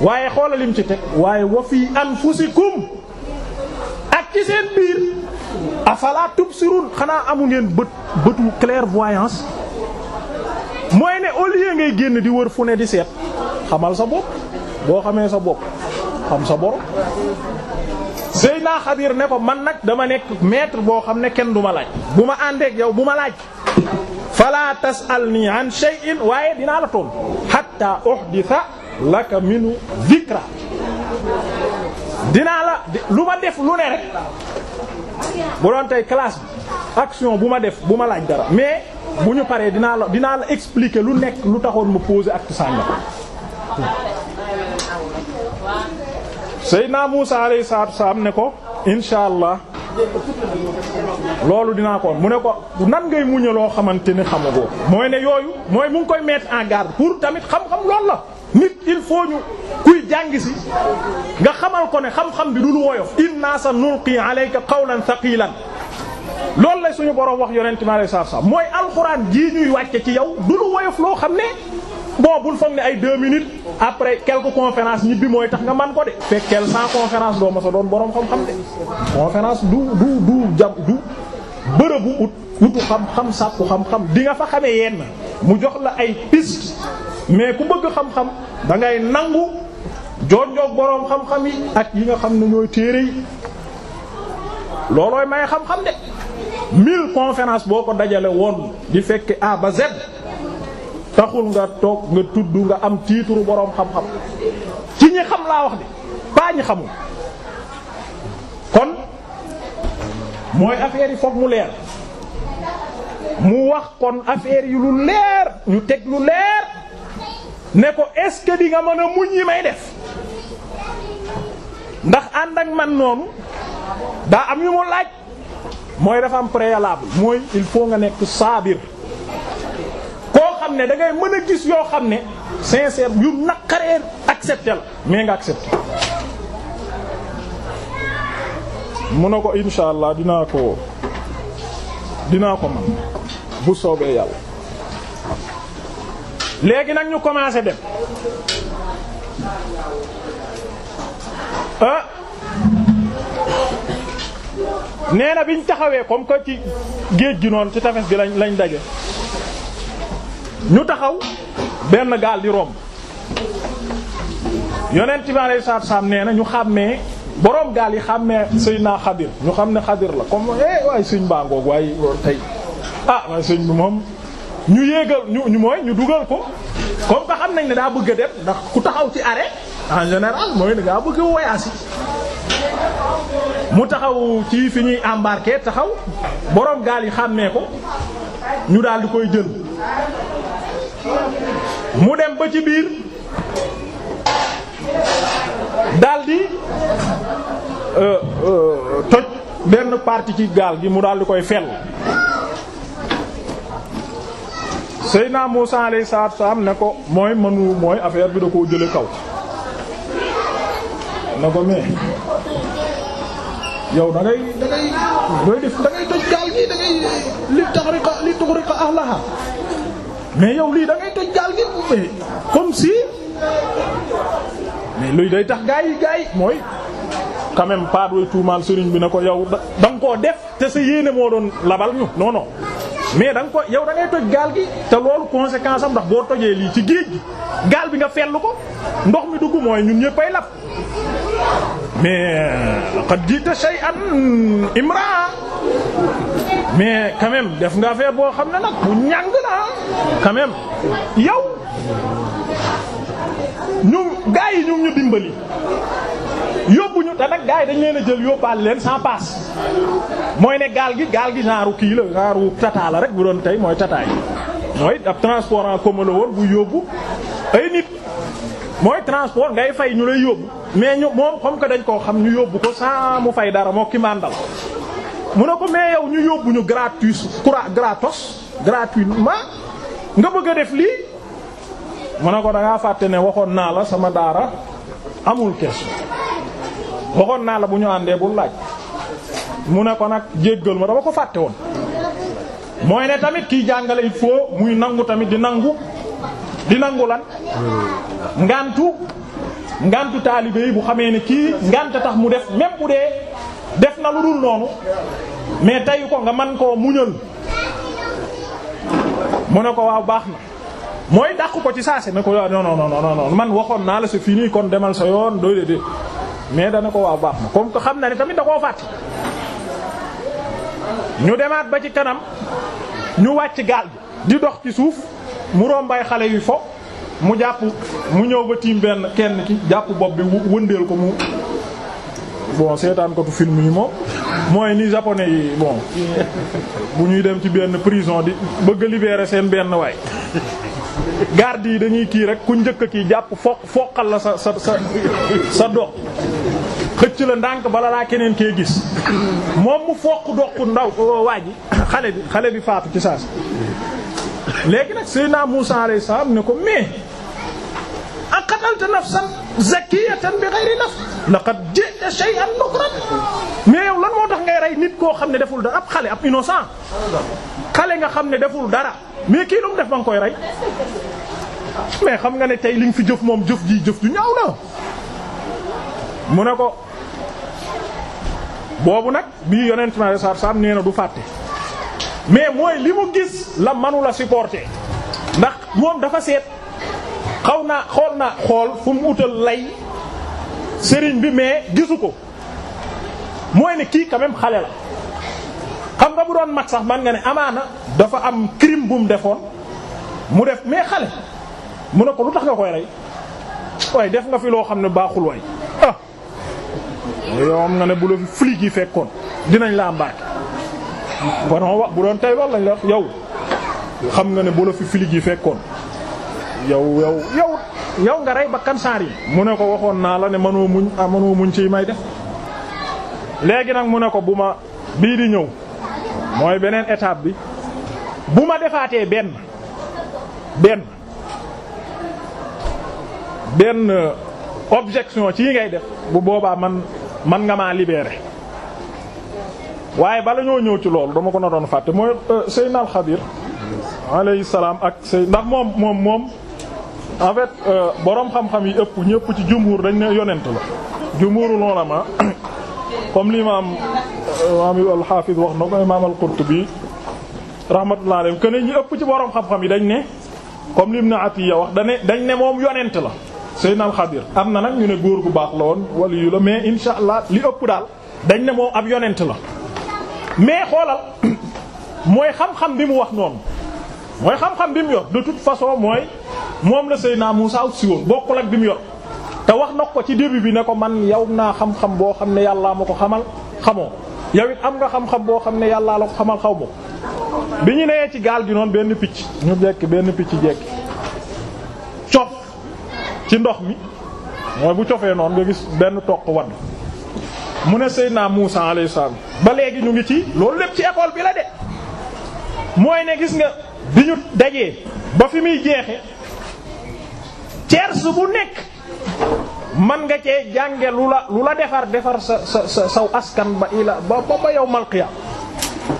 waaye xoolalim ci teg waaye wa fii anfusikum ci seen biir afala tubsirun xanaa amu ngeen bët bëtu clairvoyance mooy ne au ngay génn di wër fu ne di seet xamal sa bopp boo xamee sa bopp xam sa borom Seydina Xadir ne ko man nag dama nekk maître boo xam ne kenn duma laaj bu ma àndeek yow bu ma laaj fala tasalni an shay'in waaye dinaa la toon hatta uhditha laka minu dhikra dinaa la lu ma def lu ne rek bu doon tey classe bi action bu ma def bu ma laaj dara mais bu ñu paree dinaa la dinaa la expliquer lu nekk lu taxoon ma poser acte sànga Seydina Muusa alayhi salaatu wassalaam ne ko insha allah loolu dinaa koon mu ne ko nan ngay muñe loo xamante ni xamagoo mooy ne yooyu mooy mu ngi koy mettre en garde pour tamit xam-xam loolu la nit il faut ñu kuy jàng si nga xamal ko ne xam-xam bi du lu woyof inna sa nulqi alayka qawlan thaqilan loolu la suñu borom wax yonent mi alayhi salaam mooy alxuraan jii ñuy wàcce ci yow du lu woyof loo xam ne bon bul foog ne ay deux minutes après quelques conférences ñibbi mooy tax nga man ko de fekkeel sans conférence doo ma sa doon borom xam-xam de conférence du du du jam du bërëbu ut utu xam-xam sàkku xam-xam di nga fa xamee yenn mu jox la ay piste mais ku bëgg xam-xam da ngay nangu joonjoog boroom xam-xam yi ak yi nga xam ne ñooy téere yi loolooy may xam-xam de mille conférence boo ko dajale woon di fekk A ba Z taxul nga toog nga tudd nga am titre boroom xam-xam ci ñi xam laa wax de pas ñi xamul kon mooy affaire yi fokk mu leer mu wax kon affaire yi lu leer ñu teg lu leer ne ko est-ce nga mën a muñ yi may def ndax ànd ak man noonu daa am yu mu laaj mooy dafa am préalable mooy il faut nga nekk saabir koo xam ne da ngay mën a gis yoo xam ne sincère yu naqaree accepté la mais nga accepté mun na ko insha allah dinaa ko dinaa ko man bu soobee yàlla léegi nag ñu commencé dem ah nee na biñ taxawee comme que ci géej gi noonu ci tafes gi lañ lañ daje ñu taxaw benn gaal di romb yonent bi alayhi salaatu salaam nee na ñu xàmmee boroom gaal yi xàmmee Seydina Xadir ñu xam ne Xadir la comme eh waaye sëñ baa ngoog waaye tey ah waaye sëñ bi moom. ñu yéegal ñu ñu mooy ñu dugal ko comme que xam nañ ne daa bëgg a dem ndax ku taxaw ci arrêt en général mooy ne daa bëgg a voyage mu taxaw ci fi ñuy embarquer taxaw borom gaal yi xàmmee ko ñu daal di koy jël mu dem ba ci biir daldi di euh, euh, toj benn partie ci gaal gi mu daal di koy fel Seydina Muusaa alayhi salaatu salaam ne ko mooy mënu mooy affaire bi da koo jële kaw ne ko mais yow da ngay da ngay doy def da ngay toj gaal gi da ngay li taxriqa li tuxriqa ahlaha lii da toj gaal gi mais comme si mais luy day tax gaa yi gaa yi mooy quand même pas tuumaal sëriñ bi ne ko yow da koo def te sa yéene moo doon labal ñu non mais da ko yow da ngay toj gaal gi te loolu conséquence am ndax boo tojee lii ci géej gi gaal bi nga fellu ko ndox mi dugg mooy ñun ñëpp ay lap mais laqad jita shay'an imraa mais quand def nga affaire boo xam ne nag bu ñàng la quand même ñu gaa yi ñu ñu dimbali yóbbuñu te nag gars yi dañ leen a jël yóbbaal leen sans passe mooy ne gaal gi gaal gi genre kii la genre tata la rek bu doon tey mooy tataay mooy ab transport en commun woon bu yóbbu ay nit mooy transport ngay fay ñu lay yóbbu mais ñu moom comme que dañ koo xam ñu yóbbu ko sans mu fay dara moo ki mandal mu ne ko mais yow ñu yóbbu ñu gratuit coura gratos gratuitement nga bëgg a def lii mu ne ko da fàtte ne waxoon naa la sama daara amul question waxoon naa la bu ñu àndee bul laaj mu ne ko nag jéggal ma dama ko fàtte woon mooy ne tamit kiy jàngale il faut muy nangu tamit di nangu di nangu lan ngantu ngantu taalibe yi bu xamee ne kii ngant tax mu def même bu dee def na lu dul noonu mais tey ko nga man koo muñal mu ne ko waaw baax na mooy dàq ko ci saase ne ko ah, non non non non man waxoon naa la c'est fini kon demal sa yoon doy de mais dana ko waaw baax na comme que xam na ne tamit da koo fàtte ñu demaat ba ci kanam ñu wàcc gaal bi di dox ci suuf mu rombay xale yi fo mu jàpp mu ñëw ba tiim benn kenn ki jàpp bopp bi wëndeel ko mu bon seetaan ko tu film yi moom mooy ni japonais yi bon bu ñuy dem ci benn prison di bëgg libérer seen benn waay garde yi dañuy kii rek ku njëkk ki jàpp fo foqal la sa sa sa sa dox xëcc la ndànk bala laa keneen kee gis moom mu foq doq ndaw oh, oh, waa ji xale bi xale bi faatu ci saas léegi nag Seydina Muusaa alayhi salaam ne ko mais aqatalta nafsan zakiyatan bi ghayri naf laqad ji'ta shay'an nukran mais yow lan moo tax ngay rey nit koo xam ne deful dara ab xale ab innocent xale nga xam ne deful dara mais kii lu mu def ba koy rey mais xam nga ne tey li fi jëf moom jëf ji jëf ju ñaaw na mu ne ko boobu nag bii yonent ma sar sam nee na du fàtte mais mooy li mu gis la manula la ndax moom dafa seet xaw naa xool naa xool fu mu utal lay sëriñ bi mais gisu ko mooy ne kii quand même xale la xam nga bu doon mag sax man nga ne amaana dafa am crime bu mu defoon mu def mais xale mu ne ko lu tax nga koy rey waaye def nga fi loo xam ne baaxul waay ah. yow am nga ne bu la fi flic dinañ la embarquer kon on bu doon tey loolu lañ la yow xam nga ne bu la fi flic yi fekkoon yow yow nga rey bakkan saar yi mu ne ko waxoon naa la ne mënoo muñ ah mënoo muñ ci may def léegi nag mu ne ko bu ma bii di ñëw mooy beneen étape bi bu ma defaatee benn benn benn euh, objection ci ngay def bu boobaa man man nga maa libeere waaye bala ñoo ñëw ci loolu dama ko na doon fàtte mooy euh, Seydina Al Xadir salaam ak Seydina ndax moom moom moom en fait euh, borom xam-xam yi ëpp ñëpp ci jumhur dañ ne yonent la jumhurul ulama comme l'imam imaam euh, al Hafiz wax na ko imaam al Qurtubi rahmatullahi alayhi que ne ñi ëpp ci borom xam-xam yi dañ ne comme li Ibn Atiyya wax dañ ne dañ ne moom yonent la. Seydina Al Xadir am na nag ñu ne góor gu baax la woon wala la mais insha allah li ëpp daal dañ ne moom ab yonent la mais xoolal mooy xam-xam bi mu wax noonu mooy xam-xam bi mu yor de toute façon mooy moom la Seydina Muusaa ut si woon bokkul ak bi mu yor te wax na ko ci début bi ne ko man yow naa xam-xam boo xam ne yàllaa ma ko xamal xamoo yow it am nga xam-xam boo xam ne yàllaa la ko xamal xaw ma bi ñu nee ci gaal gi noonu benn picc ñu jekki benn picc jekki ci ndox mi mooy bu cofee noonu nga gis benn toq wadd mu ne sey Seydina Muusa alayhi salaam ba léegi ñu ngi ci loolu lépp ci école bi la de mooy ne gis nga bi ñu dajee ba fi muy jeexe cerce bu nekk man nga cee jànge lu la lu la defar defar sa sa sa saw askan ba ila ba ba yow malxiya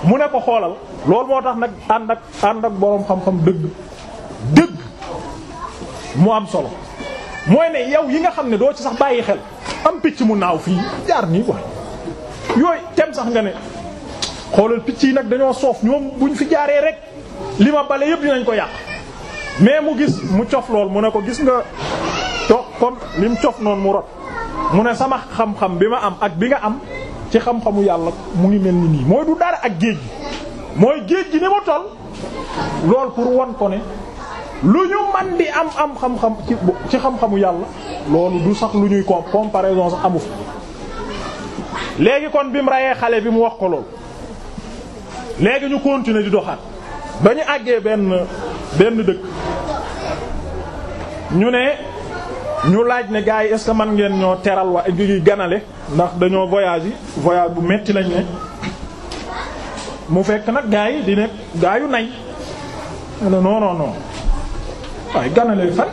mu ne ko xoolal loolu moo tax nag ànd ak ànd ak boroom xam-xam dëgg dëgg mu am solo mooy ne yow yi nga xam ne doo ci sax bàyyi xel am picc mu naaw fii jaar nii quoi yooyu tem sax nga ne xoolal picc yi nag dañoo soof ñoom buñ fi jaaree rek li ma bale yëpp dinañ ko yàq mais mu gis mu cof lool mu ne ko gis nga toog comme li mu cof noonu mu rot mu ne sama xam-xam bi ma am ak bi nga am ci xam-xamu yàlla mu ngi mel ni nii mooy du dara ak géej gi mooy géej gi ni mu tol lool pour won ko ne lu ñu man di am am xam-xam ci xam-xamu yàlla loolu du sax lu ñuy comp comparaison sax amu fi léegi kon bi mu rayee xale bi mu wax ko loolu léegi ñu continuer di doxaat ba ñu àggee benn benn dëkk ñu ne ñu laaj ne gars yi est man ngeen ñoo teral wa gi ganale ndax dañoo voyage yi voyage bu metti lañu ne mu fekk nag gars yi di nekk gaayu yu nay non non waaye ganale fan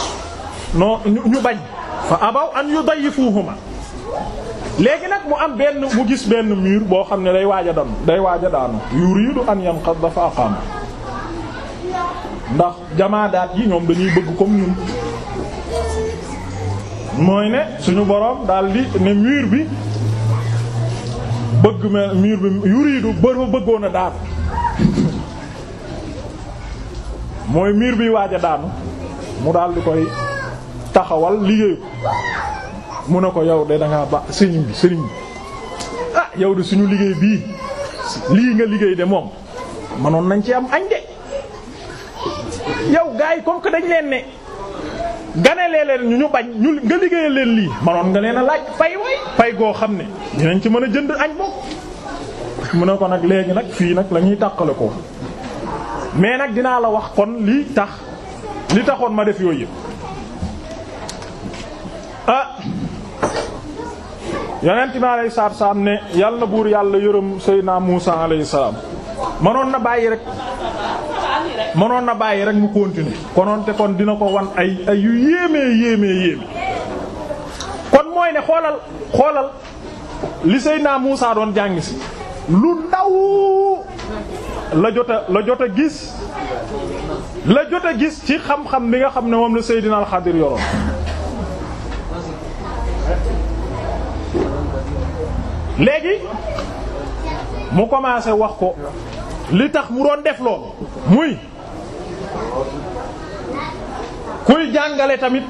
non ñu bañ fa abaw an yudayifuhuma léegi nag mu am benn mu gis benn miir boo xam ne day waaja a daanu day waaj a daanu yuridu an yanqad dafa aqama ndax jamaadaat yi ñoom dañuy bëgg comme ñun mooy ne suñu boroom daal di ne mur bi bëgg me mur bi yuridu ba fa bëggoon a mooy miir bi waaj daanu mu daldi koy taxawal liggéey ko mu ne ko yow de da ba sëriñ bi sëriñ bi ah yow de suñu liggéey bii lii nga liggéey de moom manoon nañ ci am añ de yow gars yi comme que dañ leen ne ganelee leen ñu ñu bañ ñu nga liggéeyal leen lii manoon nga leen a laaj pay way pay goo xam ne dinañ ci mën a jënd añ bokk mu ne ko nag léegi nag fii nag lañuy ñuy tàqale ko mais nag dinaa la wax kon lii tax li taxoon ma def yooyu yëpp ah yonent mi alayhi salaatu salaam ne yàlla na buur yàlla yërëm Seydina Muusaa alayhi salaam mënoon na bàyyi rek mënoon na bàyyi rek mu continuer konoon te kon dina ko wan ay ay yu yéemee yéemee yéeme kon mooy ne xoolal xoolal li Seydina Muusaa doon jàng si lu ndaw la jot a la jot a gis la jot a gis ci xam-xam bi nga xam ne moom la Seydina Alxadir yoroon léegi mu commencé wax ko li tax mu doon def loolu muy kuy jàngale tamit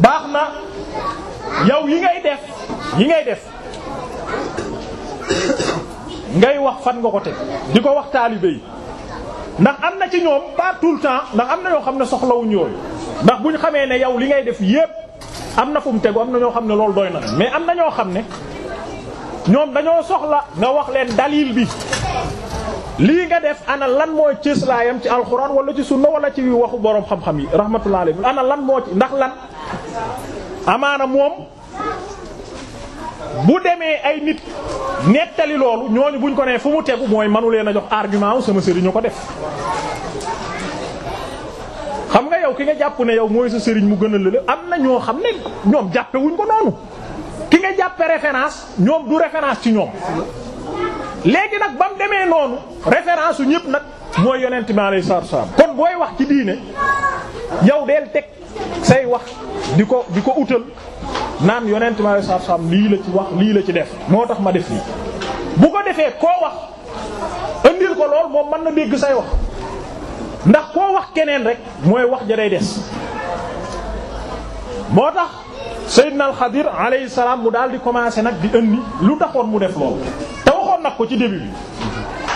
baax na yow yi ngay def yi ngay def ngay wax fan nga ko teg di ko wax taalibe yi ndax am na ci ñoom pas tout le temps ndax am na ñoo xam ne soxla soxlawuñu yooyu ndax bu ñu xamee ne yow li ngay def yépp am na fu mu tegu am na ñoo xam ne loolu doy na mais am na ñoo xam ne ñoom dañoo soxla nga wax leen dalil bi lii nga def ana lan moo mooy cëslaayam ci alxuraan wala ci sunna wala ci waxu boroom xam-xam yi rahmatullahi alayhi ana lan moo ci ndax lan amaana moom bu demee ay nit nettali loolu ñooñu buñ ko nee fu mu tegu mooy manu leen a jox argument wu sama sëriñ ko def. xam nga yow ki nga jàpp ne yow mooy sa sëriñ mu gën a lële am na ñoo xam ne ñoom jàppewuñ ko noonu ki nga jàppe référence ñoom du référence ci ñoom. léegi nag ba mu demee noonu référence su ñëpp nag mooy yonent bi alayhi salaatu salaam kon booy wax ci diine yow del teg say wax di ko di ko utal. naan yonent ma saa saam lii la ci wax lii la ci def moo tax ma def lii bu ko defee koo wax indil ko lool moom mën na dégg say wax ndax koo wax keneen rek mooy wax ja day des moo tax Seydina Al Xadir alayhi salaam mu daal di commencer nag di indi lu taxoon mu def lool te waxoon nag ko ci début bi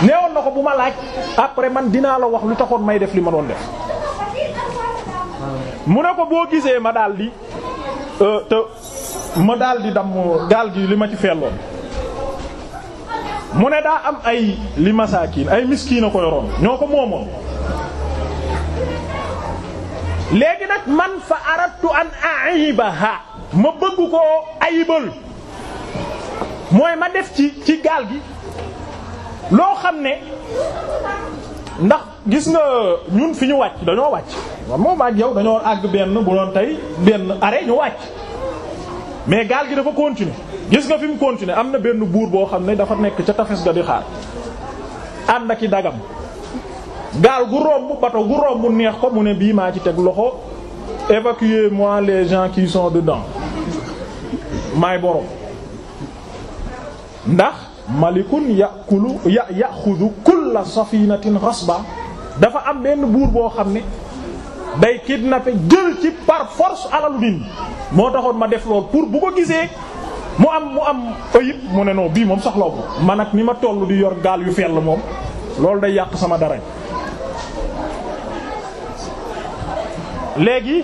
neewoon na ko bu ma laaj après man dinaa la wax lu taxoon may def li ma doon def mu ne ko boo gisee ma daal Euh, te ma daldi di damm gaal gi li ma ci felloon mu ne daa am ay li masaakiin ay miskiin a ko yoroon ñoo ko moomoon léegi nag man fa aradtu an a'ibaha ma bëgg koo ayibal mooy ma def ci ci gaal gi loo xam ne ndax gis nga ñun fi ñu wàcc dañoo wàcc moom ak yow dañoo àgg benn bu doon tey benn arrêt ñu wàcc mais gaal gi dafa continuer gis nga fi mu continuer am na benn buur boo xam ne dafa nekk ca tafes ga di xaar ànd ak i dagam gaal gu romb bato gu romb neex ko mu ne bii maa ci teg loxo évacuez mois les gens son de dedans maay borom ndax malikun yakulu ya yaxudu kulla safinatin ghasba dafa am benn buur boo xam ne day kidnappé jël ci par alalu nit moo taxoon ma def lool pour bu ko gisee mu am mu am ayib mu ne non bii moom soxlaw ko man ak ni ma toll di yor gaal yu fell moom loolu day yàq sama dara léegi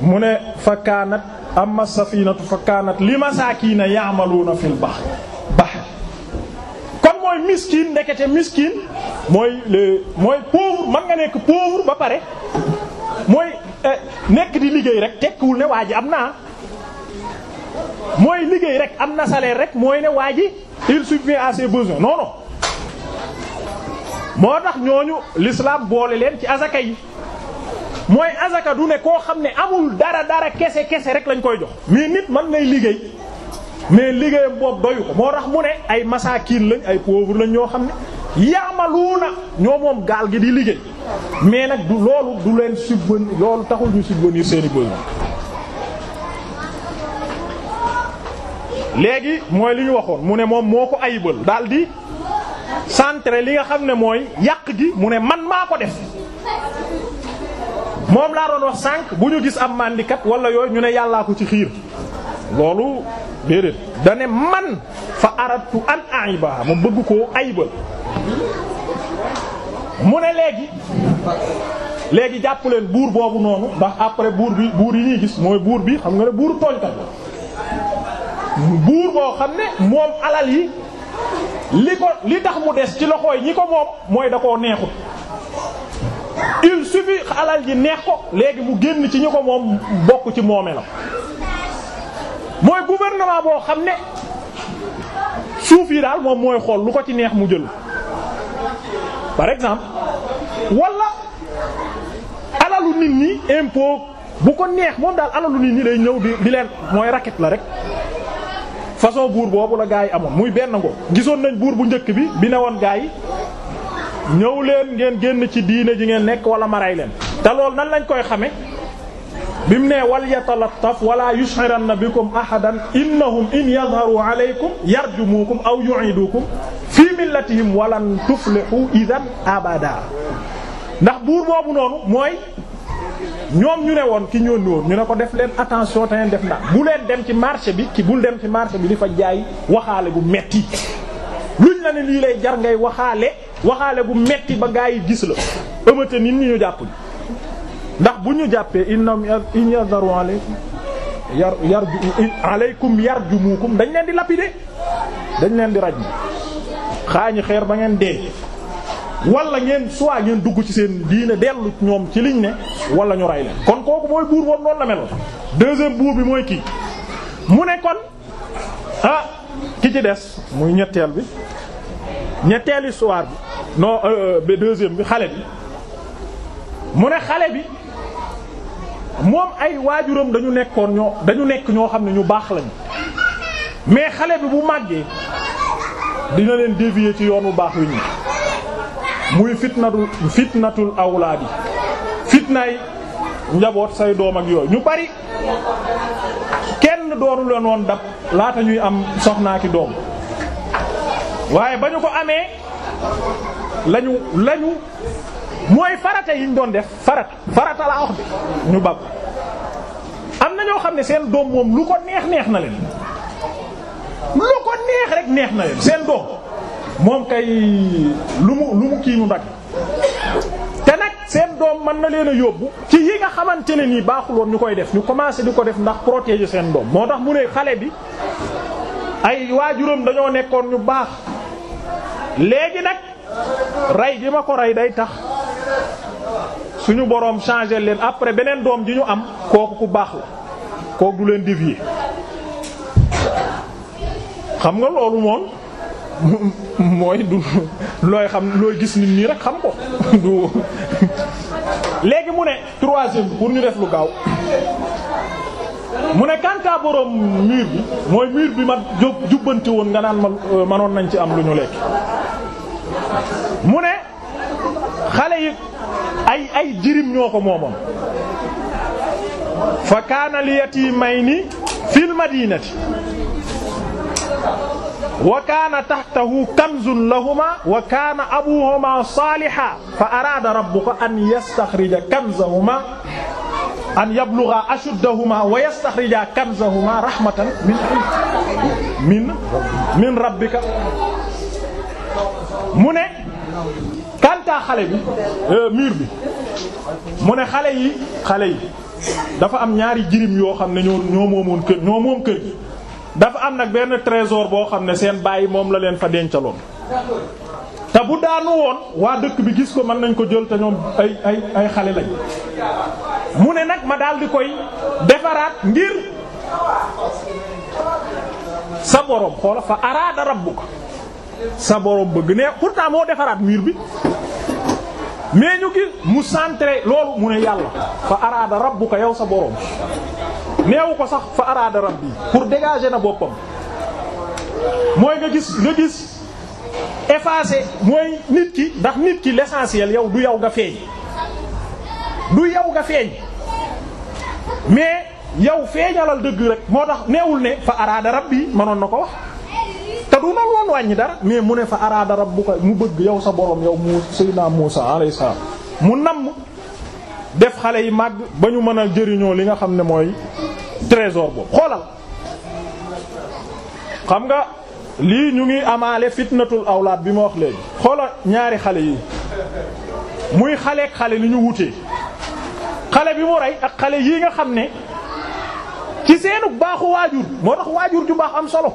mu ne fa kaanat amma safinatu fa kaanat li masaakiina ya'maluuna fil bahr bahr kon mooy miskin ndekete miskin mooy le mooy pauvre man nga nekk pauvre ba pare mooy eh, nekk di liggéey rek tekkiwul ne waa ji am naa mooy liggéey rek am na salaire rek mooy ne waa ji il subvient à ses besoins moo tax ñooñu l'islam boole leen ci azaka yi mooy azaka du ne koo xam ne amul dara dara kese kese rek lañ koy jox mais nit man ngay liggéey mais liggéeyam boobu doyu ko moo tax mu ne ay masaakiin lañ ay pauvre lañ ñoo xam ne yaamaluuna ñoo moom gaal gi di liggéey mais nag du loolu du leen subvenir loolu taxul ñu subvenir seeni besoin léegi mooy li ñu waxoon mu ne moom moo ko ayibal daal di centre li nga xam ne mooy yàq gi mu ne man maa ko def moom laa doon wax sànq bu ñu gis am màndikat wala yooyu ñu ne yàllaa ko ci xiir loolu déedéet da ne man fa aratu an ayiba ma bëgg ko ayibal mu ne léegi léegi jàpp leen buur boobu noonu ndax après buur bi buur yi ñuy gis mooy buur bi xam nga ne buur tooñkat buur boo xam ne moom alal yi li ko li tax mu des ci loxooy ñi ko moom mooy da koo neexut il suffit alal yi neex ko léegi mu génn ci ñu ko moom bokk ci moome la mooy gouvernement boo xam ne suuf yi daal moom mooy xool lu ko ci neex mu jël par exemple wala alalu nit ñi impôt bu ko neex moom daal alalu nit ñi day ñëw di di leen mooy raket la rek façon buur boobu la gaa yi amoon muy benn ngo gisoon nañ buur bu njëkk bi bi ne woon gaa yi ñëw leen ngeen génn ci diine ji ngeen nekk wala ma leen te loolu nan lañ koy xame bi mu ne wal yatalattaf wala yushiranna bikum ahadan innahum in yadharu alaykum yarjumukum aw yu'idukum fi millatihim walan tuflihu idan abada ndax buur boobu noonu mooy ñoom ñu ne woon ki ñoon woon ñu ne ko def leen attention te def na bu leen dem ci marché bi ki bul dem ci marché bi di fa jaay waxaale bu metti luñ la ne lii lay jar ngay waxaale waxaale bu metti ba gaa yi gis la ëmmate nit ñi ñu jàpp ndax bu ñu jàppee innam in yadharu alaykum yar yar alaykum yarjumukum dañ leen di lapider dañ leen di raj xaañi xeer ba ngeen dee wala ngeen soit ngeen dugg ci seen diine dellu ñoom ci liñ ne wala ñu leen kon kooku mooy buur boobu noonu la meloon deuxième buur bi mooy kii mu ne kon ah, ki ci des muy ñetteel bi ñetteel histoire bi non euh, euh, ba deuxième bi xale bi mu ne xale bi moom ay waajuram dañu nekkoon ñoo dañu nekk ñoo xam ne ñu baax lañu mais xale bi bu màggee dina leen dévier ci yoon wu baax wi ñu muy fitnatul fitnatul awlaadi fitnaay njaboot say doom ak yooyu ñu bari kenn dooru leen woon laata ñuy am soxnaaki doom waaye ba ñu ko amee lañu lañu mooy farata yiñ doon def farata farata laa bi ñu bab am na ñoo xam ne seen doom moom lu ko neex neex na leen lu ko neex rek neex na leen seen doom moom kay lu mu lu mu kii mu ndag te nag seen doom mën na leen a yóbbu ci yi nga xamante ne nii baaxul woon ñu koy def ñu commencé di ko def ndax protéger seen doom moo tax mu ne xale bi ay waa waajuram dañoo nekkoon ñu baax léegi nag rey ji ma ko rey day tax suñu borom changer leen après beneen doom ji ñu am kooku ku baax la kooku du leen dévier xam nga loolu moom mooy du looy xam looy gis nit ñi rek xam ko léegi mu ne troisième pour ñu def lu gaaw mu ne kantaa boroom mur bi mooy mur bi ma jubbanti woon nga naan ma euh, manoon nañ ci am lu ñu lekk mu ne xale yi ay ay jirim ñoo ko moomoon fa kaana li yatimayni fil madinati wa kaana taxtahu kanzun lahuma wa kaana abuhuma saaliha fa araada rabbuka an yastaxrija kanzahuma an yabluga ashuddahuma wa yastaxrija kanzahuma rahmatan min min min rabbika mu ne kanta xale bi euh, miir bi mu ne xale yi xale yi dafa am ñaari jirim yoo xam ne ñoo ñoo moomoon kër ñoo moom kër gi dafa am nag benn trésor boo xam ne seen bàyyi moom la leen fa dencaloon te bu daanu woon waa dëkk bi gis ko mën nañ ko jël te ñoom ay ay ay xale lañ mu ne nag ma daal di koy defaraat ngir sa borom xoola fa araada rabbuka sa borom bëgg ne pourtant moo defaraat mur bi mais ñu gis mu centré loolu mu ne yàlla fa araada rabbuka yow sa borom neewu ko sax fa araada rabbi pour dégager na boppam mooy nga gis nga gis effacé mooy nit ki ndax nit ki l'essentiel yow du yow nga feeñ du yow nga feeñ mais yow feeñalal dëgg rek moo tax neewul ne fa araada rabbi mënoon na ko wax te du na woon wàññi dara mais mu ne fa araada rabbuka mu bëgg yow sa borom yow mu Seydina Muusa alayhi salaam mu namm def xale yi màgg ba ñu mën a jëriñoo li nga xam ne mooy trésor boobu xoolal xam nga lii ñu ngi amaale fitnatul awlaat bi ma wax léegi xoolal ñaari xale yi muy xaleek xale li ñu wutee xale bi mu rey ak xale yii nga xam ne ci seenu baaxu waajur moo tax waajur ju baax am solo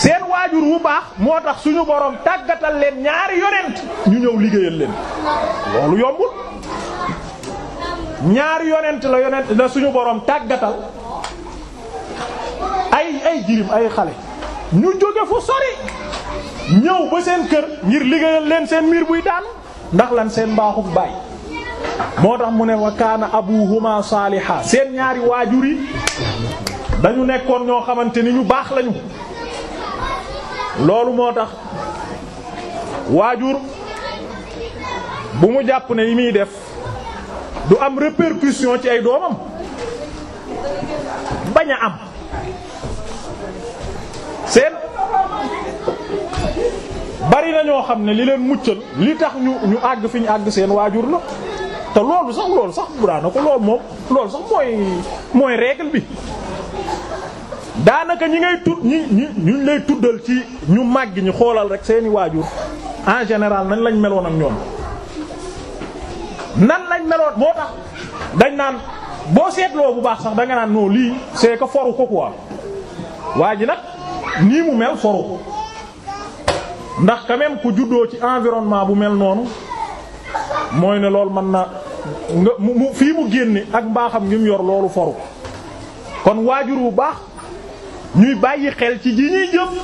seen waajur wu baax moo tax suñu borom tàggatal leen ñaari yonent ñu ñëw liggéeyal leen loolu yombul ñaari yonent la yonent suñu borom tàggatal ay ay jirim ay xale ñu jóge fu sori ñëw ba seen kër ngir liggéeyal leen seen miir buy daan ndax lan seen mbaaxu baay moo tax mu ne wa kaana abuhuma saaliha seen ñaari waajur yi dañu nekkoon ñoo xamante ni ñu baax lañu loolu moo tax waajur bu mu jàpp ne yi muy def du am répercussion ci ay doomam bañ a am seen bari na ñoo xam ne li leen muccal li tax ñu ñu àgg fi ñu àgg seen waajur la te loolu sax loolu sax bu daana ko moom loolu sax mooy mooy règle bi daanaka ñi ngay tudd ñi ñi ñu lay tuddal ci ñu màgg ñu xoolal rek seeni waajur en général nañ lañ meloon ak ñoom nan lañ meloon moo tax dañ naan boo seetloo bu baax sax danga naan non lii c'est ko foru ko quoi waa ji nag nii mu mel foru ko ndax quand ku juddoo ci environnement bu mel noonu mooy ne loolu mën na nga mu fii mu génne ak mbaaxam ngi yor loolu foru kon waajur bu baax. ñuy bàyyi xel ci ji ñuy jëm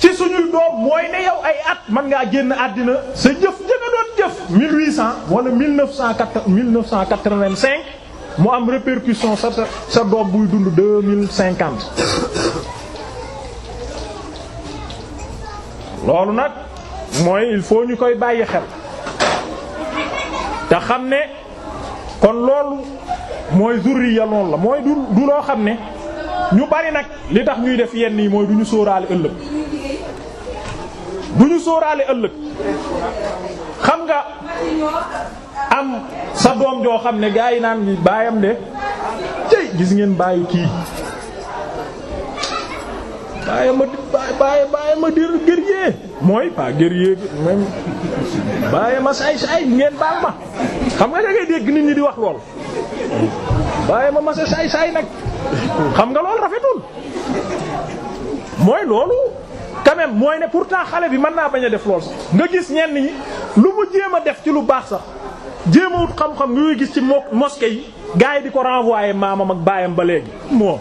ci suñuy doom mooy ne yow ay at man ngaa génn àddina sa jëf jënga doon jëf 1800 wala 1980 1985 mu am répercussion sa sa doom buy dund 2050 loolu nag mooy il faut ñu koy bàyyi xel te xam ne kon loolu mooy zurriya loolu la mooy du loo xam ne ñu bari nag li tax ñuy def yenn yi mooy du ñu sóoraale ëllëg du ñu sóoraale ëllëg xam nga am sa doom joo xam ne gaa yi naan bi baayam de tey gis ngeen bàyyi kii bàyyi ma bàyyi bàyyi ma dir guerrier mooy pas guerrier même ma saay saay ngeen baal ma xam nga da dégg nit ñi di wax lool waaye ma masa saay saay nag xam nga loolu rafetul mooy loolu quand même mooy ne pourtant xale bi mën naa bañ a def lool sax nga gis ñenn ñi lu mu jéem a def ci lu baax sax jéem a wut xam-xam ñuy gis ci mosquée yi gars yi di ko renvoyer maamam ak baayam ba léegi moo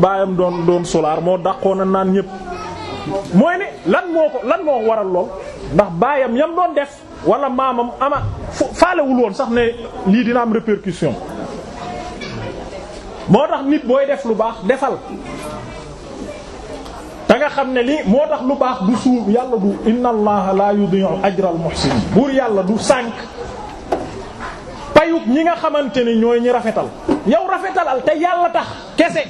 baayam doon doon solaar moo dàqoon a naan ñépp mooy ne lan moo ko lan moo waral lool ndax baayam yam doon def wala maamam ama faalewul woon sax ne lii dina am répercussion moo tax nit booy def lu baax defal te nga xam ne lii moo tax lu baax du suub yàlla du inna allaha la yudi'u ajra al muhsinin buur yàlla du sànk payuk ñi nga xamante ne ñooy ñi rafetal yow rafetalal te yàlla tax kese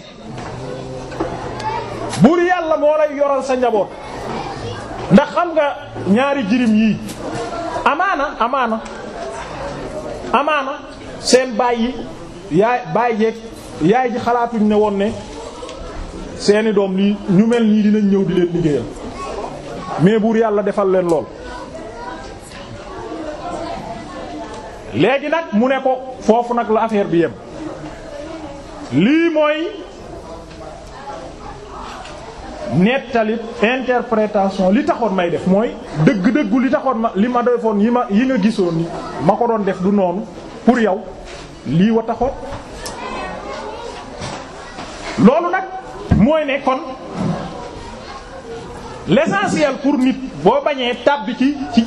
buur yàlla moo lay yoral sa njaboot ndax xam nga ñaari jirim yii amaana amaana amaana seen baay yi yaay ji xalaatuñ ne woon ne seeni doom lii ñu mel nii dinañ ñëw di leen liggéeyal mais buur yàlla defal leen lool léegi nag mu ne ko foofu nag la affaire bi yem lii mooy nettalit interprétation li taxoon may def mooy dëgg-dëggu li taxoon ma li ma defoon yi ma yi nga gisoon ni ma ko doon def du noonu pour yow lii wa taxoon loolu nag mooy ne kon l'essentiel pour nit boo bañee tàbbi ci ci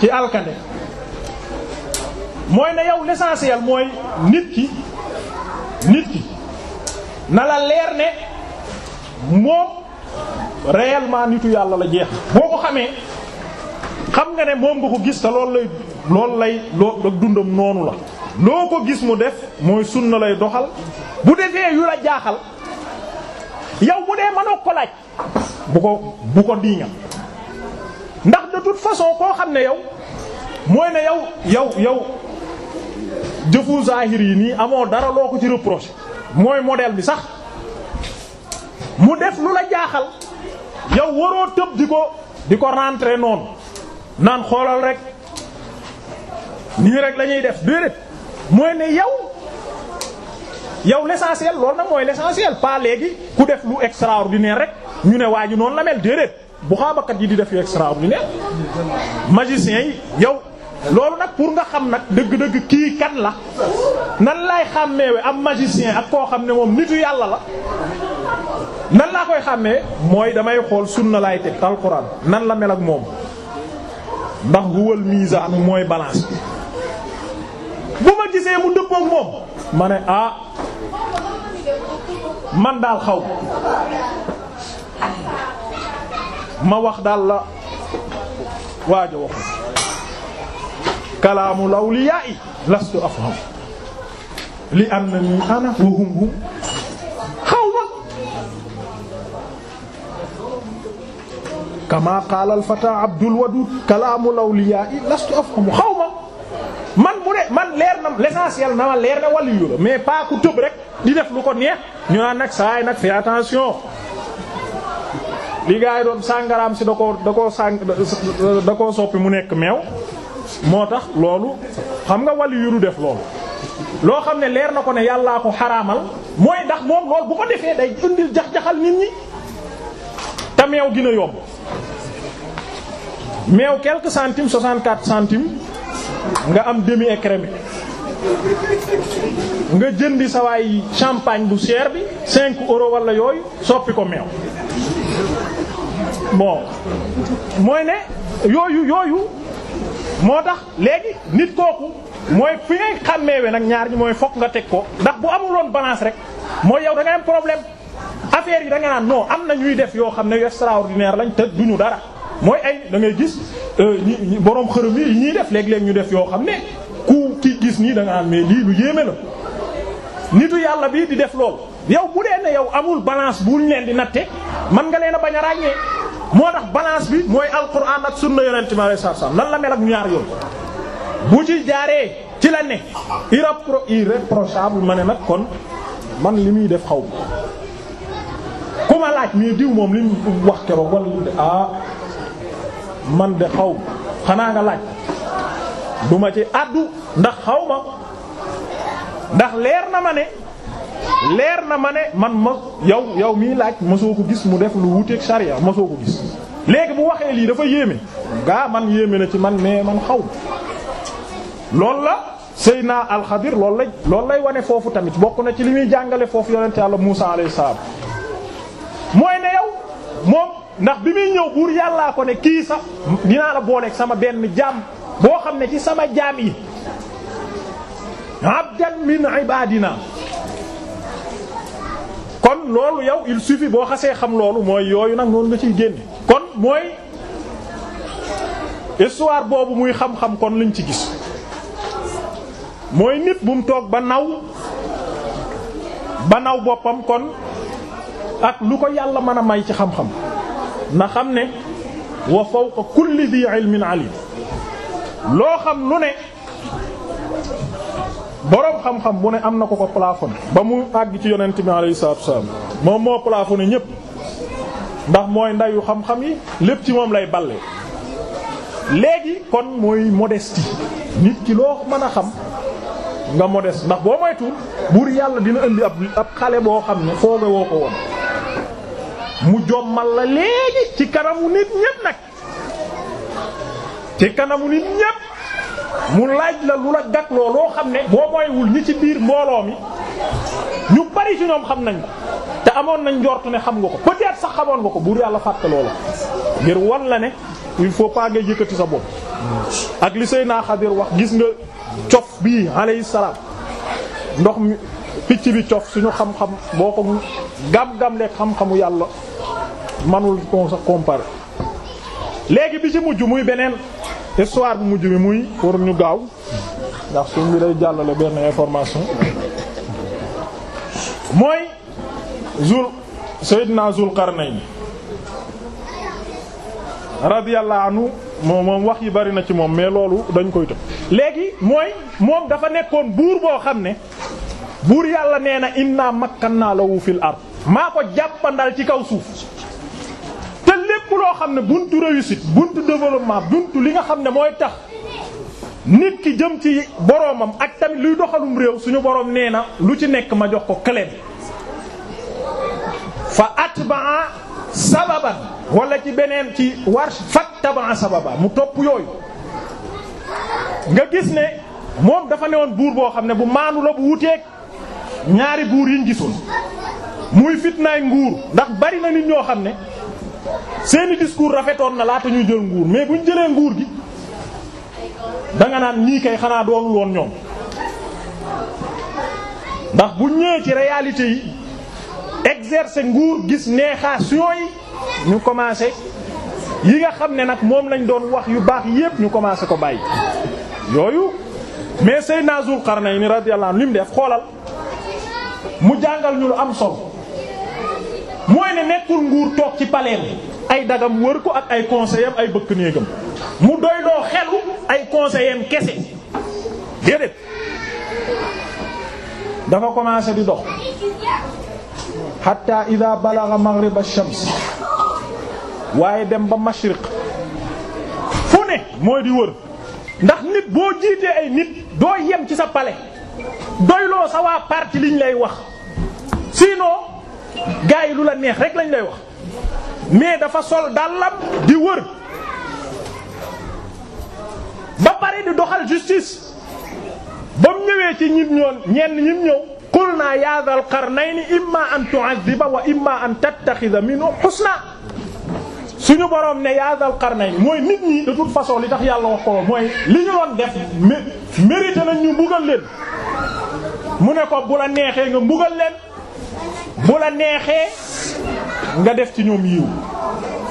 ci alkande mooy ne yow l'essentiel mooy nit ki nit ki na la leer ne moom réellement nitu yàlla la jeex boo ko xamee xam nga ne moom nga ko gis te loolu lay loolu dundam noonu la loo ko gis mu def mooy sunna lay doxal bu defee yu la jaaxal yow bu dee mënoo ko laaj bu ko bu ko diiŋa ndax de toute façon koo xam ne yow mooy ne yow yow yow jëfu zahir yi nii amoo dara loo ko ci reprocher mooy modèle bi sax mu def lu la jaaxal yow waroo tëb di ko di ko rentrer noonu naan xoolal rek nii rek lañuy def déedéet mooy ne yow yow l'essentiel loolu nag mooy l'essentiel pas léegi ku def lu extraordinaire rek ñu ne waa ji noonu la mel déedéet bu xaabakat yi di def yu extraordinaire magicien yi yow loolu nag pour nga xam nag dëgg-dëgg kii kan la nan laay xàmmee am magicien ak koo xam ne moom nitu yàlla la nan laa koy xàmmee mooy damay xool sunna laay teg alxuraan nan la mel ak moom ndax huwal mizaan mooy balance ma ne ah man daal xawma ma wax daal la waajo waxu kalaamul awliyaa lastu afham li annani ana wa xawma kama qaala al fataa abdul wadud kalaamul awliyaa lastu afham xawma man mu ne man leer na l'essentiel na ma leer na wàllu mais pas ku tëb rek di def lu ko neex ñu naan nag saay nag fi attention li gars yi doon sàngaraam si da ko da koo sàng da koo soppi mu nekk meew moo tax loolu xam nga wàllu yu def loolu loo xam ne leer na ko ne yàllaa ko xaraamal mooy ndax moom loolu bu ko defee day indil jax-jaxal nit ñi te meew gën a yomb meew quelques centimes 64 centimes nga am demi écrin bi nga jëndi sawaay champagne bu cher bi cinq euros walla yooyu soppi ko meew bon mooy ne yooyu yooyu moo tax léegi nit kooku mooy fi ngay xàmmeewe nag ñaar ñi mooy fokk nga teg ko ndax bu amuloon balance rek mooy yow da nga am problème affaire yi da nga naan non am na ñuy def yoo xam ne yu extraordinaire lañ te duñu dara mooy ay da ngay gis euh, ñi borom xërëm yi ñuy def léeg-léeg ñu def yoo xam ne ku ki gis nii da nga am mais lii lu yéeme la nitu yàlla bi di def lool yow bu dee ne yow amul balance buñ leen di natte man nga leen a bañ a ràññee moo tax balance bi mooy alquran ak sunna yonente mi alei satu salam lan la mel ak ñaar yoon bu ci jaaree ci la ne irrépro irréprochable ma ne nag kon man li muy def xaw ma ku ma laaj mais diw moom li mu wax keroog wala li mu def ah, man de xaw xanaa nga laaj du ma ci àddu ndax xaw ma ndax leer na ma ne leer na ma ne man ma yow yow mii laaj mosoo ko gis mu def lu wuteeg sariya mosoo ko gis léegi bu waxee lii dafa yéeme gaa man yéeme na ci man mais man xaw ma loolu la Seydina Alxadir lool la loolu lay wane foofu tamit bokk na ci li muy jàngale foofu yonent ci Muusaa alayhi salaam mooy ne yow moom ndax bi muy ñëw buur yàllaa ko ne kii sax dinaa la booleeg sama benn jaam boo xam ne ci sama jaam yi abdan min ibadina kon loolu yow il suffit boo xasee xam loolu mooy yooyu nag noonu nga ciy génne kon mooy histoire boobu muy xam-xam kon liñ ci gis mooy nit bu toog ba naw ba naw boppam kon ak lu ko yàlla mën a may ci xam-xam na xam ne wa fawqa kulli yi ilmin alim loo xam lu ne boroom xam-xam bu ne am na ko ko plafonné ba mu àgg ci yonent bi alayhi salaatu wasallam moom moo plafonné ñépp ndax mooy ndayu xam-xam yi lépp ci moom lay balle léegi kon mooy modestie nit ki loo mën a xam nga modeste ndax boo moytu buur yàlla dina indi ab ab xale boo xam ne fooge woo ko woon mu jommal la léegi ci kanamu nit ñépp nag ci kanamu nit ñépp mu laaj la lu la gatloo loo xam ne boo moywul ñi ci biir mbooloo mi ñu bari ci ñoom xam nañ te amoon nañ njort ne xam nga ko peut-être sax xamoon nga ko bu yàlla fàtte loola ngir wan la ne il faut pas nga yëkkati sa bopp ak li Seydina Xadir wax gis nga cof bii alayhi salaam ndox picc bi cof suñu xam-xam boo ko gam-gam xam-xamu yàlla manul ko sax comparer léegi bi ci mujj muy beneen histoire bu mujj bi muy pour ñu gaaw ndax suñ bi day jàllale benn information mooy zul sayyidina zul qarnayn radiyallahu anhu moom moom wax yi bari na ci moom mais loolu dañ koy tëb léegi mooy moom dafa nekkoon buur boo xam ne buur yàlla nee na naa inna naa la fil ard maa ko jàppandal ci kaw suuf te lépp loo xam ne buntu réussite buntu développement buntu li nga xam ne mooy tax nit ki jëm ci boroomam ak tamit luy doxalum réew suñu boroom nee na lu ci nekk ma jox ko clé bi fa atbaa sababan walla ci beneen ci warsh fattabaa sababa mu topp yooyu nga gis ne moom dafa newoon buur boo xam ne bu maanu la bu wuteek ñaari buur yiñ gisoon muy fitnaay nguur ndax bari na nit ñoo xam ne seeni discours rafetoon na laata ñuy jël nguur mais buñ jëlee nguur gi danga naan ñii kay xanaa doonul woon ñoom ndax bu ñëwee ci réalité yi exercer nguur gis neexation yi ñu commencé yi nga xam ne nag moom lañ doon wax yu baax yépp ñu commencé ko bàyyi yooyu mais Seydina Zul Qarnayni radiyallahu anhu li mu def xoolal mu jàngal ñu am sol mooy ne nekkul nguur toog ci paleem ay dagam wër ko ak ay conseillers ay bëkk néegam mu doy doo xelu ay conseillers kese déedéet dafa commencé di dox hatta ida balagha maghrib ash-shams waaye dem ba mashriq fu ne mooy di wër ndax nit boo jiitee ay nit doo yem ci sa pale doyloo sa waa parti liñ lay wax sinon gars yi lu la neex rek lañ lay wax mais dafa sol dàllam di wër ba pare di doxal justice ba mu ñëwee ci ñim ñoon ñenn ñim ñëw qul naa ya dhal qarnayni imma an tu'adhiba wa imma an tattakhidha minhu husna suñu borom ne ya dhal qarnayni mooy nit ñi de toute façon li tax yàlla wax ko mooy li ñu doon def mérité nañ mbugal leen mu ne ko bu la neexee nga mbugal leen bu la neexee nga def ci ñoom yiw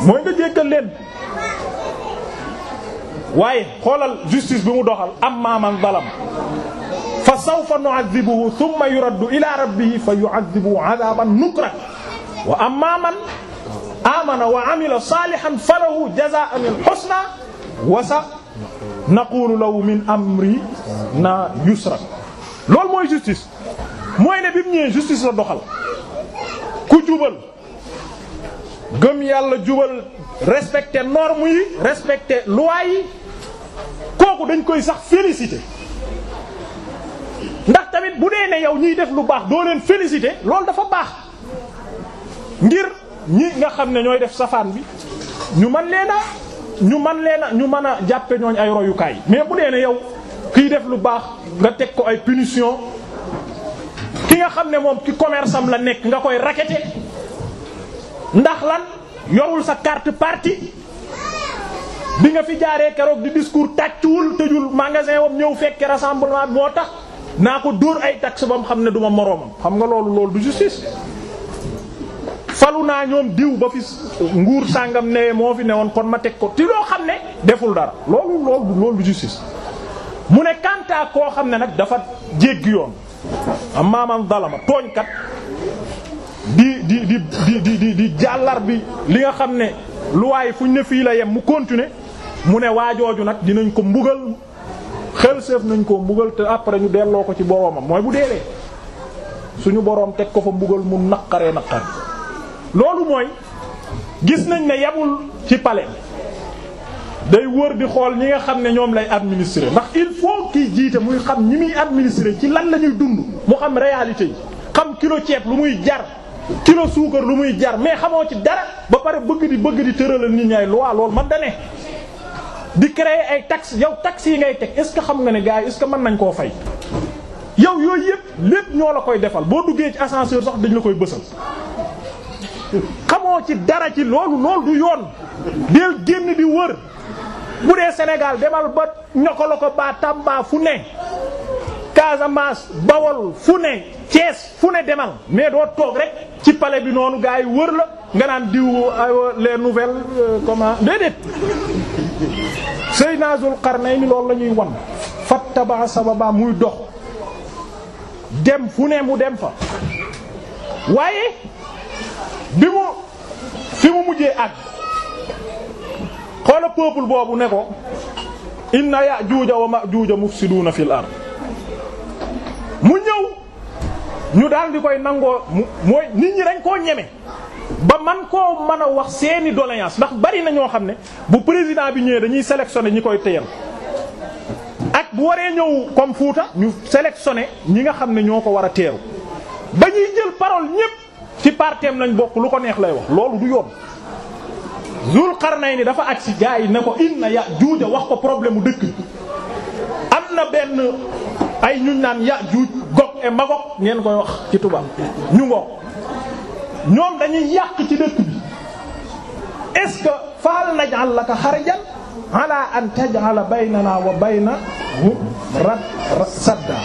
mooy nga jéggal leen waaye xoolal justice bi mu doxal amma man zalam fa sawfa nu'adhibuhu thumma yuraddu ila rabbihi fa yu'adhibuhu 'adaban nukra wa amma man amana wa 'amila salihan falahu jazaa'an husna wa sa naqulu lahu min amri na yusra loolu mooy justice mooy ne bi mu ñëwee justice la doxal ku jubal gëm yàlla jubal respecter norme yi respecter loi yi kooku dañ koy sax féliciter ndax tamit bu dee ne yow ñuy def lu baax doo leen féliciter loolu dafa baax ngir ñi nga xam ne ñooy def safaan bi ñu man leen a ñu man leen a ñu mën a jàppe ñooñ ay royukaay mais bu dee ne yow kiy def lu baax nga teg ko ay punition nga xam ne moom ci commerce la nekk nga koy raqueté ndax lan yorul sa carte parti bi nga fi jaaree keroog di discours tàccuwul tëjul magasin wam ñëw fekke rassemblement bi moo tax naa ko dóor ay taxe bam xam ne duma moroomam xam nga loolu loolu du justice falu naa ñoom diw ba fi nguur sàngam newee moo fi newoon kon ma teg ko ti loo xam ne deful dara loolu loolu loolu du justice mu ne kanta koo xam ne nag dafa jéggi yoon amma man zalama tooñkat di di di di di di di bi li nga xam ne lu waaye fuñ ne fii la yem mu continuer mu ne waajooju nag dinañ ko mbugal xel seef nañ ko mbugal te après ñu delloo ko ci boroomam mooy bu deewee suñu boroom teg ko fa mbugal mu naqaree naqar loolu mooy gis nañ ne yabul ci pale day wër di xool ñi nga xam ne ñoom lay administrer ndax il faut kiy jiite muy xam ñi muy administrer ci lan la ñuy dund mu xam réalité yi xam kilo ceeb lu muy jar kilo suukar lu muy jar mais xamoo ci dara ba pare bëgg di bëgg di tëralal nit ñi ay loi loolu man da di créer ay taxes yow taxes yi ngay teg est-ce que xam nga ne gars yi est que mën nañ koo fay yow yooyu yëpp lépp ñoo la koy defal boo duggee ci ascenseur sax dañ la koy bësal xamoo ci dara ci loolu loolu du yoon del génn di wër bu dee Sénégal demal ba ñokoloko ba Tamba fu ne Casamance Bawol fu ne Thiès fu ne demal mais doo toog rek ci palais bi noonu gars yi wër la nga naan diw les nouvelles euh, comment déedéet Seydina Zul Qarnayni loolu la ñuy wan fattaba sababa muy dox dem fu ne mu dem fa waaye bi mu fi mu mujjee ak xoola peuple boobu ne ko inna ya'juuja wa ma'juuja mufsiduuna fil ard mu ñëw ñu daal di koy nangoo mu mooy nit ñi dañ koo ñeme ba man koo mën a wax seeni doléance ndax bari na ñoo xam ne bu président bi ñëwee dañuy sélectionner ñi koy téyal ak bu waree ñëw comme Fuuta ñu sélectionner ñi nga xam ne ñoo ko war a teeru ba jël parole ñépp ci parteem lañ bokk lu ko neex lay wax loolu du yoon Zul Qarnayni dafa agsi gaa yi ne ko inna Yaajuuj wax ko problème mu dëkk am na benn ay ñu naan Yaajuuj Gog et Magog ngeen koy wax ci tubaab ñu ngoog ñoom dañuy yàq ci dëkk bi est-ce que fahal naj'al laka xarjan ala an na baynana wa baynahum na sadda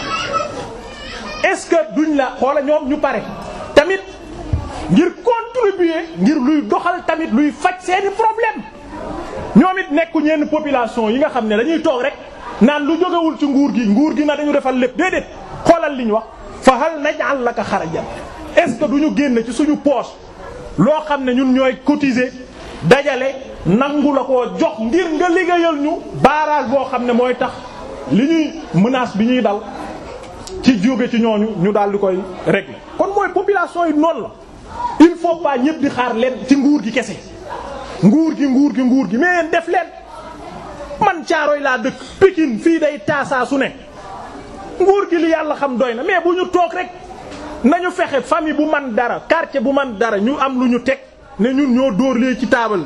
est-ce que duñ la xoola ñoom ñu pare tamit ngir contribuer ngir luy doxal tamit luy faj seeni problème ñoom it nekku ñenn population yi nga xam ne dañuy toog rek naan lu jógewul ci nguur gi nguur gi na dañu defal lépp déedéet xoolal li ñu wax fa hal naj'al laka xarajan est ce que du ñu génn ci suñu poche loo xam ne ñun ñooy cotiser dajale nangu la koo jox ngir nga liggéeyal ñu barrage boo xam ne mooy tax li ñuy menace bi ñuy dal ci jóge ci ñooñu ñu daal di koy régler kon mooy population yi noonu il faut pas ñëpp di xaar leen ci nguur gi kese nguur gi nguur gi nguur gi mais def leen man caaroy laa dëkk Pikine fii day taasaa su ne nguur gi li yàlla xam doy na mais bu ñu toog rek nañu fexe famille bu man dara quartier bu man dara ñu am lu ñu teg ne ñun ñoo dóor lii ci taabal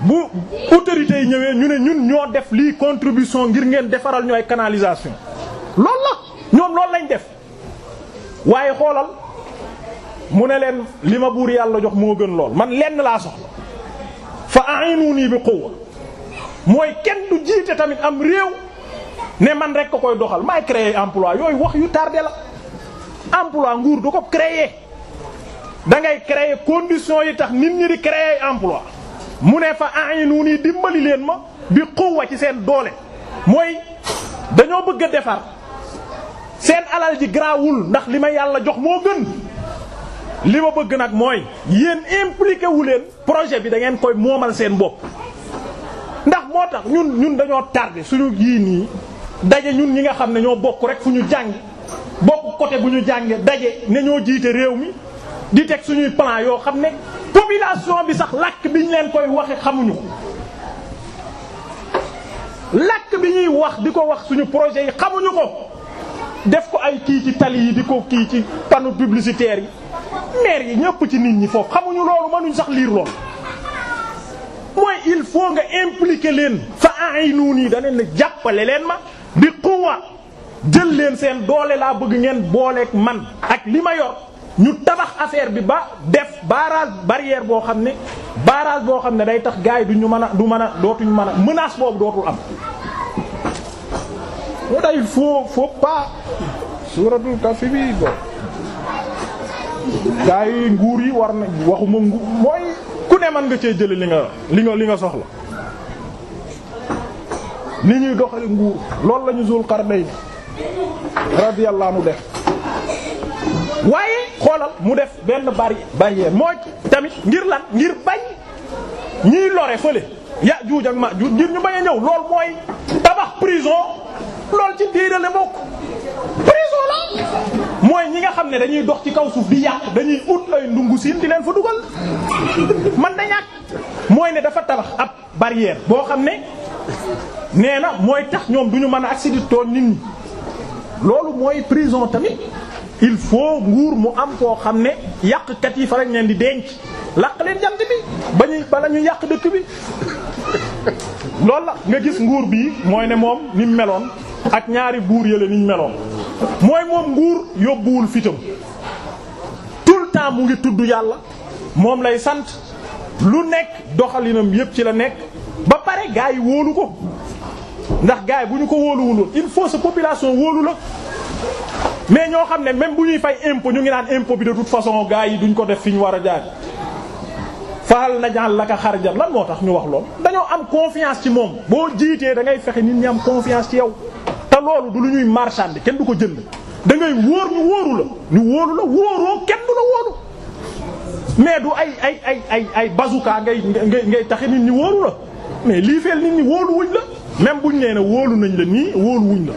bu autorités yi ñëwee ñu ne ñun ñoo def lii contribution ngir ngeen defaral ñooy ay canalisation la ñoom loolu lañ def waaye xoolal mu ne leen li ma buur yàlla jox moo gën lool man lenn laa soxla fa a'inuni bi quwwa mooy kenn du jiite tamit am réew ne man rek ko koy doxal maay créer emploi yooyu wax yu tardé la emploi nguur du ko créer da ngay créer conditions yi tax nit ñi di créer emploi mu ne fa a'inuni dimbali leen ma bi quwwa ci seen doole mooy dañoo bëgg a defar seen alal ji garaawul ndax li ma yàlla jox moo gën li ma bëgg nag mooy yéen impliqué wu leen projet bi dangeen ngeen koy moomal seen bopp ndax moo tax ñun ñun dañoo tardé suñu yii nii daje ñun ñi nga xam ne ñoo bokk rek fu ñu jàng bokk côté bu ñu jàngee daje ne ñoo jiite réew mi di teg suñuy plan yoo xam ne population bi sax làkk bi ñu leen koy waxe xamuñu ko làkk bi ñuy wax di ko wax suñu projet yi xamuñu ko def ko ay kii ci tali yi di ko kii ci panneau publicitaire yi maire yi ñëpp ci nit ñi foofu xamuñu loolu mënuñ sax liir lool mooy il faut nga impliquer leen fa a'inuni da leen jàppale leen ma bi quwwa jël leen seen doole laa bëgg ngeen booleeg man ak li ma yor ñu tabax affaire bi ba def barrage barrière boo xam ne barrage boo xam ne day tax gars yi duñu mën a du mën a dootuñu mën a menace boobu dootul am mu day faut faut pas suuratul kafi bi bo gaa yi nguur yi war na waxuma nguur mooy ku ne mën nga cee jële li nga li nga li nga soxla ni ñuy doxale nguur loolu lañu Zul Qarnayn radiyallahu anhu def waaye xoolal mu def benn bari barrière mooy tamit ngir lan ngir bañ ñiy lore fële ya juuj ak ma juuj ngir ñu bañ ñëw lool mooy tabax prison loolu ci téere la bokk prison la mooy ñi nga xam ne dañuy dox ci kaw suuf di yàq dañuy ut ay ndungu siin di leen fa dugal man nañ ñàkk mooy ne dafa tabax ab barrière boo xam ne nee na mooy tax ñoom du ñu mën a accéder toon nit ñi loolu mooy prison tamit il faut nguur mu am koo xam ne yàqkat yi fa leen di denc làq leen jant bi ba ñuy bala ñu yàq dëkk bi loolu la nga gis nguur bi mooy ne moom ni meloon ak ñaari buur yële niñ meloon mooy moom nguur yóbbuwul fitam tout le temps mu ngi tudd yàlla moom lay sant lu nekk doxalinam yépp ci la nekk ba pare gaa yi wóolu ko ndax gaa yi bu ñu ko wóoluwuloon il faut sa population wóolu la mais ñoo xam ne même bu ñuy fay impôt ñu ngi naan impôt bi de toute façon gaa yi duñ ko def fi ñu war a jaar faal na fahal naj'al laka xarjan la moo tax ñu wax lool dañoo am confiance ci moom boo jiitee da ngay fexe nit ñi am confiance ci yow te loolu du lu ñuy marchand kenn du ko jënd da ngay wóor ñu wóoru la ñu wóoru la wóoroo kenn du la wóoru mais du ay ay ay ay ay bazooka ngay ngay ngay taxe nit ñi wóoru la mais lii feel nit ñi wóolu wuñ la même buñ nee ne wóolu nañ la nii wóolu wuñ la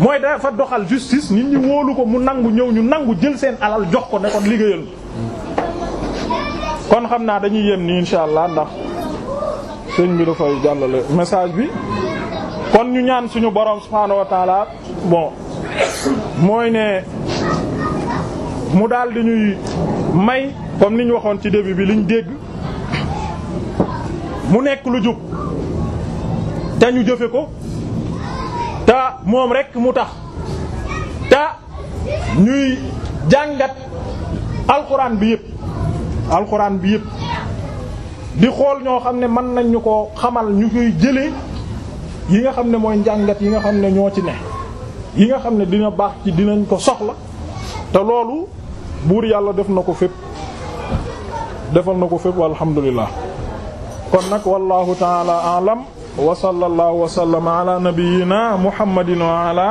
mooy dafa doxal justice nit ñi wóolu ko mu nangu ñëw ñu nangu jël seen alal jox ko ne kon liggéeyal kon xam naa dañuy yem ni insha allah ndax sëñ bi dafay jàllale message bi kon ñu ñaan suñu borom subhaanahu wa taala bon mooy ne mu daldi ñuy may comme ni ñu waxoon ci début bi liñ dégg mu nekk lu jub te ñu jëfe ko te moom rekk mu tax te ñuy jàngat alxuraan bi yépp alxuraan bi yëpp di xool ñoo xam ne mën nañ ñu ko xamal ñu koy jëlee yi nga xam ne mooy njàngat yi nga xam ne ñoo ci ne yi nga xam ne dina baax ci dinañ ko soxla te loolu buur yàlla def na ko fépp defal na ko fépp alhamdulillah kon nag wallahu taala alam wa sallallahu wa sallama ala nabiyyina muhammadin wa ala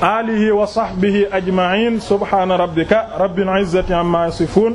alihi wa sahbihi ajma'in subhana rabbika rabbil izzati amma yasifun